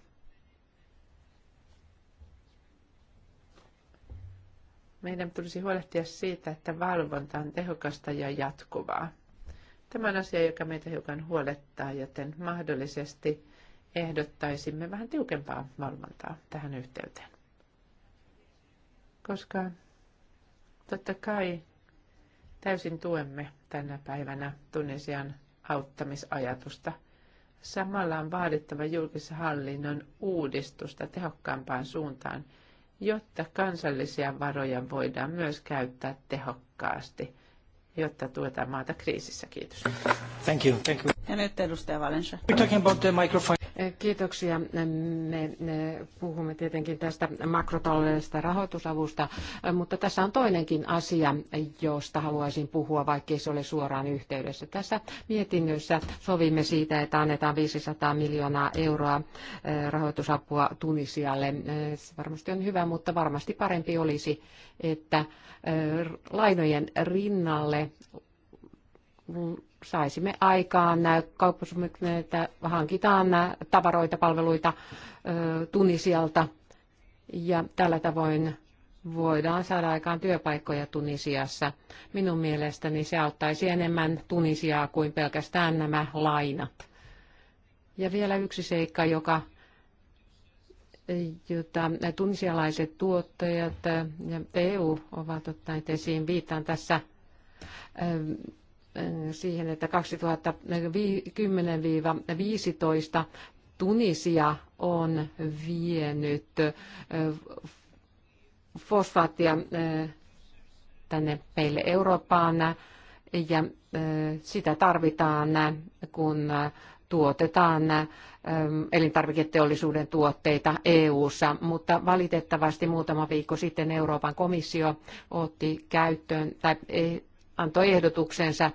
Meidän tulisi huolehtia siitä, että valvonta on tehokasta ja jatkuvaa. Tämä on asia, joka meitä hiukan huolettaa, joten mahdollisesti ehdottaisimme vähän tiukempaa valvontaa tähän yhteyteen. Koska totta kai täysin tuemme tänä päivänä Tunisian auttamisajatusta. Samalla on vaadittava julkishallinnon uudistusta tehokkaampaan suuntaan – jotta kansallisia varoja voidaan myös käyttää tehokkaasti, jotta tuetaan maata kriisissä. Kiitos. Thank you. Thank you. Ja nyt edustaja Valensa. We're talking about the microphone. Kiitoksia. Me puhumme tietenkin tästä makrotaloudellisesta rahoitusavusta, mutta tässä on toinenkin asia, josta haluaisin puhua, vaikkei se ole suoraan yhteydessä. Tässä mietinnössä sovimme siitä, että annetaan 500 miljoonaa euroa eh, rahoitusapua Tunisialle. Eh, se varmasti on hyvä, mutta varmasti parempi olisi, että eh, lainojen rinnalle saisimme aikaan että hankitaan tavaroita, palveluita Tunisialta ja tällä tavoin voidaan saada aikaan työpaikkoja Tunisiassa. Minun mielestäni se auttaisi enemmän Tunisiaa kuin pelkästään nämä lainat. Ja vielä yksi seikka, joka, jota tunisialaiset tuottajat ja EU ovat ottaneet esiin. Viitaan tässä siihen, että 2010-2015 Tunisia on vienyt fosfaattia tänne meille Eurooppaan ja sitä tarvitaan, kun tuotetaan elintarviketeollisuuden tuotteita EU:ssa, mutta valitettavasti muutama viikko sitten Euroopan komissio otti käyttöön tai e, antoi ehdotuksensa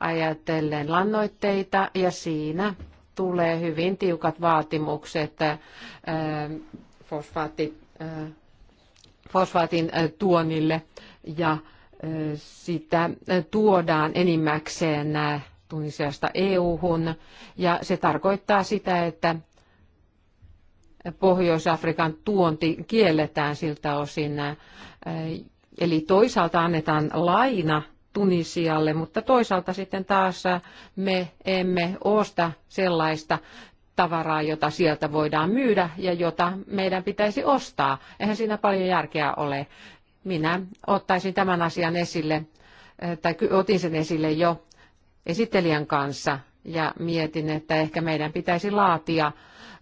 ajatellen lannoitteita ja siinä tulee hyvin tiukat vaatimukset äh, fosfaatti, äh, fosfaatin äh, tuonille ja sitä tuodaan enimmäkseen Tunisiasta EU-hun ja se tarkoittaa sitä, että Pohjois-Afrikan tuonti kielletään siltä osin. Eli toisaalta annetaan laina Tunisialle, mutta toisaalta sitten taas me emme osta sellaista tavaraa, jota sieltä voidaan myydä ja jota meidän pitäisi ostaa. Eihän siinä paljon järkeä ole. Minä ottaisin tämän asian esille, eh, tai otin sen esille jo esittelijän kanssa ja mietin, että ehkä meidän pitäisi laatia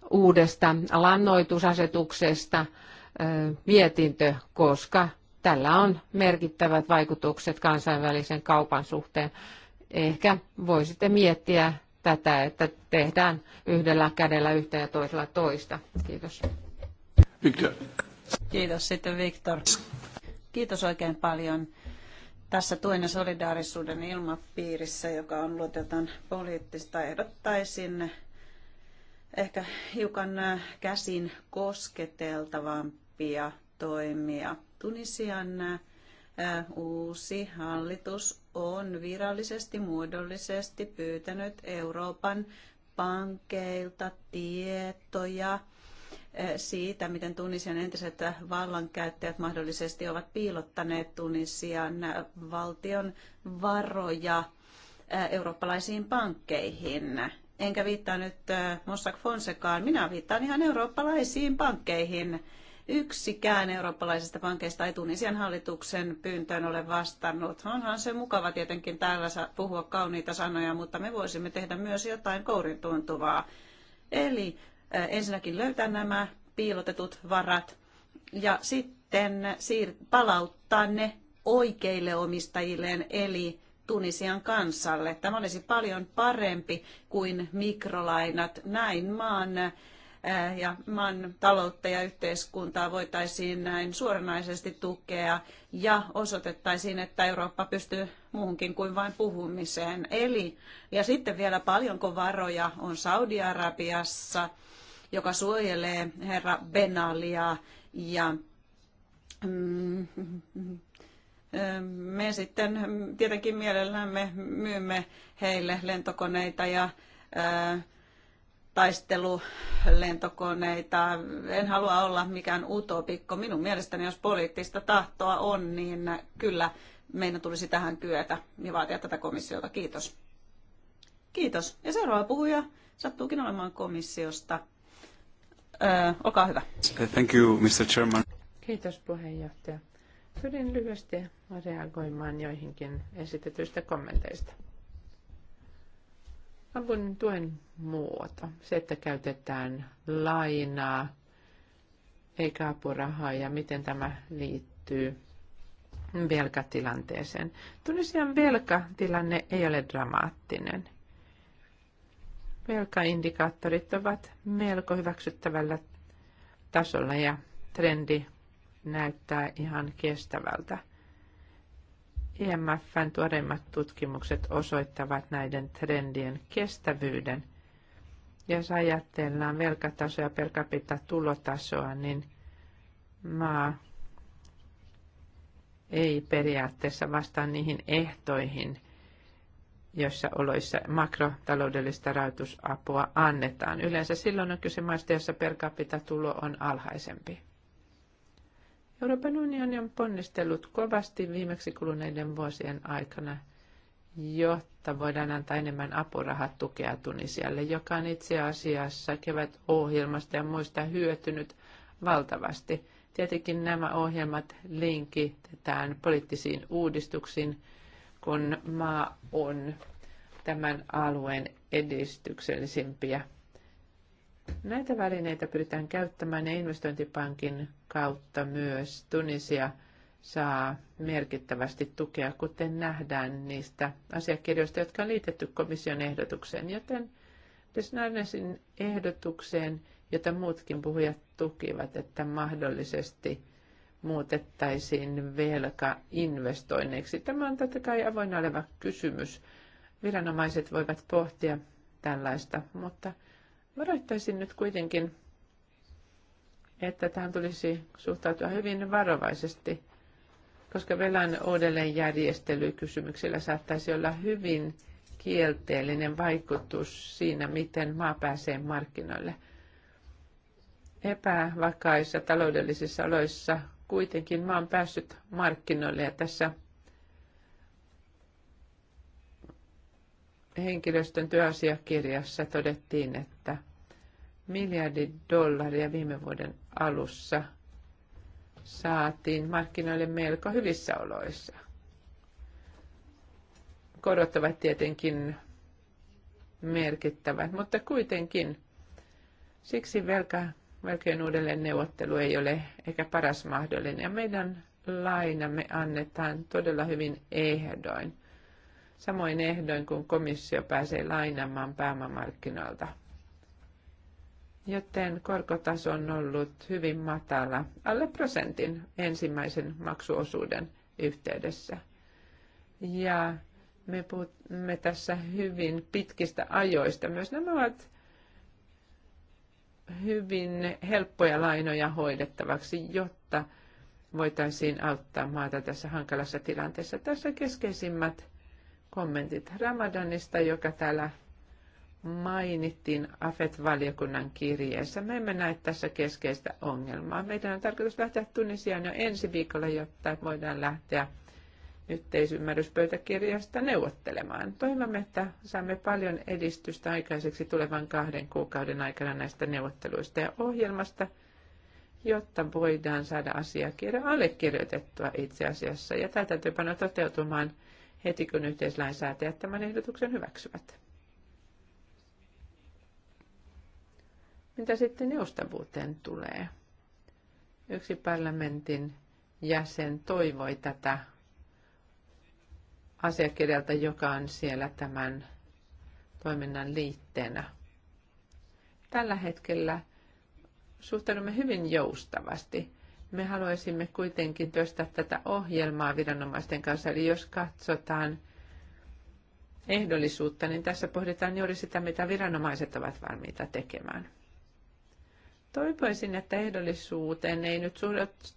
uudesta lannoitusasetuksesta eh, mietintö, koska tällä on merkittävät vaikutukset kansainvälisen kaupan suhteen. Ehkä voisitte miettiä tätä, että tehdään yhdellä kädellä yhtä ja toisella toista. Kiitos. Victor. Kiitos sitten Viktor. Kiitos oikein paljon tässä tuen ja solidaarisuuden ilmapiirissä, joka on luotetaan poliittista, ehdottaisin ehkä hiukan käsin kosketeltavampia toimia. Tunisian uusi hallitus on virallisesti muodollisesti pyytänyt Euroopan pankeilta tietoja siitä, miten Tunisian entiset vallankäyttäjät mahdollisesti ovat piilottaneet Tunisian valtion varoja eurooppalaisiin pankkeihin. Enkä viittaa nyt Mossack Fonsecaan, minä viittaan ihan eurooppalaisiin pankkeihin Yksikään eurooppalaisista pankeista ei Tunisian hallituksen pyyntöön ole vastannut. Onhan se mukava tietenkin täällä puhua kauniita sanoja, mutta me voisimme tehdä myös jotain kourin tuntuvaa. Eli äh, ensinnäkin löytää nämä piilotetut varat ja sitten siir- palauttaa ne oikeille omistajilleen, eli Tunisian kansalle. Tämä olisi paljon parempi kuin mikrolainat. Näin maan ja maan taloutta ja yhteiskuntaa voitaisiin näin suoranaisesti tukea ja osoitettaisiin, että Eurooppa pystyy muuhunkin kuin vain puhumiseen. Eli, ja sitten vielä paljonko varoja on Saudi-Arabiassa, joka suojelee herra Benalia ja mm, me sitten tietenkin mielellämme myymme heille lentokoneita ja ää, taistelulentokoneita. En halua olla mikään utopikko. Minun mielestäni, jos poliittista tahtoa on, niin kyllä meidän tulisi tähän kyetä ja vaatia tätä komissiota. Kiitos. Kiitos. Ja seuraava puhuja sattuukin olemaan komissiosta. Öö, olkaa hyvä. Thank you, Mr. Chairman. Kiitos puheenjohtaja. Pyrin lyhyesti reagoimaan joihinkin esitetyistä kommenteista avun tuen muoto, se, että käytetään lainaa eikä apurahaa ja miten tämä liittyy velkatilanteeseen. Tunisian velkatilanne ei ole dramaattinen. Velkaindikaattorit ovat melko hyväksyttävällä tasolla ja trendi näyttää ihan kestävältä. IMFn e tuoreimmat tutkimukset osoittavat näiden trendien kestävyyden. Jos ajatellaan velkatasoa ja per capita tulotasoa, niin maa ei periaatteessa vastaa niihin ehtoihin, joissa oloissa makrotaloudellista rahoitusapua annetaan. Yleensä silloin on kyse maista, jossa per capita tulo on alhaisempi. Euroopan unioni on ponnistellut kovasti viimeksi kuluneiden vuosien aikana, jotta voidaan antaa enemmän apurahat tukea Tunisialle, joka on itse asiassa kevät ohjelmasta ja muista hyötynyt valtavasti. Tietenkin nämä ohjelmat linkitetään poliittisiin uudistuksiin, kun maa on tämän alueen edistyksellisimpiä Näitä välineitä pyritään käyttämään ja investointipankin kautta myös Tunisia saa merkittävästi tukea, kuten nähdään niistä asiakirjoista, jotka on liitetty komission ehdotukseen. Joten Desnarnesin ehdotukseen, jota muutkin puhujat tukivat, että mahdollisesti muutettaisiin velka investoinneiksi. Tämä on totta kai avoin oleva kysymys. Viranomaiset voivat pohtia tällaista, mutta – Varoittaisin nyt kuitenkin, että tähän tulisi suhtautua hyvin varovaisesti, koska velan uudelleenjärjestelykysymyksillä saattaisi olla hyvin kielteellinen vaikutus siinä, miten maa pääsee markkinoille. Epävakaissa taloudellisissa oloissa kuitenkin maa on päässyt markkinoille ja tässä henkilöstön työasiakirjassa todettiin, että miljardi dollaria viime vuoden alussa saatiin markkinoille melko hyvissä oloissa. Korot ovat tietenkin merkittävät, mutta kuitenkin siksi velka, velkojen uudelleen neuvottelu ei ole ehkä paras mahdollinen. Ja meidän lainamme annetaan todella hyvin ehdoin. Samoin ehdoin, kun komissio pääsee lainamaan pääomamarkkinoilta joten korkotaso on ollut hyvin matala, alle prosentin ensimmäisen maksuosuuden yhteydessä. Ja me puhumme tässä hyvin pitkistä ajoista. Myös nämä ovat hyvin helppoja lainoja hoidettavaksi, jotta voitaisiin auttaa maata tässä hankalassa tilanteessa. Tässä keskeisimmät kommentit Ramadanista, joka täällä mainittiin AFET-valiokunnan kirjeessä. Me emme näe tässä keskeistä ongelmaa. Meidän on tarkoitus lähteä Tunisiaan jo ensi viikolla, jotta voidaan lähteä yhteisymmärryspöytäkirjasta neuvottelemaan. Toivomme, että saamme paljon edistystä aikaiseksi tulevan kahden kuukauden aikana näistä neuvotteluista ja ohjelmasta, jotta voidaan saada asiakirja allekirjoitettua itse asiassa ja panna toteutumaan heti, kun yhteislainsäätäjät tämän ehdotuksen hyväksyvät. Mitä sitten joustavuuteen tulee? Yksi parlamentin jäsen toivoi tätä asiakirjalta, joka on siellä tämän toiminnan liitteenä. Tällä hetkellä suhtaudumme hyvin joustavasti. Me haluaisimme kuitenkin työstää tätä ohjelmaa viranomaisten kanssa, eli jos katsotaan ehdollisuutta, niin tässä pohditaan juuri sitä, mitä viranomaiset ovat valmiita tekemään. Toivoisin, että ehdollisuuteen ei nyt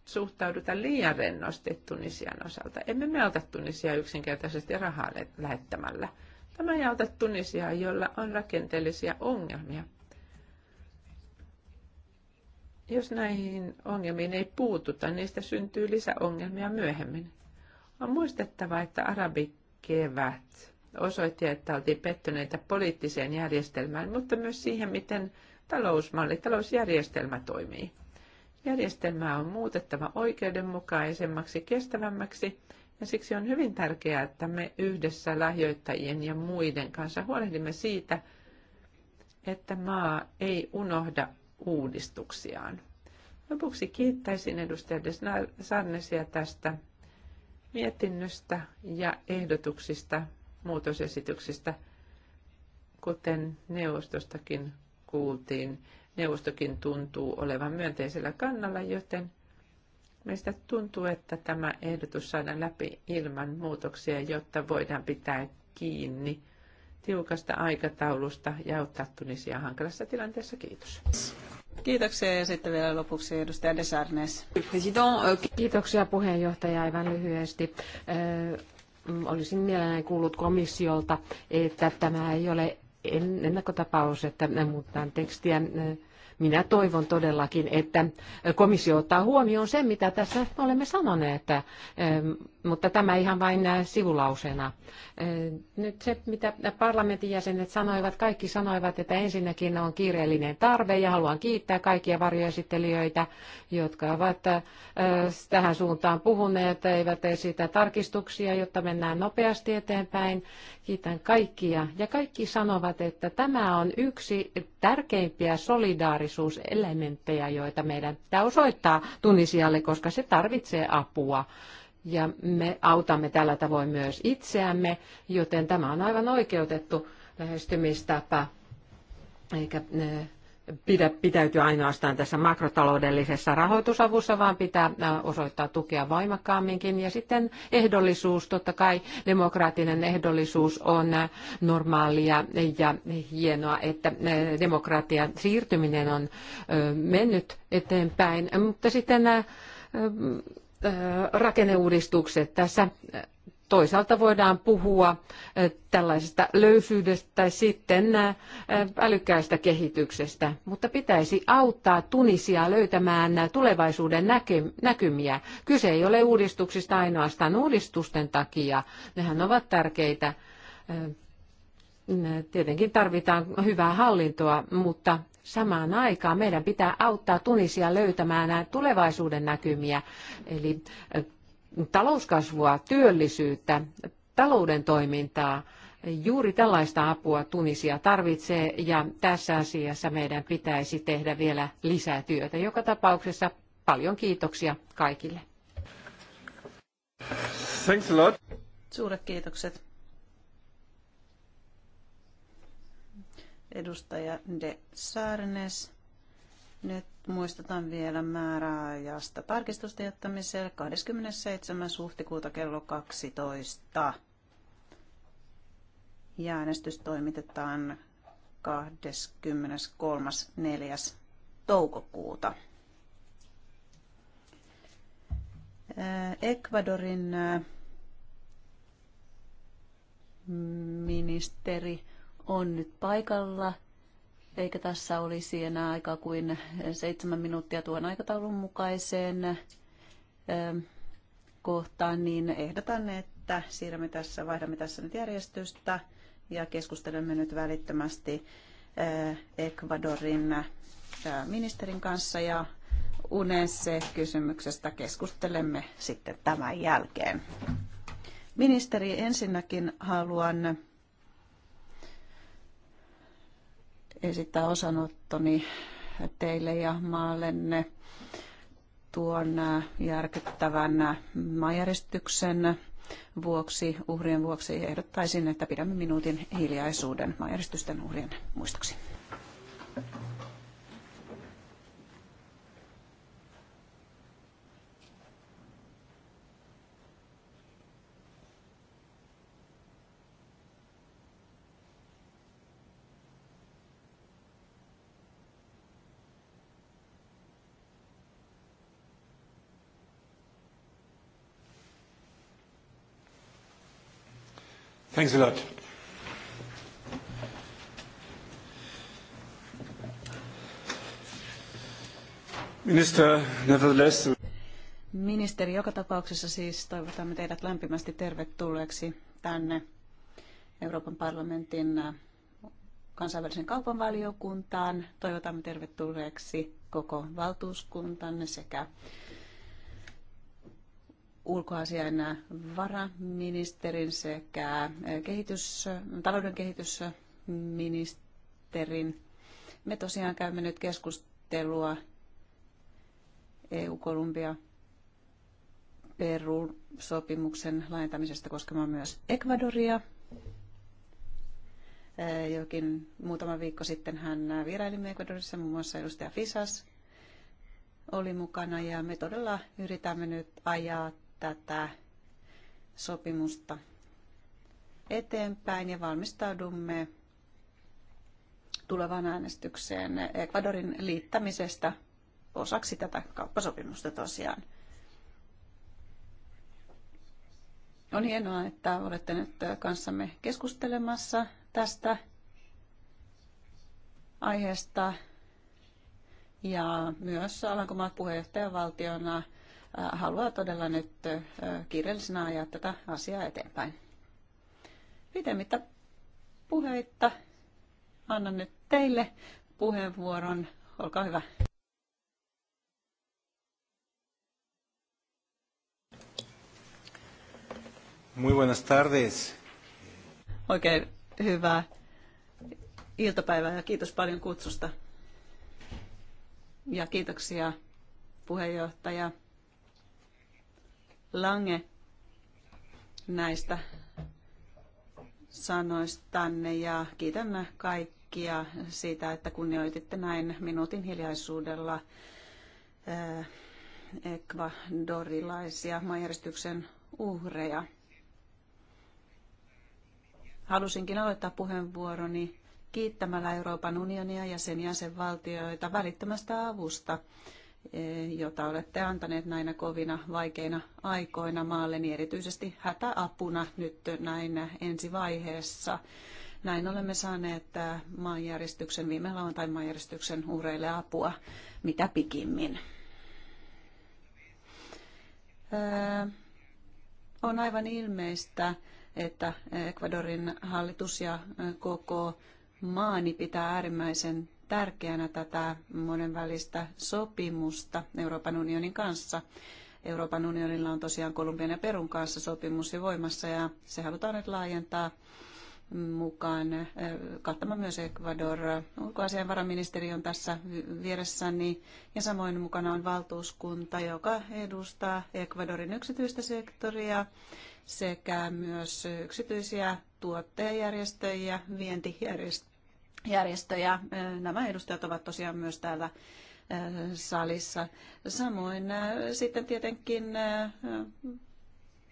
suhtauduta liian rennosti Tunisian osalta. Emme me auta Tunisia yksinkertaisesti rahaa lähettämällä. Tämä ei auta Tunisia, jolla on rakenteellisia ongelmia. Jos näihin ongelmiin ei puututa, niistä syntyy lisäongelmia myöhemmin. On muistettava, että arabikevät osoitti, että oltiin pettyneitä poliittiseen järjestelmään, mutta myös siihen, miten talousmalli, talousjärjestelmä toimii. Järjestelmää on muutettava oikeudenmukaisemmaksi, kestävämmäksi ja siksi on hyvin tärkeää, että me yhdessä lahjoittajien ja muiden kanssa huolehdimme siitä, että maa ei unohda uudistuksiaan. Lopuksi kiittäisin edustaja Sarnesia tästä mietinnöstä ja ehdotuksista, muutosesityksistä, kuten neuvostostakin kuultiin, neuvostokin tuntuu olevan myönteisellä kannalla, joten meistä tuntuu, että tämä ehdotus saadaan läpi ilman muutoksia, jotta voidaan pitää kiinni tiukasta aikataulusta ja auttaa Tunisia hankalassa tilanteessa. Kiitos. Kiitoksia ja sitten vielä lopuksi edustaja Desarnes. Kiitoksia puheenjohtaja aivan lyhyesti. Olisin mielelläni kuullut komissiolta, että tämä ei ole ennakkotapaus, että muuttaa tekstiä. Minä toivon todellakin, että komissio ottaa huomioon sen, mitä tässä olemme sanoneet, että mutta tämä ihan vain äh, sivulausena. Äh, nyt se, mitä parlamentin jäsenet sanoivat, kaikki sanoivat, että ensinnäkin on kiireellinen tarve ja haluan kiittää kaikkia varjoesittelijöitä, jotka ovat äh, tähän suuntaan puhuneet, eivät esitä tarkistuksia, jotta mennään nopeasti eteenpäin. Kiitän kaikkia ja kaikki sanovat, että tämä on yksi tärkeimpiä solidaarisuuselementtejä, joita meidän pitää osoittaa Tunisialle, koska se tarvitsee apua ja me autamme tällä tavoin myös itseämme, joten tämä on aivan oikeutettu lähestymistapa, eikä eh, pidä pitäytyä ainoastaan tässä makrotaloudellisessa rahoitusavussa, vaan pitää eh, osoittaa tukea voimakkaamminkin. Ja sitten ehdollisuus, totta kai demokraattinen ehdollisuus on eh, normaalia ja hienoa, että demokratian siirtyminen on mennyt eteenpäin, mutta sitten rakenneuudistukset. Tässä toisaalta voidaan puhua tällaisesta löysyydestä tai sitten älykkäästä kehityksestä, mutta pitäisi auttaa Tunisia löytämään tulevaisuuden näkymiä. Kyse ei ole uudistuksista ainoastaan uudistusten takia, nehän ovat tärkeitä. Tietenkin tarvitaan hyvää hallintoa, mutta samaan aikaan meidän pitää auttaa Tunisia löytämään tulevaisuuden näkymiä, eli eh, talouskasvua, työllisyyttä, talouden toimintaa. Juuri tällaista apua Tunisia tarvitsee ja tässä asiassa meidän pitäisi tehdä vielä lisää työtä. Joka tapauksessa paljon kiitoksia kaikille. Thanks a lot. Suuret kiitokset. edustaja De Sarnes. Nyt muistutan vielä määräajasta tarkistusta jättämiselle 27. huhtikuuta kello 12. Ja äänestys toimitetaan 23.4. toukokuuta. Äh, Ecuadorin äh, ministeri on nyt paikalla, eikä tässä olisi enää aikaa kuin seitsemän minuuttia tuon aikataulun mukaiseen kohtaan, niin ehdotan, että siirrämme tässä, vaihdamme tässä nyt järjestystä ja keskustelemme nyt välittömästi Ecuadorin ministerin kanssa ja unesco kysymyksestä keskustelemme sitten tämän jälkeen. Ministeri, ensinnäkin haluan esittää osanottoni teille ja maallenne tuon järkyttävän maanjäristyksen vuoksi, uhrien vuoksi ehdottaisin, että pidämme minuutin hiljaisuuden maanjäristysten uhrien muistoksi. Thanks a lot. Minister, nevertheless... Ministeri, joka tapauksessa siis toivotamme teidät lämpimästi tervetulleeksi tänne Euroopan parlamentin äh, kansainvälisen kaupan valiokuntaan. Toivotamme tervetulleeksi koko valtuuskuntanne sekä ulkoasian varaministerin sekä eh, kehitys, talouden kehitysministerin. Me tosiaan käymme nyt keskustelua EU-Kolumbia Peru-sopimuksen laajentamisesta koskemaan myös Ecuadoria. Eh, jokin muutama viikko sitten hän vieraili Ecuadorissa, muun muassa edustaja Fisas oli mukana ja me todella yritämme nyt ajaa tätä sopimusta eteenpäin ja valmistaudumme tulevaan äänestykseen Ecuadorin liittämisestä osaksi tätä kauppasopimusta tosiaan. On hienoa, että olette nyt kanssamme keskustelemassa tästä aiheesta ja myös Alankomaat puheenjohtajavaltiona valtiona haluaa todella nyt kiireellisenä ajaa tätä asiaa eteenpäin. Pitemmittä puheitta annan nyt teille puheenvuoron. Olkaa hyvä. Muy buenas tardes. Oikein hyvää iltapäivää ja kiitos paljon kutsusta. Ja kiitoksia puheenjohtaja Lange näistä sanoistanne ja kiitän kaikkia siitä, että kunnioititte näin minuutin hiljaisuudella eh, ekvadorilaisia maanjäristyksen uhreja. Halusinkin aloittaa puheenvuoroni kiittämällä Euroopan unionia ja sen jäsenvaltioita välittömästä avusta, E, jota olette antaneet näinä kovina vaikeina aikoina maalle, niin erityisesti hätäapuna nyt näin vaiheessa. Näin olemme saaneet maanjäristyksen, viime tai maanjäristyksen uhreille apua mitä pikimmin. Öö, on aivan ilmeistä, että Ecuadorin hallitus ja koko maani pitää äärimmäisen tärkeänä tätä monenvälistä sopimusta Euroopan unionin kanssa. Euroopan unionilla on tosiaan Kolumbian ja Perun kanssa sopimus jo voimassa ja se halutaan nyt laajentaa mukaan eh, kattamaan myös Ecuador. Ulkoasianvaraministeri on tässä vieressäni ja samoin mukana on valtuuskunta, joka edustaa Ecuadorin yksityistä sektoria sekä myös yksityisiä tuottajajärjestöjä, vientijärjestöjä järjestöjä. Nämä edustajat ovat tosiaan myös täällä salissa. Samoin sitten tietenkin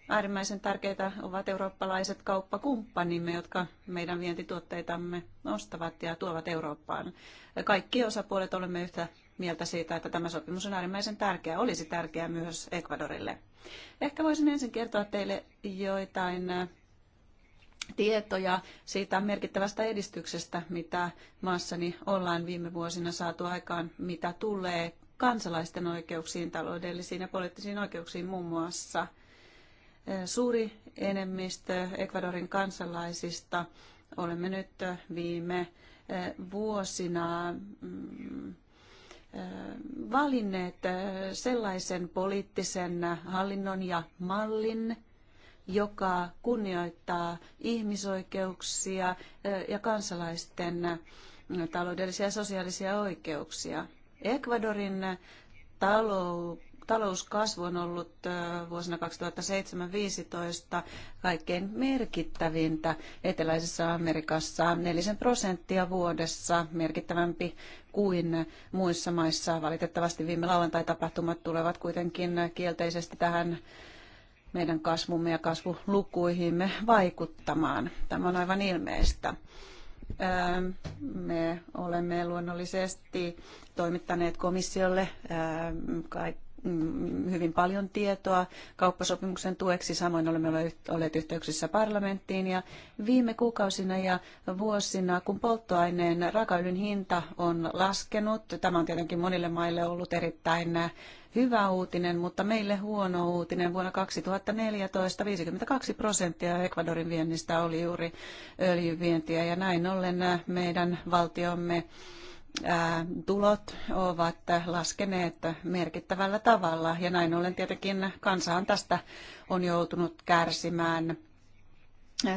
äärimmäisen tärkeitä ovat eurooppalaiset kauppakumppanimme, jotka meidän vientituotteitamme ostavat ja tuovat Eurooppaan. Kaikki osapuolet olemme yhtä mieltä siitä, että tämä sopimus on äärimmäisen tärkeä, olisi tärkeä myös Ecuadorille. Ehkä voisin ensin kertoa teille joitain tietoja siitä merkittävästä edistyksestä, mitä maassani ollaan viime vuosina saatu aikaan, mitä tulee kansalaisten oikeuksiin, taloudellisiin ja poliittisiin oikeuksiin muun muassa. Suuri enemmistö Ecuadorin kansalaisista olemme nyt viime eh, vuosina mm, eh, valinneet eh, sellaisen poliittisen hallinnon ja mallin, joka kunnioittaa ihmisoikeuksia ja kansalaisten taloudellisia ja sosiaalisia oikeuksia. Ecuadorin talou, talouskasvu on ollut vuosina 2007-2015 kaikkein merkittävintä eteläisessä Amerikassa, nelisen prosenttia vuodessa, merkittävämpi kuin muissa maissa. Valitettavasti viime lauantai-tapahtumat tulevat kuitenkin kielteisesti tähän meidän kasvumme ja kasvulukuihimme vaikuttamaan. Tämä on aivan ilmeistä. Ähm, me olemme luonnollisesti toimittaneet komissiolle ähm, mm, hyvin paljon tietoa kauppasopimuksen tueksi. Samoin olemme olleet yhteyksissä parlamenttiin ja viime kuukausina ja vuosina, kun polttoaineen rakaylyn hinta on laskenut, tämä on tietenkin monille maille ollut erittäin hyvä uutinen, mutta meille huono uutinen. Vuonna 2014 52 prosenttia Ecuadorin viennistä oli juuri öljyvientiä ja näin ollen meidän valtiomme tulot ovat laskeneet merkittävällä tavalla ja näin ollen tietenkin kansahan tästä on joutunut kärsimään.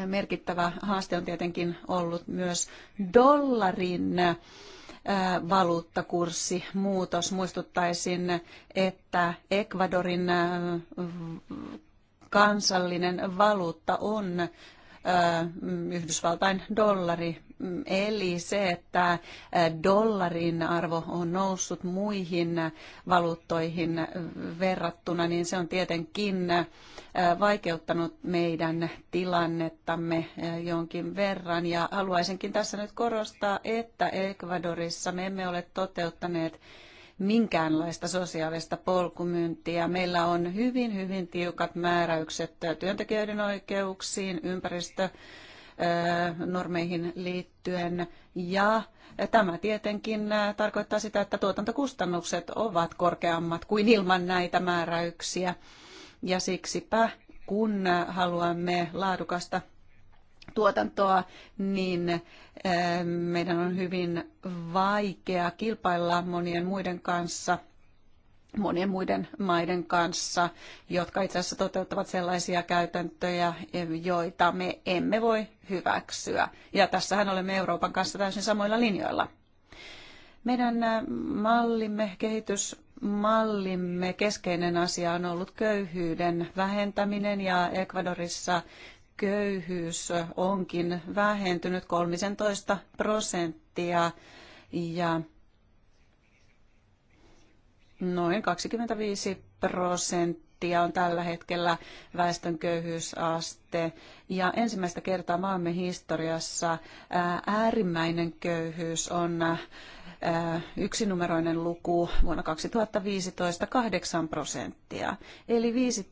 Merkittävä haaste on tietenkin ollut myös dollarin valuuttakurssimuutos. Muistuttaisin, että Ecuadorin kansallinen valuutta on Mm, Yhdysvaltain dollari, mm, eli se, että dollarin arvo on noussut muihin valuuttoihin verrattuna, niin se on tietenkin vaikeuttanut meidän tilannettamme jonkin verran. Ja haluaisinkin tässä nyt korostaa, että Ecuadorissa me emme ole toteuttaneet minkäänlaista sosiaalista polkumyyntiä. Meillä on hyvin, hyvin tiukat määräykset työntekijöiden oikeuksiin, ympäristö normeihin liittyen. Ja tämä tietenkin tarkoittaa sitä, että tuotantokustannukset ovat korkeammat kuin ilman näitä määräyksiä. Ja siksipä, kun haluamme laadukasta tuotantoa, niin eh, meidän on hyvin vaikea kilpailla monien muiden kanssa monien muiden maiden kanssa, jotka itse asiassa toteuttavat sellaisia käytäntöjä, eh, joita me emme voi hyväksyä. Ja tässähän olemme Euroopan kanssa täysin samoilla linjoilla. Meidän eh, mallimme, kehitysmallimme keskeinen asia on ollut köyhyyden vähentäminen ja Ecuadorissa köyhyys onkin vähentynyt 13 prosenttia ja noin 25 prosenttia on tällä hetkellä väestön köyhyysaste. Ja ensimmäistä kertaa maamme historiassa äärimmäinen köyhyys on yksinumeroinen luku vuonna 2015 8 prosenttia. Eli viisi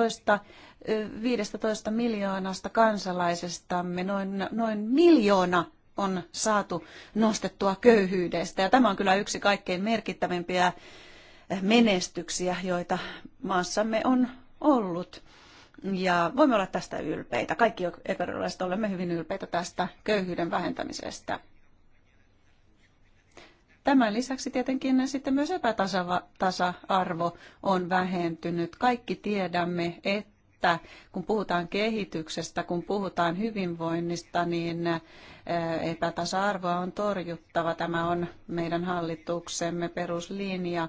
15, 15 miljoonasta kansalaisestamme noin, noin miljoona on saatu nostettua köyhyydestä. Ja tämä on kyllä yksi kaikkein merkittävimpiä menestyksiä, joita maassamme on ollut. Ja voimme olla tästä ylpeitä. Kaikki epärilaiset olemme hyvin ylpeitä tästä köyhyyden vähentämisestä. Tämän lisäksi tietenkin sitten myös epätasa-arvo on vähentynyt. Kaikki tiedämme, että kun puhutaan kehityksestä, kun puhutaan hyvinvoinnista, niin epätasa-arvoa on torjuttava. Tämä on meidän hallituksemme peruslinja.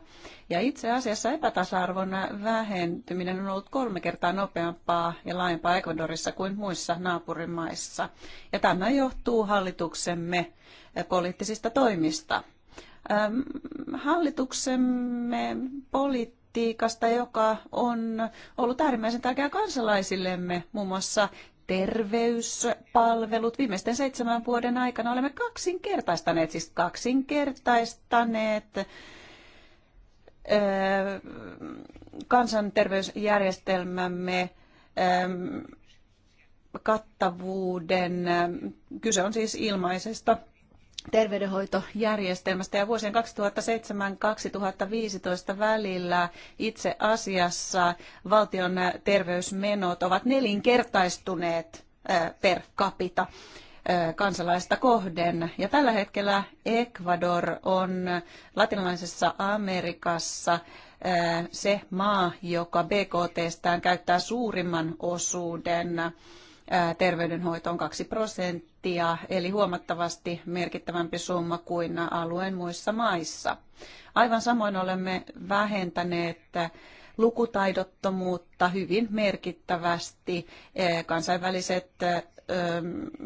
Ja itse asiassa epätasa-arvon vähentyminen on ollut kolme kertaa nopeampaa ja laajempaa Ecuadorissa kuin muissa naapurimaissa. Ja tämä johtuu hallituksemme poliittisista toimista hallituksemme politiikasta, joka on ollut äärimmäisen tärkeä kansalaisillemme, muun muassa terveyspalvelut. Viimeisten seitsemän vuoden aikana olemme kaksinkertaistaneet, siis kaksinkertaistaneet kansanterveysjärjestelmämme kattavuuden. Kyse on siis ilmaisesta terveydenhoitojärjestelmästä ja vuosien 2007-2015 välillä itse asiassa valtion terveysmenot ovat nelinkertaistuneet per capita kansalaista kohden. Ja tällä hetkellä Ecuador on latinalaisessa Amerikassa se maa, joka BKTstään käyttää suurimman osuuden terveydenhoitoon 2 prosenttia, eli huomattavasti merkittävämpi summa kuin alueen muissa maissa. Aivan samoin olemme vähentäneet lukutaidottomuutta hyvin merkittävästi. Kansainväliset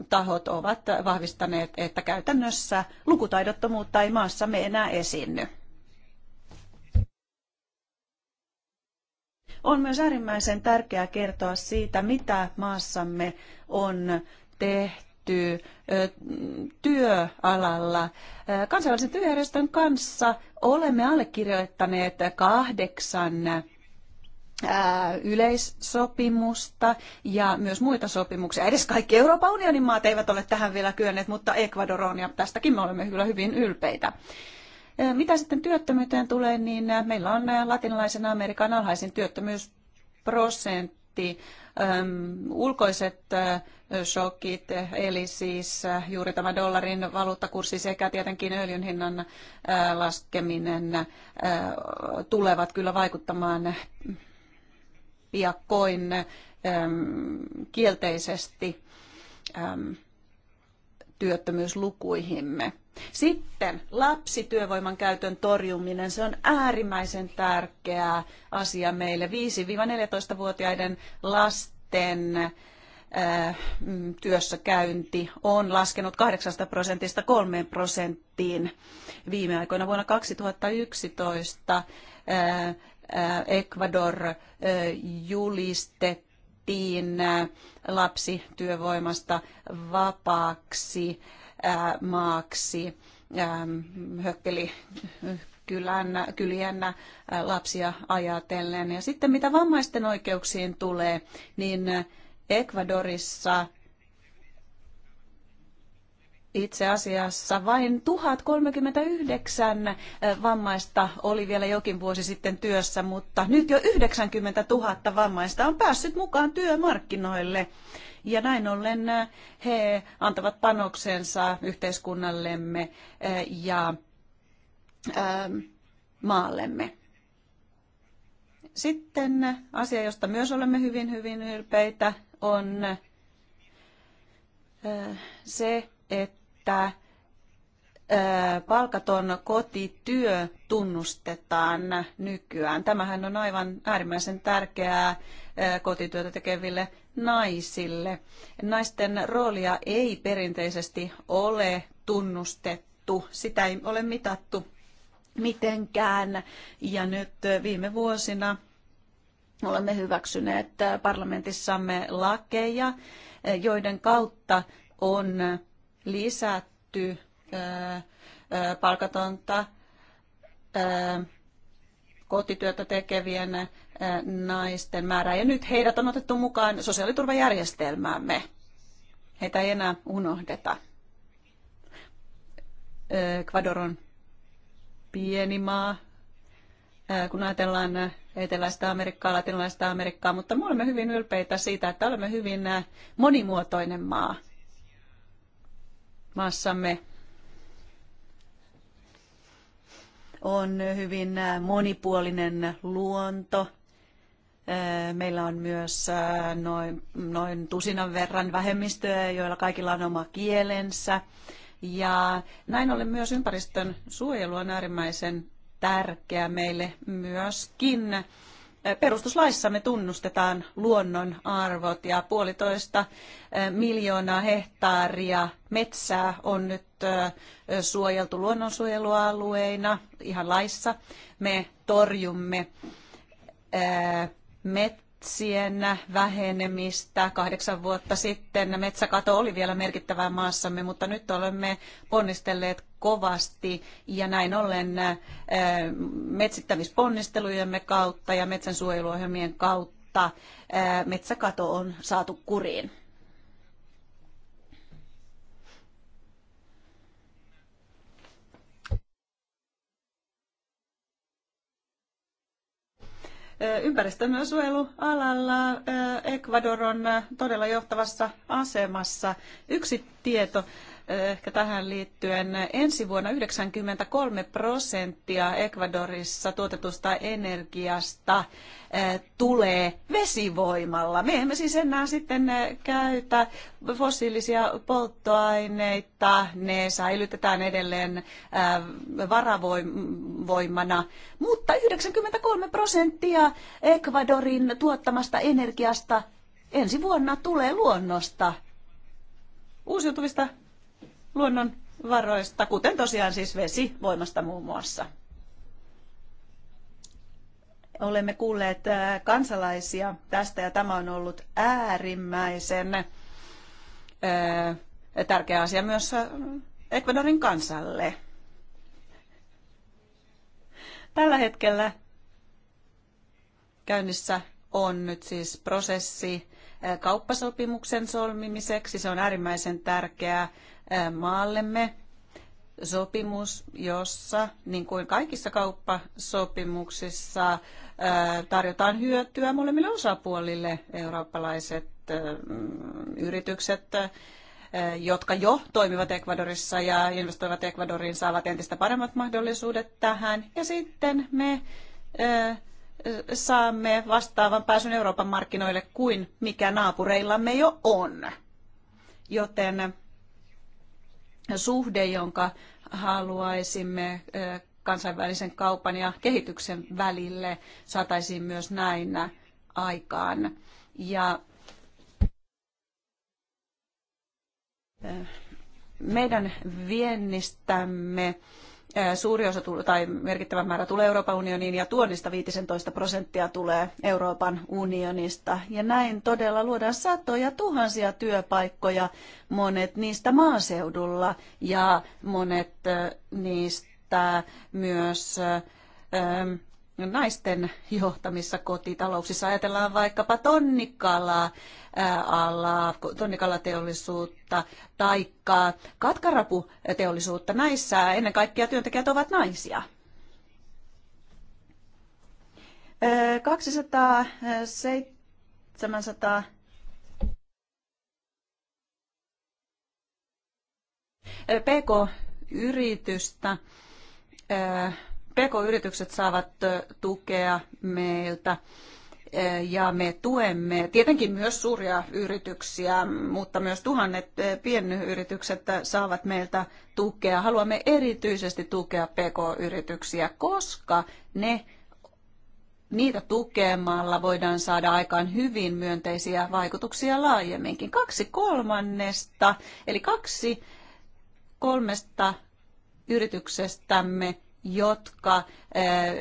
tahot ovat vahvistaneet, että käytännössä lukutaidottomuutta ei maassamme enää esiinny. On myös äärimmäisen tärkeää kertoa siitä, mitä maassamme on tehty työalalla. Kansainvälisen työjärjestön kanssa olemme allekirjoittaneet kahdeksan yleissopimusta ja myös muita sopimuksia. Edes kaikki Euroopan unionin maat eivät ole tähän vielä kyenneet, mutta Ecuador on ja tästäkin me olemme kyllä hyvin ylpeitä. Mitä sitten työttömyyteen tulee, niin meillä on latinalaisen Amerikan alhaisin työttömyysprosentti. Ulkoiset shokit, eli siis juuri tämä dollarin valuuttakurssi sekä tietenkin öljyn hinnan laskeminen tulevat kyllä vaikuttamaan piakkoin kielteisesti työttömyyslukuihimme. Sitten lapsityövoiman käytön torjuminen, se on äärimmäisen tärkeä asia meille. 5-14-vuotiaiden lasten äh, mm, työssäkäynti on laskenut 8 prosentista 3 prosenttiin viime aikoina. Vuonna 2011 äh, äh, Ecuador julistettiin lapsityövoimasta vapaaksi maaksi hökkeli kylän, kylien lapsia ajatellen. Ja sitten mitä vammaisten oikeuksiin tulee, niin Ecuadorissa itse asiassa vain 1039 vammaista oli vielä jokin vuosi sitten työssä, mutta nyt jo 90 000 vammaista on päässyt mukaan työmarkkinoille. Ja näin ollen äh, he antavat panoksensa yhteiskunnallemme äh, ja ähm, maallemme. Sitten asia, josta myös olemme hyvin, hyvin ylpeitä, on äh, se, että palkaton kotityö tunnustetaan nykyään. Tämähän on aivan äärimmäisen tärkeää kotityötä tekeville naisille. Naisten roolia ei perinteisesti ole tunnustettu, sitä ei ole mitattu mitenkään. Ja nyt viime vuosina olemme hyväksyneet parlamentissamme lakeja, joiden kautta on lisätty palkatonta kotityötä tekevien naisten määrää. Ja nyt heidät on otettu mukaan sosiaaliturvajärjestelmäämme. Heitä ei enää unohdeta. Ecuador pieni maa, kun ajatellaan eteläistä Amerikkaa, latinalaista Amerikkaa, mutta me olemme hyvin ylpeitä siitä, että olemme hyvin monimuotoinen maa. Maassamme on hyvin monipuolinen luonto, Meillä on myös noin, noin tusinan verran vähemmistöjä, joilla kaikilla on oma kielensä. Ja näin ollen myös ympäristön suojelu on äärimmäisen tärkeä meille myöskin. Perustuslaissa me tunnustetaan luonnon arvot ja puolitoista miljoonaa hehtaaria metsää on nyt suojeltu luonnonsuojelualueina ihan laissa. Me torjumme metsien vähenemistä. Kahdeksan vuotta sitten metsäkato oli vielä merkittävää maassamme, mutta nyt olemme ponnistelleet kovasti ja näin ollen äh, metsittämisponnistelujemme kautta ja metsänsuojeluohjelmien kautta äh, metsäkato on saatu kuriin. ympäristönsuojelualalla Ecuador on todella johtavassa asemassa. Yksi tieto, ehkä tähän liittyen. Ensi vuonna 93 prosenttia Ecuadorissa tuotetusta energiasta eh, tulee vesivoimalla. Me emme siis enää sitten eh, käytä fossiilisia polttoaineita, ne säilytetään edelleen eh, varavoimana, mutta 93 prosenttia Ecuadorin tuottamasta energiasta ensi vuonna tulee luonnosta uusiutuvista luonnonvaroista, kuten tosiaan siis vesivoimasta muun muassa. Olemme kuulleet äh, kansalaisia tästä ja tämä on ollut äärimmäisen äh, tärkeä asia myös äh, Ecuadorin kansalle. Tällä hetkellä käynnissä on nyt siis prosessi kauppasopimuksen solmimiseksi. Se on äärimmäisen tärkeää maallemme sopimus, jossa, niin kuin kaikissa kauppasopimuksissa, tarjotaan hyötyä molemmille osapuolille eurooppalaiset yritykset jotka jo toimivat Ecuadorissa ja investoivat Ecuadoriin, saavat entistä paremmat mahdollisuudet tähän. Ja sitten me saamme vastaavan pääsyn Euroopan markkinoille kuin mikä naapureillamme jo on. Joten suhde, jonka haluaisimme kansainvälisen kaupan ja kehityksen välille saataisiin myös näin aikaan. Ja meidän viennistämme suuri osa tai merkittävä määrä tulee Euroopan unioniin ja tuonnista 15 prosenttia tulee Euroopan unionista. Ja näin todella luodaan satoja tuhansia työpaikkoja, monet niistä maaseudulla ja monet niistä myös naisten johtamissa kotitalouksissa. Ajatellaan vaikkapa tonnikala alaa, tonnikalateollisuutta tai katkaraputeollisuutta. Näissä ennen kaikkea työntekijät ovat naisia. 200, 700 PK-yritystä PK-yritykset saavat tukea meiltä ja me tuemme tietenkin myös suuria yrityksiä, mutta myös tuhannet pienyritykset saavat meiltä tukea. Haluamme erityisesti tukea PK-yrityksiä, koska ne niitä tukemalla voidaan saada aikaan hyvin myönteisiä vaikutuksia laajemminkin. Kaksi kolmannesta, eli kaksi kolmesta yrityksestämme jotka eh,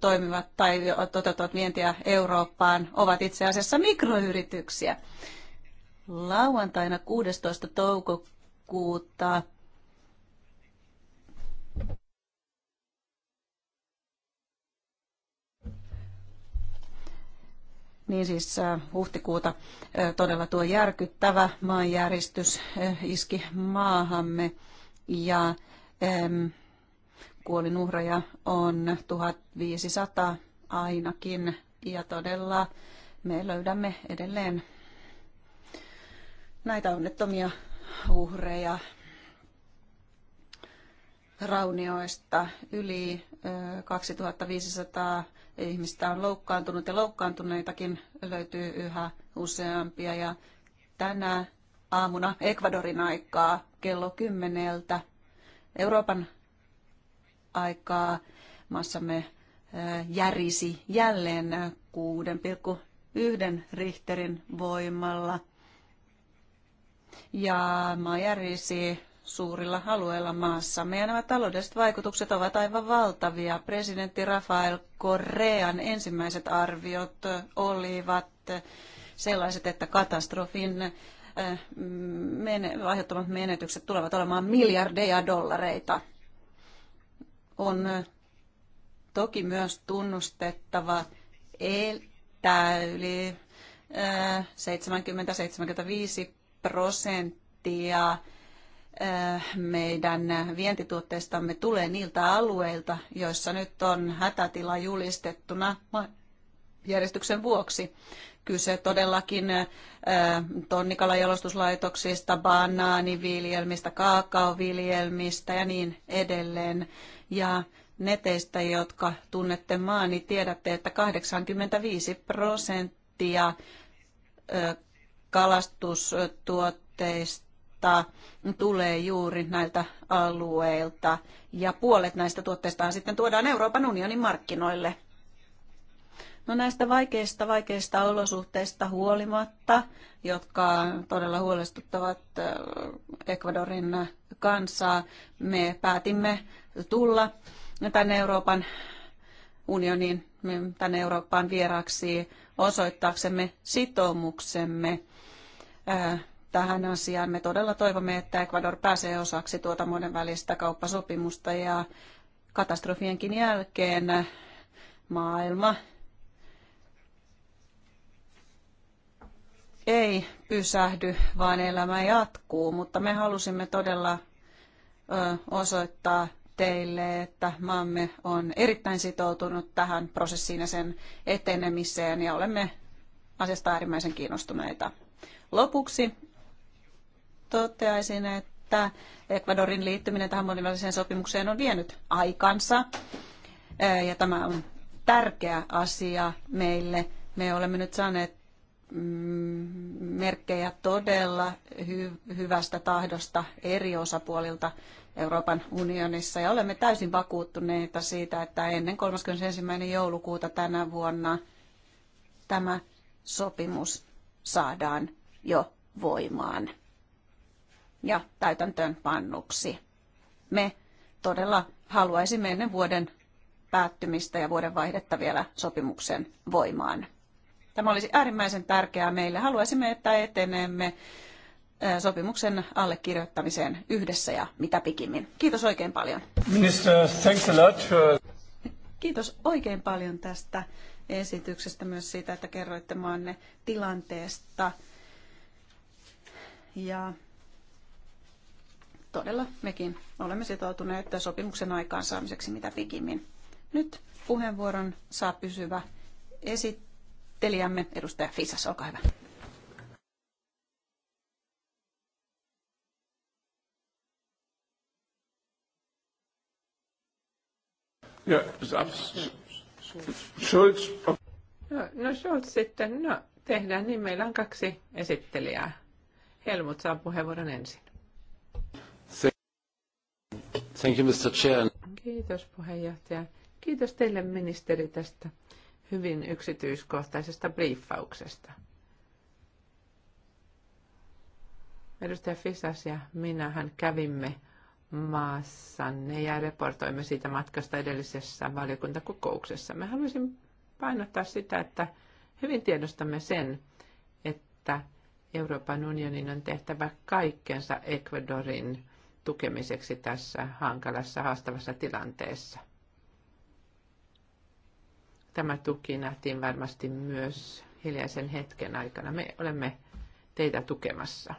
toimivat tai toteuttavat vientiä Eurooppaan, ovat itse asiassa mikroyrityksiä. Lauantaina 16. toukokuuta niin siis huhtikuuta todella tuo järkyttävä maanjäristys iski maahamme ja ähm, kuolinuhreja on 1500 ainakin ja todella me löydämme edelleen näitä onnettomia uhreja raunioista. Yli 2500 ihmistä on loukkaantunut ja loukkaantuneitakin löytyy yhä useampia. Ja tänä aamuna Ecuadorin aikaa kello kymmeneltä Euroopan aikaa maassamme äh, järisi jälleen 6,1 Richterin voimalla. Ja maa järisi suurilla alueilla maassa. Meidän nämä taloudelliset vaikutukset ovat aivan valtavia. Presidentti Rafael Korean ensimmäiset arviot olivat sellaiset, että katastrofin äh, aiheuttamat menetykset tulevat olemaan miljardeja dollareita on toki myös tunnustettava, että yli 70-75 äh, prosenttia äh, meidän vientituotteistamme tulee niiltä alueilta, joissa nyt on hätätila julistettuna järjestyksen vuoksi kyse todellakin tonnikalajalostuslaitoksista, banaaniviljelmistä, kaakaoviljelmistä ja niin edelleen. Ja ne teistä, jotka tunnette maan, niin tiedätte, että 85 prosenttia kalastustuotteista tulee juuri näiltä alueilta ja puolet näistä tuotteista sitten tuodaan Euroopan unionin markkinoille. No näistä vaikeista, vaikeista olosuhteista huolimatta, jotka todella huolestuttavat Ecuadorin kansaa, me päätimme tulla tänne Euroopan unionin, tänne Euroopan vieraksi osoittaaksemme sitoumuksemme tähän asiaan. Me todella toivomme, että Ecuador pääsee osaksi tuota monen välistä kauppasopimusta ja katastrofienkin jälkeen maailma ei pysähdy, vaan elämä jatkuu. Mutta me halusimme todella osoittaa teille, että maamme on erittäin sitoutunut tähän prosessiin ja sen etenemiseen ja olemme asiasta äärimmäisen kiinnostuneita. Lopuksi toteaisin, että Ecuadorin liittyminen tähän moniväliseen sopimukseen on vienyt aikansa ja tämä on tärkeä asia meille. Me olemme nyt saaneet Mm, merkkejä todella hy- hyvästä tahdosta eri osapuolilta Euroopan unionissa ja olemme täysin vakuuttuneita siitä, että ennen 31. joulukuuta tänä vuonna tämä sopimus saadaan jo voimaan ja täytäntöön pannuksi. Me todella haluaisimme ennen vuoden päättymistä ja vuoden vaihdetta vielä sopimuksen voimaan. Tämä olisi äärimmäisen tärkeää meille. Haluaisimme, että etenemme sopimuksen allekirjoittamiseen yhdessä ja mitä pikimmin. Kiitos oikein paljon. Minister, thanks a lot. Kiitos oikein paljon tästä esityksestä, myös siitä, että kerroitte maanne tilanteesta. Ja todella mekin olemme sitoutuneet sopimuksen aikaansaamiseksi mitä pikimmin. Nyt puheenvuoron saa pysyvä esittää esittelijämme, edustaja Fisas, olkaa hyvä. Schulz. No, no Schulz sitten, no tehdään niin, meillä on kaksi esittelijää. Helmut saa puheenvuoron ensin. Thank you, Mr. Chair. Kiitos puheenjohtaja. Kiitos teille ministeri tästä hyvin yksityiskohtaisesta briefauksesta. Edustaja Fisas ja minähän kävimme maassanne ja reportoimme siitä matkasta edellisessä valiokuntakokouksessa. Me haluaisin painottaa sitä, että hyvin tiedostamme sen, että Euroopan unionin on tehtävä kaikkensa Ecuadorin tukemiseksi tässä hankalassa haastavassa tilanteessa – Tämä tuki nähtiin varmasti myös hiljaisen hetken aikana. Me olemme teitä tukemassa.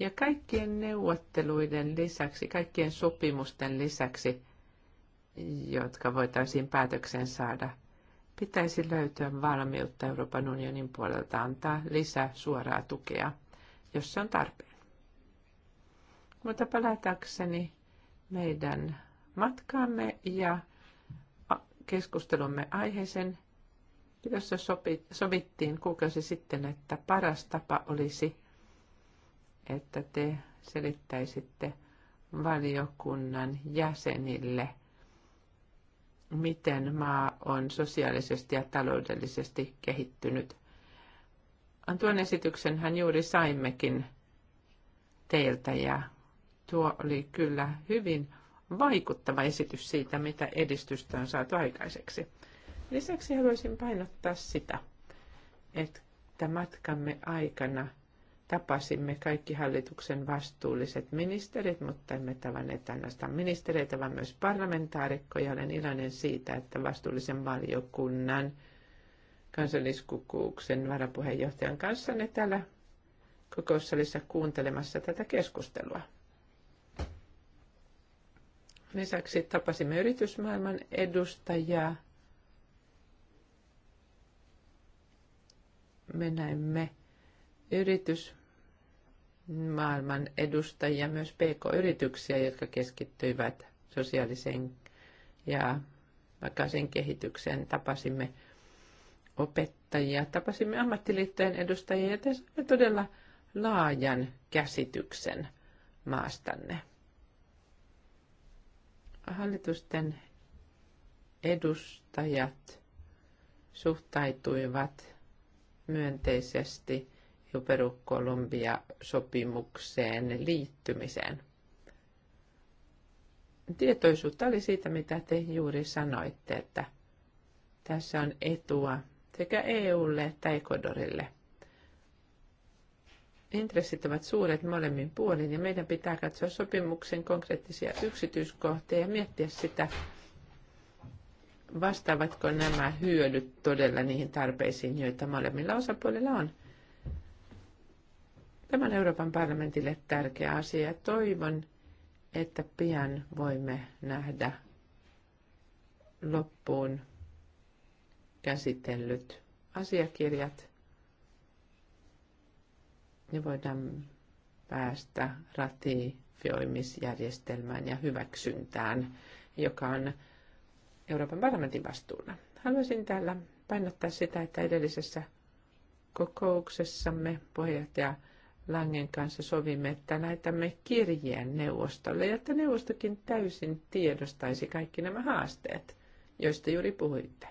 Ja kaikkien neuvotteluiden lisäksi, kaikkien sopimusten lisäksi, jotka voitaisiin päätöksen saada, pitäisi löytyä valmiutta Euroopan unionin puolelta antaa lisää suoraa tukea, jos se on tarpeen. Mutta palatakseni meidän matkaamme ja keskustelumme aiheeseen, jossa sovittiin kuukausi sitten, että paras tapa olisi, että te selittäisitte valiokunnan jäsenille, miten maa on sosiaalisesti ja taloudellisesti kehittynyt. Tuon esityksen hän juuri saimmekin teiltä ja tuo oli kyllä hyvin vaikuttava esitys siitä, mitä edistystä on saatu aikaiseksi. Lisäksi haluaisin painottaa sitä, että matkamme aikana tapasimme kaikki hallituksen vastuulliset ministerit, mutta emme tavanneet ainoastaan ministereitä, vaan myös parlamentaarikkoja. Olen iloinen siitä, että vastuullisen valiokunnan kansalliskukuuksen varapuheenjohtajan kanssa ne täällä kokoussalissa kuuntelemassa tätä keskustelua. Lisäksi tapasimme yritysmaailman edustajia. Me näimme yritysmaailman edustajia, myös PK-yrityksiä, jotka keskittyivät sosiaaliseen ja vakaisen kehitykseen. Tapasimme opettajia, tapasimme ammattiliittojen edustajia ja te saimme todella laajan käsityksen maastanne hallitusten edustajat suhtautuivat myönteisesti jo Peru-Kolumbia-sopimukseen liittymiseen. Tietoisuutta oli siitä, mitä te juuri sanoitte, että tässä on etua sekä EUlle että Ecuadorille intressit ovat suuret molemmin puolin ja meidän pitää katsoa sopimuksen konkreettisia yksityiskohtia ja miettiä sitä, vastaavatko nämä hyödyt todella niihin tarpeisiin, joita molemmilla osapuolilla on. Tämä on Euroopan parlamentille tärkeä asia. Toivon, että pian voimme nähdä loppuun käsitellyt asiakirjat niin voidaan päästä ratifioimisjärjestelmään ja hyväksyntään, joka on Euroopan parlamentin vastuulla. Haluaisin täällä painottaa sitä, että edellisessä kokouksessamme puheenjohtaja Langen kanssa sovimme, että lähetämme kirjeen neuvostolle, jotta neuvostokin täysin tiedostaisi kaikki nämä haasteet, joista juuri puhuitte,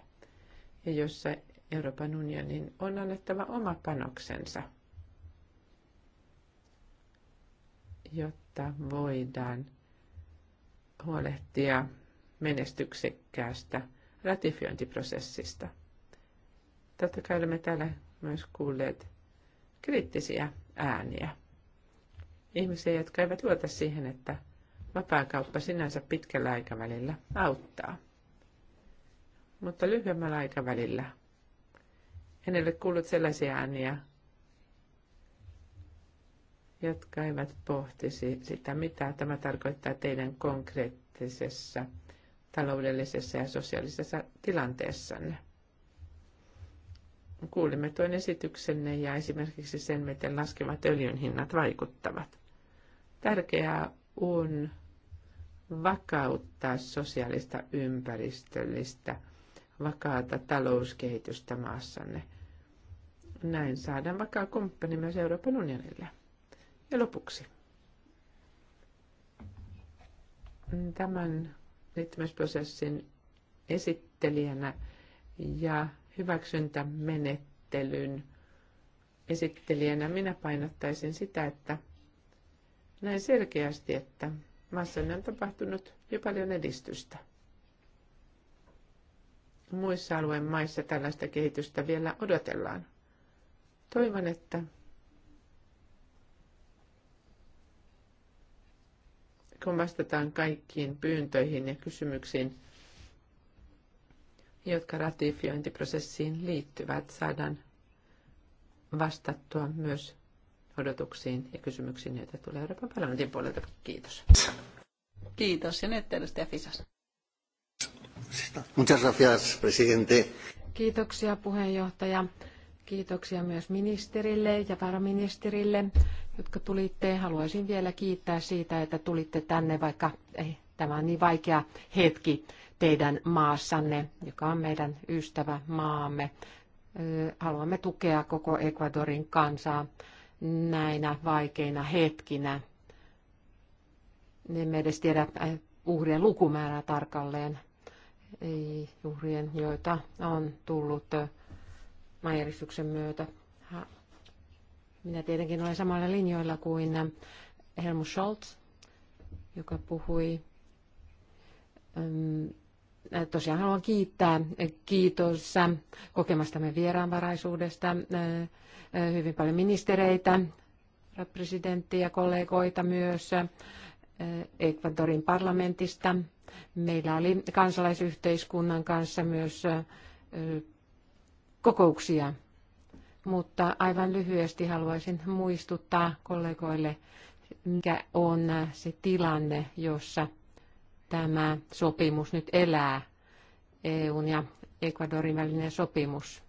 ja jossa Euroopan unionin on annettava oma panoksensa – jotta voidaan huolehtia menestyksekkäästä ratifiointiprosessista. Totta kai olemme täällä myös kuulleet kriittisiä ääniä. Ihmisiä, jotka eivät luota siihen, että vapaakauppa sinänsä pitkällä aikavälillä auttaa. Mutta lyhyemmällä aikavälillä en ole kuullut sellaisia ääniä, jotka eivät pohtisi sitä, mitä tämä tarkoittaa teidän konkreettisessa taloudellisessa ja sosiaalisessa tilanteessanne. Kuulimme tuon esityksenne ja esimerkiksi sen, miten laskevat öljyn hinnat vaikuttavat. Tärkeää on vakauttaa sosiaalista ympäristöllistä vakaata talouskehitystä maassanne. Näin saadaan vakaa kumppani myös Euroopan unionille. Ja lopuksi. Tämän liittymisprosessin esittelijänä ja hyväksyntämenettelyn esittelijänä minä painottaisin sitä, että näin selkeästi, että maassamme on tapahtunut jo paljon edistystä. Muissa alueen maissa tällaista kehitystä vielä odotellaan. Toivon, että kun vastataan kaikkiin pyyntöihin ja kysymyksiin, jotka ratifiointiprosessiin liittyvät, saadaan vastattua myös odotuksiin ja kysymyksiin, joita tulee Euroopan parlamentin puolelta. Kiitos. Kiitos. Ja nyt edustaja Fisas. Muchas gracias, presidente. Kiitoksia puheenjohtaja. Kiitoksia myös ministerille ja varaministerille jotka tulitte. Haluaisin vielä kiittää siitä, että tulitte tänne, vaikka ei, tämä on niin vaikea hetki teidän maassanne, joka on meidän ystävä maamme. Haluamme tukea koko Ecuadorin kansaa näinä vaikeina hetkinä. Emme edes tiedä uhrien lukumäärää tarkalleen, ei uhrien, joita on tullut maanjäristyksen myötä minä tietenkin olen samalla linjoilla kuin Helmut Scholz, joka puhui. Ähm, äh, tosiaan haluan kiittää. Äh, kiitos äh, kokemastamme vieraanvaraisuudesta. Hyvin paljon ministereitä, presidenttiä, kollegoita myös Ecuadorin parlamentista. Meillä oli kansalaisyhteiskunnan kanssa myös kokouksia mutta aivan lyhyesti haluaisin muistuttaa kollegoille, mikä on se tilanne, jossa tämä sopimus nyt elää, EUn ja Ecuadorin välinen sopimus.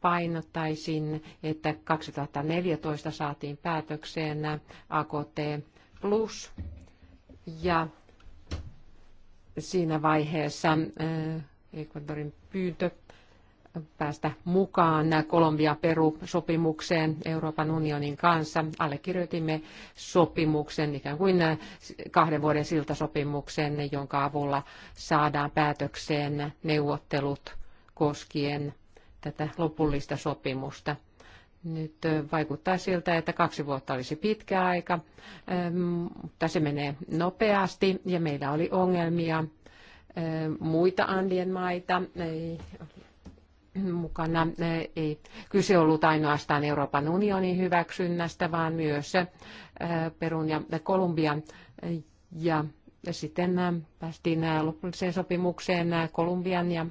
Painottaisin, että 2014 saatiin päätökseen AKT Plus ja siinä vaiheessa Ecuadorin pyyntö päästä mukaan Kolombia-Peru-sopimukseen Euroopan unionin kanssa. Allekirjoitimme sopimuksen, ikään kuin kahden vuoden siltasopimuksen, jonka avulla saadaan päätökseen neuvottelut koskien tätä lopullista sopimusta. Nyt vaikuttaa siltä, että kaksi vuotta olisi pitkä aika, mutta se menee nopeasti ja meillä oli ongelmia muita Andien maita, ei mukana. Ei kyse ollut ainoastaan Euroopan unionin hyväksynnästä, vaan myös äh, Perun ja Kolumbian. Ja sitten äh, päästiin äh, lopulliseen sopimukseen Kolumbian ja,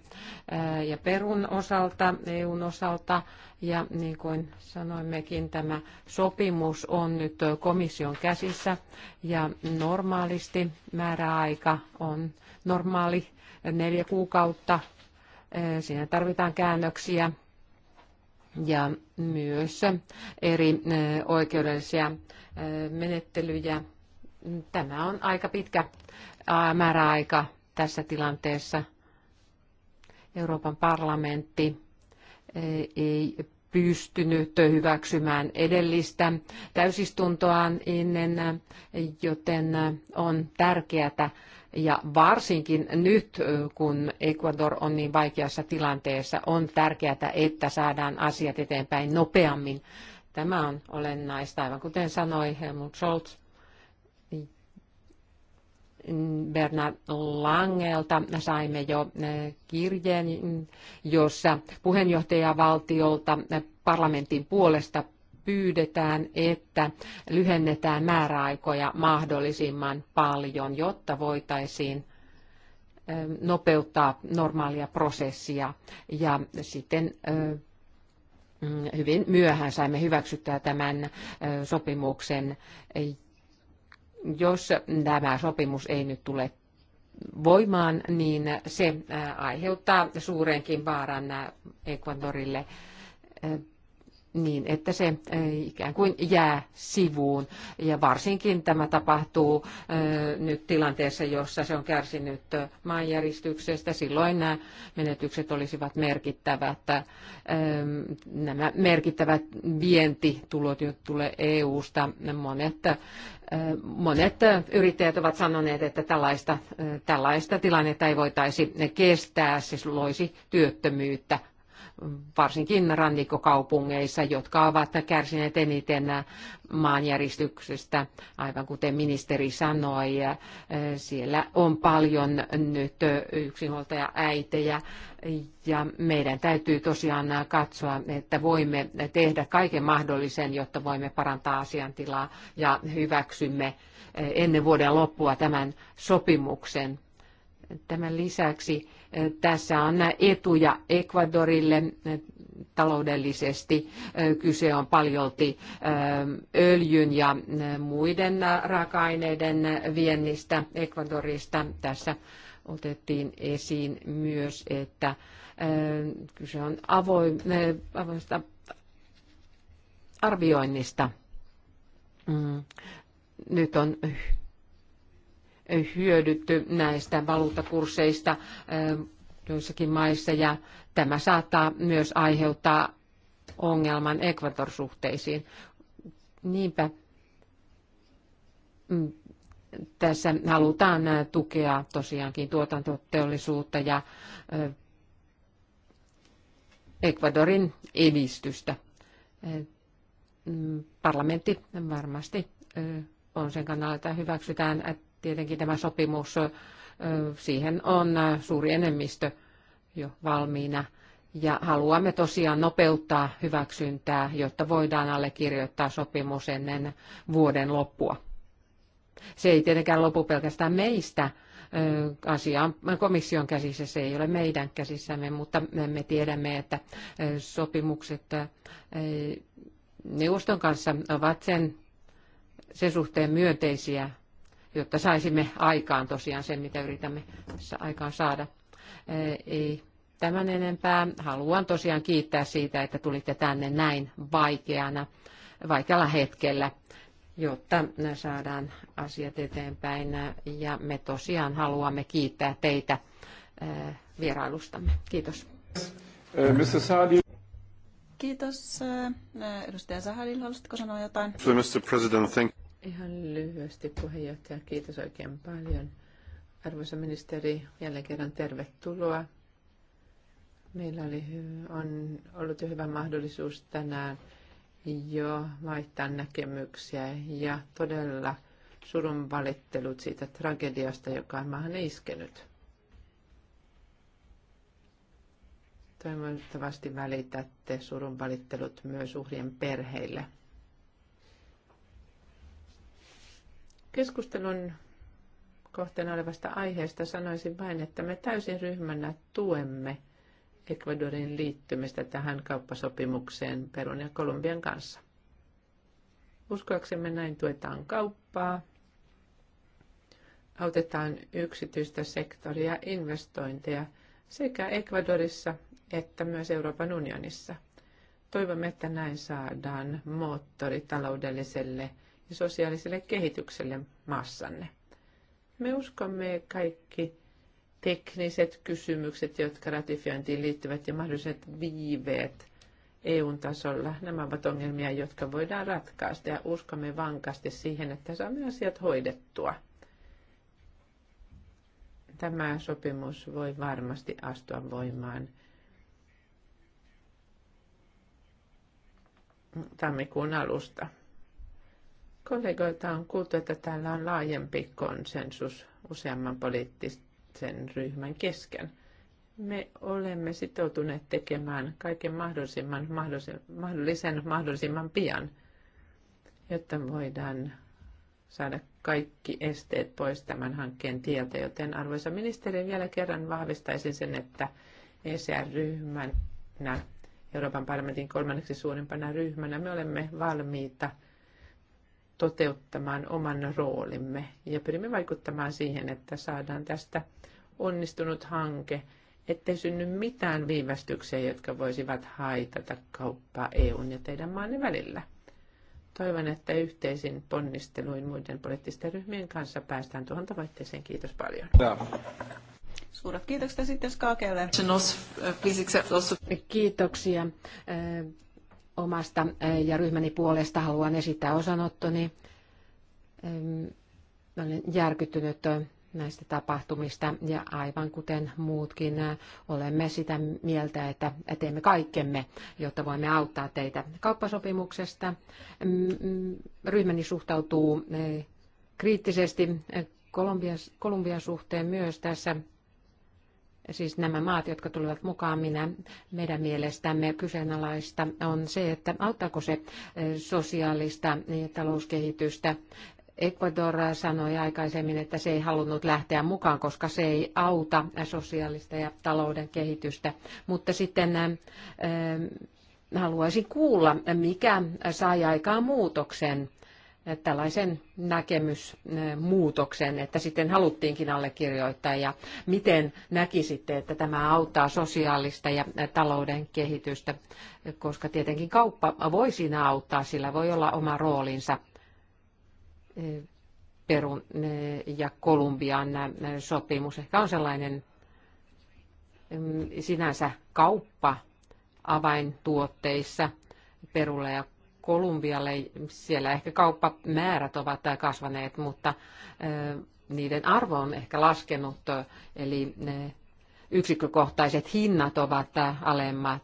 ja Perun osalta, EUn osalta. Ja niin kuin sanoimmekin, tämä sopimus on nyt komission käsissä ja normaalisti määräaika on normaali neljä kuukautta Siinä tarvitaan käännöksiä ja myös eri oikeudellisia menettelyjä. Tämä on aika pitkä määräaika tässä tilanteessa. Euroopan parlamentti ei pystynyt hyväksymään edellistä täysistuntoaan ennen, joten on tärkeää ja varsinkin nyt, kun Ecuador on niin vaikeassa tilanteessa, on tärkeää, että saadaan asiat eteenpäin nopeammin. Tämä on olennaista, aivan kuten sanoi Helmut Scholz. Bernard Langelta saimme jo eh, kirjeen, jossa puheenjohtajavaltiolta eh, parlamentin puolesta pyydetään, että lyhennetään määräaikoja mahdollisimman paljon, jotta voitaisiin nopeuttaa normaalia prosessia ja sitten mm, hyvin myöhään saimme hyväksyttää tämän sopimuksen. Jos tämä sopimus ei nyt tule voimaan, niin se aiheuttaa suurenkin vaaran Ecuadorille niin, että se eh, ikään kuin jää sivuun. Ja varsinkin tämä tapahtuu eh, nyt tilanteessa, jossa se on kärsinyt eh, maanjäristyksestä. Silloin nämä menetykset olisivat merkittävät. Nämä merkittävät vientitulot, jotka tulee EU-sta, monet Monet yrittäjät ovat sanoneet, että tällaista, tällaista tilannetta ei voitaisi kestää, se siis loisi työttömyyttä varsinkin rannikkokaupungeissa, jotka ovat kärsineet eniten maanjäristyksestä. Aivan kuten ministeri sanoi, e, siellä on paljon nyt yksinhuoltaja äitejä ja meidän täytyy tosiaan katsoa, että voimme tehdä kaiken mahdollisen, jotta voimme parantaa asiantilaa ja hyväksymme e, ennen vuoden loppua tämän sopimuksen Tämän lisäksi eh, tässä on etuja Ecuadorille eh, taloudellisesti. Eh, kyse on paljolti öljyn ja muiden raaka-aineiden viennistä Ecuadorista. Tässä otettiin esiin myös, että kyse on avoimesta arvioinnista. Mm. Nyt on hyödytty näistä valuuttakursseista eh, joissakin maissa ja tämä saattaa myös aiheuttaa ongelman suhteisiin Niinpä mm, tässä halutaan eh, tukea tosiaankin tuotantoteollisuutta ja eh, Ecuadorin edistystä. Mm, parlamentti varmasti on sen kannalta, että hyväksytään tietenkin tämä sopimus, siihen on suuri enemmistö jo valmiina. Ja haluamme tosiaan nopeuttaa hyväksyntää, jotta voidaan allekirjoittaa sopimus ennen vuoden loppua. Se ei tietenkään lopu pelkästään meistä. Asia on komission käsissä, se ei ole meidän käsissämme, mutta me tiedämme, että sopimukset neuvoston kanssa ovat sen, sen suhteen myönteisiä jotta saisimme aikaan tosiaan sen, mitä yritämme tässä aikaan saada. Ei tämän enempää. Haluan tosiaan kiittää siitä, että tulitte tänne näin vaikeana, vaikealla hetkellä, jotta saadaan asiat eteenpäin. Ja me tosiaan haluamme kiittää teitä vierailustamme. Kiitos. Kiitos. Edustaja Sahadil, haluaisitko sanoa jotain? Mr. President, thank Ihan lyhyesti puheenjohtaja, kiitos oikein paljon. Arvoisa ministeri, jälleen kerran tervetuloa. Meillä oli, on ollut jo hyvä mahdollisuus tänään jo vaihtaa näkemyksiä ja todella surun valittelut siitä tragediasta, joka on maahan iskenyt. Toivottavasti välitätte surun valittelut myös uhrien perheille – Keskustelun kohteena olevasta aiheesta sanoisin vain, että me täysin ryhmänä tuemme Ecuadorin liittymistä tähän kauppasopimukseen Perun ja Kolumbian kanssa. Uskoaksemme näin tuetaan kauppaa, autetaan yksityistä sektoria investointeja sekä Ecuadorissa että myös Euroopan unionissa. Toivomme, että näin saadaan moottori taloudelliselle ja sosiaaliselle kehitykselle maassanne. Me uskomme kaikki tekniset kysymykset, jotka ratifiointiin liittyvät ja mahdolliset viiveet EUn tasolla. Nämä ovat ongelmia, jotka voidaan ratkaista ja uskomme vankasti siihen, että saamme asiat hoidettua. Tämä sopimus voi varmasti astua voimaan tammikuun alusta. Kollegoilta on kuultu, että täällä on laajempi konsensus useamman poliittisen ryhmän kesken. Me olemme sitoutuneet tekemään kaiken mahdollisimman, mahdollisen mahdollisimman pian, jotta voidaan saada kaikki esteet pois tämän hankkeen tieltä. Joten arvoisa ministeri, vielä kerran vahvistaisin sen, että ECR-ryhmänä, Euroopan parlamentin kolmanneksi suurimpana ryhmänä, me olemme valmiita – toteuttamaan oman roolimme ja pyrimme vaikuttamaan siihen, että saadaan tästä onnistunut hanke, ettei synny mitään viivästyksiä, jotka voisivat haitata kauppaa EUn ja teidän maanne välillä. Toivon, että yhteisin ponnisteluin muiden poliittisten ryhmien kanssa päästään tuohon tavoitteeseen. Kiitos paljon. Ja. Suuret kiitokset sitten Skakelle. Äh, Kiitoksia. Äh, omasta eh, ja ryhmäni puolesta haluan esittää osanottoni. Olen järkyttynyt eh, näistä tapahtumista ja aivan kuten muutkin eh, olemme sitä mieltä, että teemme kaikkemme, jotta voimme auttaa teitä kauppasopimuksesta. Ryhmäni suhtautuu kriittisesti Kolumbian, suhteen myös tässä siis nämä maat, jotka tulevat mukaan minä, meidän mielestämme kyseenalaista on se, että auttaako se eh, sosiaalista eh, talouskehitystä. Ecuador sanoi aikaisemmin, että se ei halunnut lähteä mukaan, koska se ei auta sosiaalista ja talouden kehitystä. Mutta sitten eh, haluaisin kuulla, mikä sai aikaan muutoksen tällaisen näkemysmuutoksen, että sitten haluttiinkin allekirjoittaa ja miten näkisitte, että tämä auttaa sosiaalista ja talouden kehitystä, koska tietenkin kauppa voi siinä auttaa, sillä voi olla oma roolinsa Perun ja Kolumbian sopimus. Ehkä on sellainen sinänsä kauppa avaintuotteissa Perulle ja Kolumbialle. Siellä ehkä kauppamäärät ovat kasvaneet, mutta niiden arvo on ehkä laskenut, eli ne yksikkökohtaiset hinnat ovat alemmat.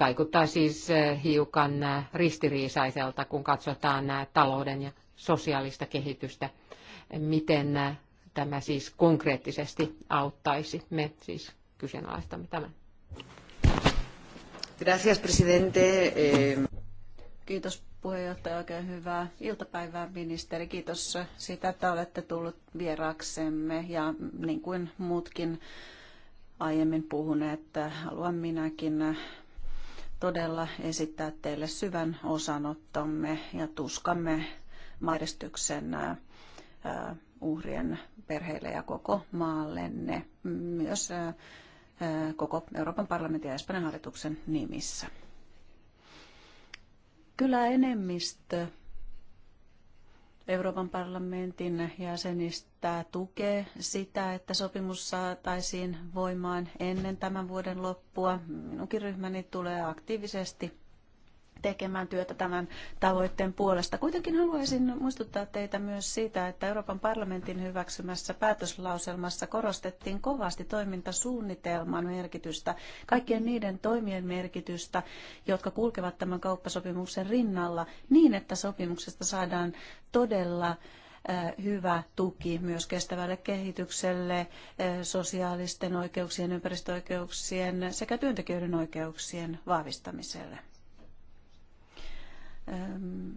Vaikuttaa siis hiukan ristiriisaiselta, kun katsotaan talouden ja sosiaalista kehitystä. Miten tämä siis konkreettisesti auttaisi? Me siis kyseenalaistamme tämän. Gracias, presidente. Eh, Kiitos puheenjohtaja, oikein hyvää iltapäivää ministeri. Kiitos siitä, että olette tullut vieraaksemme ja niin kuin muutkin aiemmin puhuneet, että haluan minäkin todella esittää teille syvän osanottomme ja tuskamme mairistyksen uhrien perheille ja koko maallenne, myös koko Euroopan parlamentin ja Espanjan hallituksen nimissä. Kyllä enemmistö Euroopan parlamentin jäsenistä tukee sitä, että sopimus saataisiin voimaan ennen tämän vuoden loppua. Minunkin ryhmäni tulee aktiivisesti tekemään työtä tämän tavoitteen puolesta. Kuitenkin haluaisin muistuttaa teitä myös siitä, että Euroopan parlamentin hyväksymässä päätöslauselmassa korostettiin kovasti toimintasuunnitelman merkitystä, kaikkien niiden toimien merkitystä, jotka kulkevat tämän kauppasopimuksen rinnalla niin, että sopimuksesta saadaan todella äh, hyvä tuki myös kestävälle kehitykselle, äh, sosiaalisten oikeuksien, ympäristöoikeuksien sekä työntekijöiden oikeuksien vahvistamiselle. Ehm,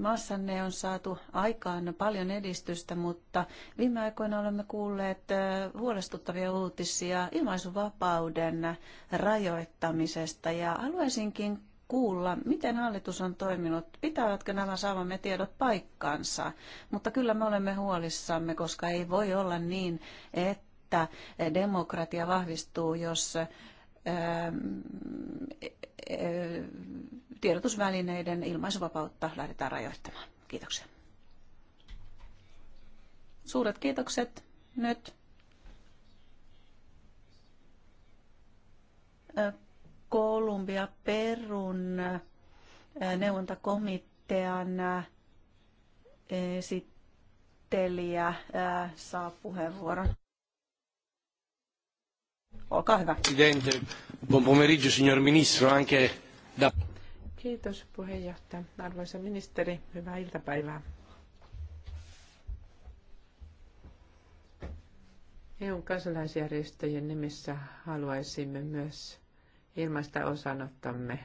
maassanne on saatu aikaan paljon edistystä, mutta viime aikoina olemme kuulleet eh, huolestuttavia uutisia ilmaisuvapauden rajoittamisesta ja haluaisinkin kuulla, miten hallitus on toiminut, pitävätkö nämä saamamme tiedot paikkansa. Mutta kyllä me olemme huolissamme, koska ei voi olla niin, että demokratia vahvistuu, jos Ähm, e- e- tiedotusvälineiden ilmaisuvapautta lähdetään rajoittamaan. Kiitoksia. Suuret kiitokset nyt. Kolumbia Perun neuvontakomitean esittelijä saa puheenvuoron. Olkaa hyvä. Presidente, buon pomeriggio, signor ministro, anche da... Kiitos puheenjohtaja. Arvoisa ministeri, hyvää iltapäivää. EUn kansalaisjärjestöjen nimissä haluaisimme myös ilmaista osanottamme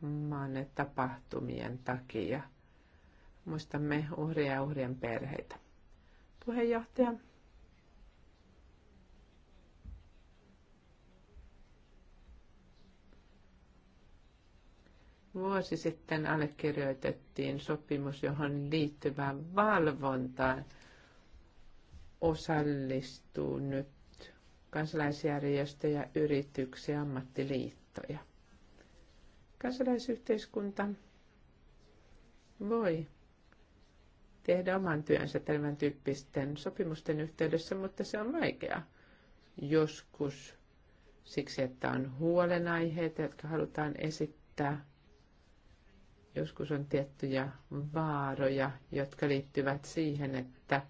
maanne tapahtumien takia. Muistamme uhria ja uhrien perheitä. Puheenjohtaja, Vuosi sitten allekirjoitettiin sopimus, johon liittyvään valvontaan osallistuu nyt kansalaisjärjestöjä, yrityksiä, ammattiliittoja. Kansalaisyhteiskunta voi tehdä oman työnsä tämän tyyppisten sopimusten yhteydessä, mutta se on vaikeaa. Joskus siksi, että on huolenaiheita, jotka halutaan esittää Joskus on tiettyjä vaaroja, jotka liittyvät siihen, että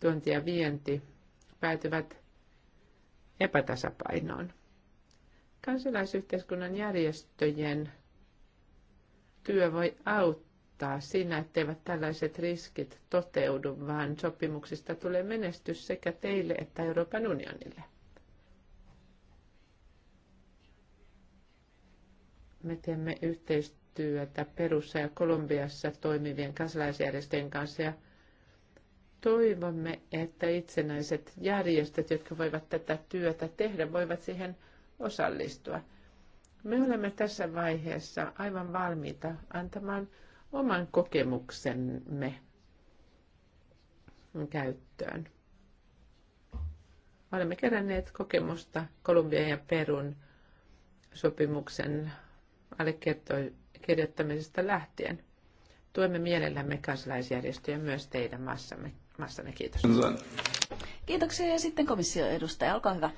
tuonti ja vienti päätyvät epätasapainoon. Kansalaisyhteiskunnan järjestöjen työ voi auttaa siinä, etteivät tällaiset riskit toteudu, vaan sopimuksista tulee menestys sekä teille että Euroopan unionille. Me teemme yhteistyötä yhteistyötä Perussa ja Kolumbiassa toimivien kansalaisjärjestöjen kanssa ja toivomme, että itsenäiset järjestöt, jotka voivat tätä työtä tehdä, voivat siihen osallistua. Me olemme tässä vaiheessa aivan valmiita antamaan oman kokemuksemme käyttöön. Olemme keränneet kokemusta Kolumbian ja Perun sopimuksen allekirjoittajien kirjoittamisesta lähtien. Tuemme mielellämme kansalaisjärjestöjä myös teidän maassamme. maassanne. Kiitos. Kiitoksia ja sitten komission edustaja, olkaa hyvä.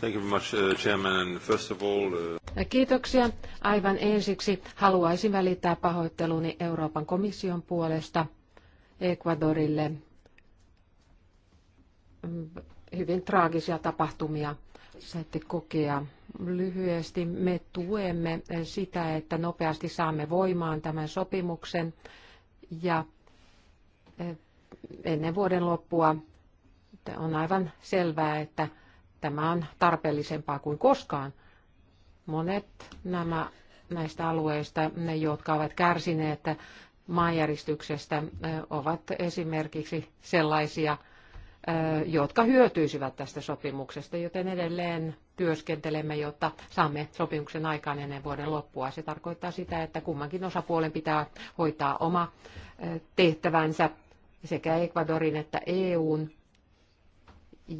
Thank you very much, uh, Chairman. First of all, uh... Kiitoksia. Aivan ensiksi haluaisin välittää pahoitteluni Euroopan komission puolesta Ecuadorille mm, hyvin traagisia tapahtumia saitte kokea lyhyesti. Me tuemme sitä, että nopeasti saamme voimaan tämän sopimuksen ja e, ennen vuoden loppua on aivan selvää, että tämä on tarpeellisempaa kuin koskaan. Monet nämä näistä alueista, ne jotka ovat kärsineet maanjäristyksestä, e, ovat esimerkiksi sellaisia, jotka hyötyisivät tästä sopimuksesta, joten edelleen työskentelemme, jotta saamme sopimuksen aikaan ennen vuoden loppua. Se tarkoittaa sitä, että kummankin osapuolen pitää hoitaa oma tehtävänsä sekä Ecuadorin että EUn.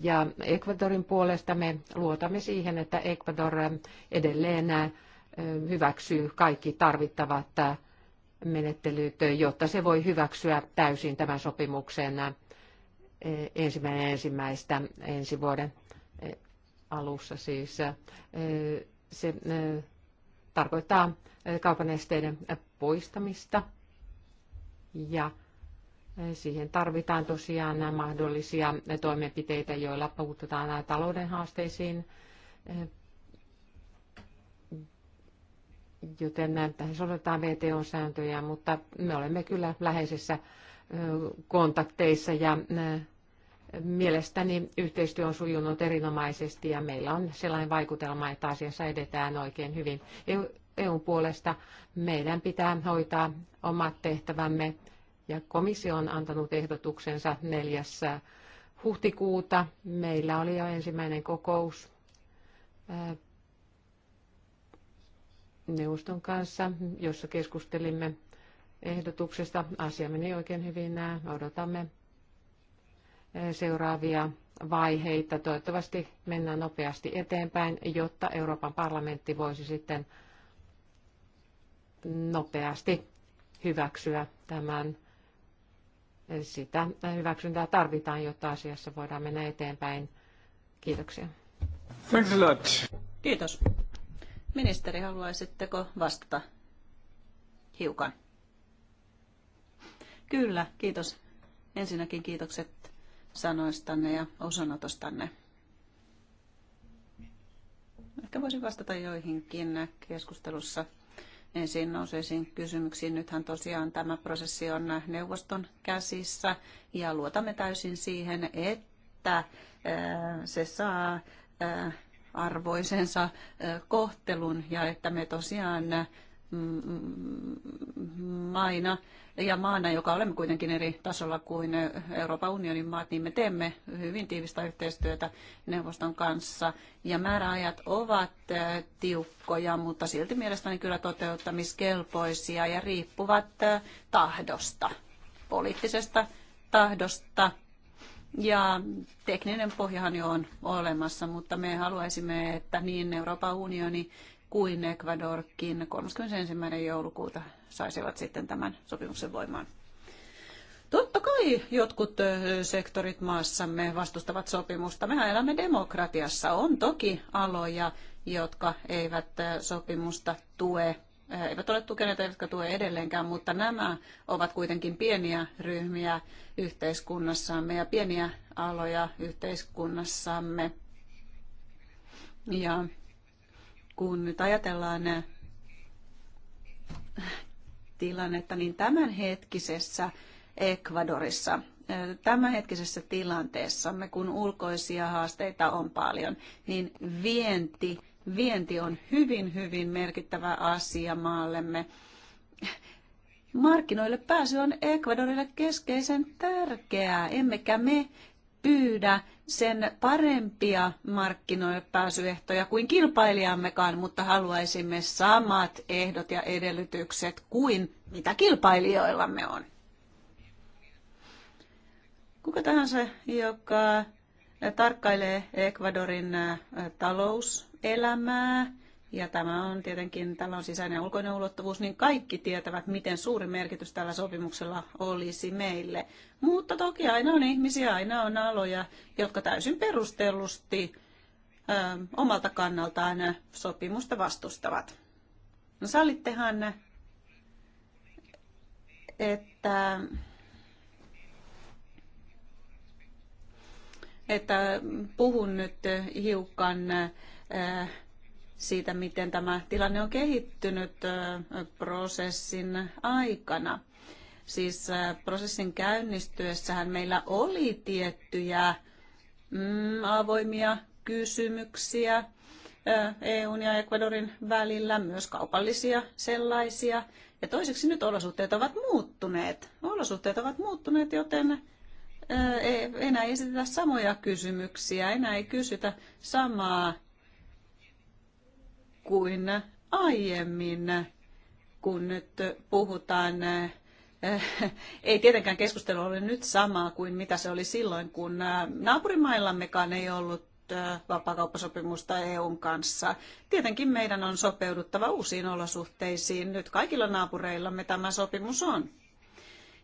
Ja Ecuadorin puolesta me luotamme siihen, että Ecuador edelleen hyväksyy kaikki tarvittavat menettelyt, jotta se voi hyväksyä täysin tämän sopimuksen E, ensimmäinen ensimmäistä ensi vuoden e, alussa siis. E, se tarkoittaa kaupan esteiden poistamista ja siihen tarvitaan tosiaan mahdollisia toimenpiteitä, joilla puututaan talouden haasteisiin. Joten tähän sovelletaan VTO-sääntöjä, mutta me olemme kyllä läheisessä kontakteissa ja mielestäni yhteistyö on sujunut erinomaisesti ja meillä on sellainen vaikutelma, että asiassa edetään oikein hyvin. EUn puolesta meidän pitää hoitaa omat tehtävämme ja komissio on antanut ehdotuksensa neljässä huhtikuuta. Meillä oli jo ensimmäinen kokous neuvoston kanssa, jossa keskustelimme ehdotuksesta. Asia meni oikein hyvin. Odotamme eh, seuraavia vaiheita. Toivottavasti mennään nopeasti eteenpäin, jotta Euroopan parlamentti voisi sitten nopeasti hyväksyä tämän. Eh, sitä hyväksyntää tarvitaan, jotta asiassa voidaan mennä eteenpäin. Kiitoksia. Thanks a lot. Kiitos. Ministeri, haluaisitteko vastata hiukan? Kyllä, kiitos. Ensinnäkin kiitokset sanoistanne ja osanotostanne. Ehkä voisin vastata joihinkin keskustelussa ensin nouseisiin kysymyksiin. Nythän tosiaan tämä prosessi on neuvoston käsissä ja luotamme täysin siihen, että se saa arvoisensa kohtelun ja että me tosiaan maina ja maana, joka olemme kuitenkin eri tasolla kuin Euroopan unionin maat, niin me teemme hyvin tiivistä yhteistyötä neuvoston kanssa. Ja määräajat ovat äh, tiukkoja, mutta silti mielestäni kyllä toteuttamiskelpoisia ja riippuvat äh, tahdosta, poliittisesta tahdosta. Ja tekninen pohjahan jo on olemassa, mutta me haluaisimme, että niin Euroopan unioni kuin Ecuadorkin 31. joulukuuta saisivat sitten tämän sopimuksen voimaan. Totta kai jotkut sektorit maassamme vastustavat sopimusta. Mehän elämme demokratiassa. On toki aloja, jotka eivät sopimusta tue, eivät ole tukeneet eivätkä tue edelleenkään, mutta nämä ovat kuitenkin pieniä ryhmiä yhteiskunnassamme ja pieniä aloja yhteiskunnassamme. Ja kun nyt ajatellaan eh, tilannetta, niin tämänhetkisessä Ecuadorissa, eh, tämänhetkisessä tilanteessamme, kun ulkoisia haasteita on paljon, niin vienti, vienti on hyvin, hyvin merkittävä asia maallemme. Markkinoille pääsy on Ecuadorille keskeisen tärkeää, emmekä me pyydä sen parempia markkinoille pääsyehtoja kuin kilpailijammekaan, mutta haluaisimme samat ehdot ja edellytykset kuin mitä kilpailijoillamme on. Kuka tahansa, joka tarkkailee Ecuadorin talouselämää, ja tämä on tietenkin, tällä on sisäinen ja ulkoinen ulottuvuus, niin kaikki tietävät, miten suuri merkitys tällä sopimuksella olisi meille. Mutta toki aina on ihmisiä, aina on aloja, jotka täysin perustellusti ö, omalta kannaltaan sopimusta vastustavat. No sallittehan, että että puhun nyt hiukan Ö, siitä, miten tämä tilanne on kehittynyt prosessin aikana. Siis prosessin käynnistyessähän meillä oli tiettyjä mm, avoimia kysymyksiä EUn ja Ecuadorin välillä, myös kaupallisia sellaisia. Ja toiseksi nyt olosuhteet ovat muuttuneet. Olosuhteet ovat muuttuneet, joten e, enää ei esitetä samoja kysymyksiä, enää ei kysytä samaa kuin aiemmin, kun nyt puhutaan eh, ei tietenkään keskustelu ole nyt samaa kuin mitä se oli silloin, kun eh, naapurimaillammekaan ei ollut eh, vapaakauppasopimusta EUn kanssa. Tietenkin meidän on sopeuduttava uusiin olosuhteisiin. Nyt kaikilla naapureillamme tämä sopimus on.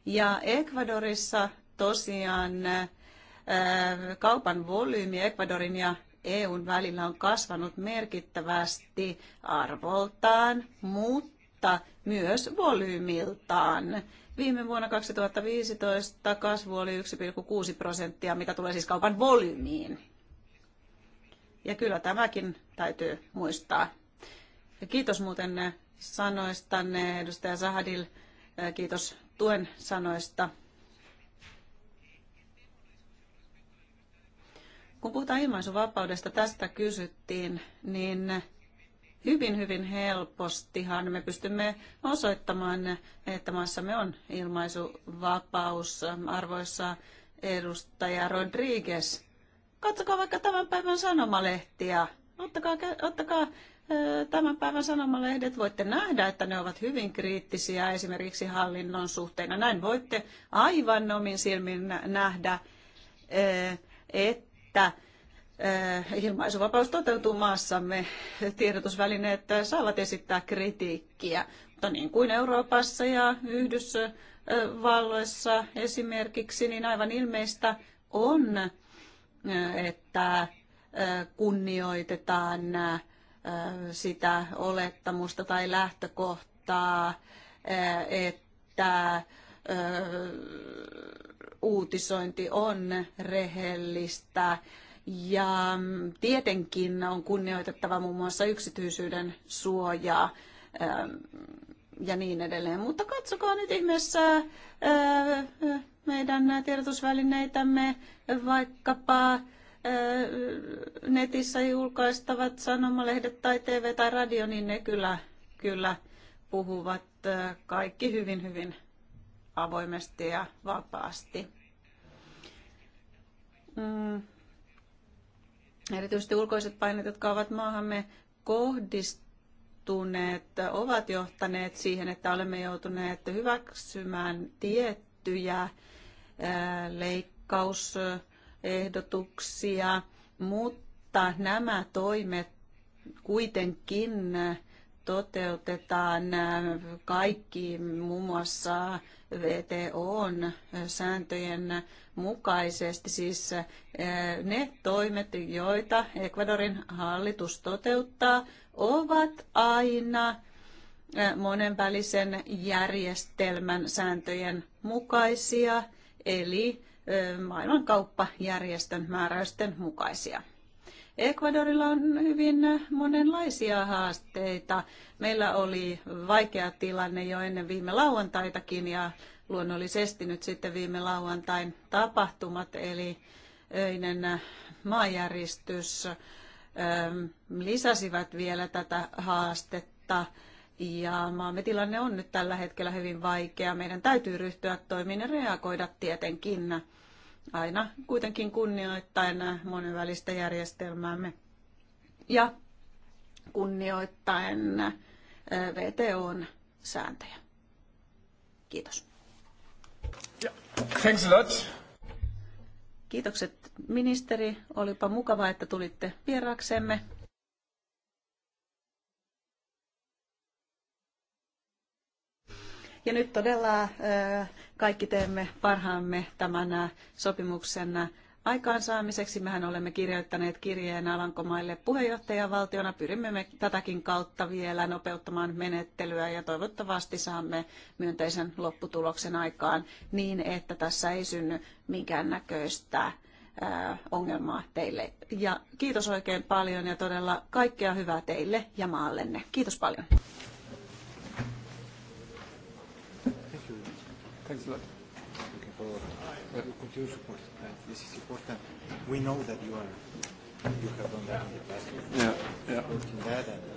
Ja Ecuadorissa tosiaan kaupan volyymi Ecuadorin ja EUn välillä on kasvanut merkittävästi arvoltaan, mutta myös volyymiltaan. Viime vuonna 2015 kasvu oli 1,6 prosenttia, mitä tulee siis kaupan volyymiin. Ja kyllä tämäkin täytyy muistaa. Ja kiitos muuten sanoistanne, edustaja Sahadil. Kiitos tuen sanoista Kun puhutaan ilmaisuvapaudesta, tästä kysyttiin, niin hyvin, hyvin helpostihan me pystymme osoittamaan, että maassamme on ilmaisuvapaus. Arvoissa edustaja Rodriguez, katsokaa vaikka tämän päivän sanomalehtiä. Ottakaa, ottakaa tämän päivän sanomalehdet voitte nähdä, että ne ovat hyvin kriittisiä esimerkiksi hallinnon suhteena. Näin voitte aivan omin silmin nähdä, että että eh, ilmaisuvapaus toteutuu maassamme. Tiedotusvälineet saavat esittää kritiikkiä, mutta niin kuin Euroopassa ja Yhdysvalloissa esimerkiksi, niin aivan ilmeistä on, eh, että eh, kunnioitetaan sitä olettamusta tai lähtökohtaa, että uutisointi on rehellistä. Ja tietenkin on kunnioitettava muun muassa yksityisyyden suojaa ähm, ja niin edelleen. Mutta katsokaa nyt ihmeessä äh, meidän tiedotusvälineitämme, vaikkapa äh, netissä julkaistavat sanomalehdet tai TV tai radio, niin ne kyllä, kyllä puhuvat äh, kaikki hyvin, hyvin avoimesti ja vapaasti mm, erityisesti ulkoiset paineet, jotka ovat maahamme kohdistuneet, ovat johtaneet siihen, että olemme joutuneet hyväksymään tiettyjä äh, leikkausehdotuksia, mutta nämä toimet kuitenkin toteutetaan kaikki muun muassa VTOn sääntöjen mukaisesti, siis eh, ne toimet, joita Ecuadorin hallitus toteuttaa, ovat aina eh, monenvälisen järjestelmän sääntöjen mukaisia, eli eh, maailmankauppajärjestön määräysten mukaisia. Ecuadorilla on hyvin monenlaisia haasteita. Meillä oli vaikea tilanne jo ennen viime lauantaitakin ja luonnollisesti nyt sitten viime lauantain tapahtumat, eli öinen maanjäristys ähm, lisäsivät vielä tätä haastetta. Ja maamme tilanne on nyt tällä hetkellä hyvin vaikea. Meidän täytyy ryhtyä toimiin ja reagoida tietenkin aina kuitenkin kunnioittaen monenvälistä järjestelmäämme ja kunnioittaen VTOn sääntöjä. Kiitos. Thanks a lot. Kiitokset ministeri. Olipa mukava, että tulitte vieraksemme. Ja nyt todella kaikki teemme parhaamme tämän sopimuksen aikaansaamiseksi. Mehän olemme kirjoittaneet kirjeen Alankomaille puheenjohtajavaltiona. Pyrimme me tätäkin kautta vielä nopeuttamaan menettelyä ja toivottavasti saamme myönteisen lopputuloksen aikaan niin, että tässä ei synny minkäännäköistä ongelmaa teille. Ja kiitos oikein paljon ja todella kaikkea hyvää teille ja maallenne. Kiitos paljon. Thanks a lot. Looking forward. Uh, continued support. Uh, this is important. We know that you are. You have done that in the past. Yeah, yeah.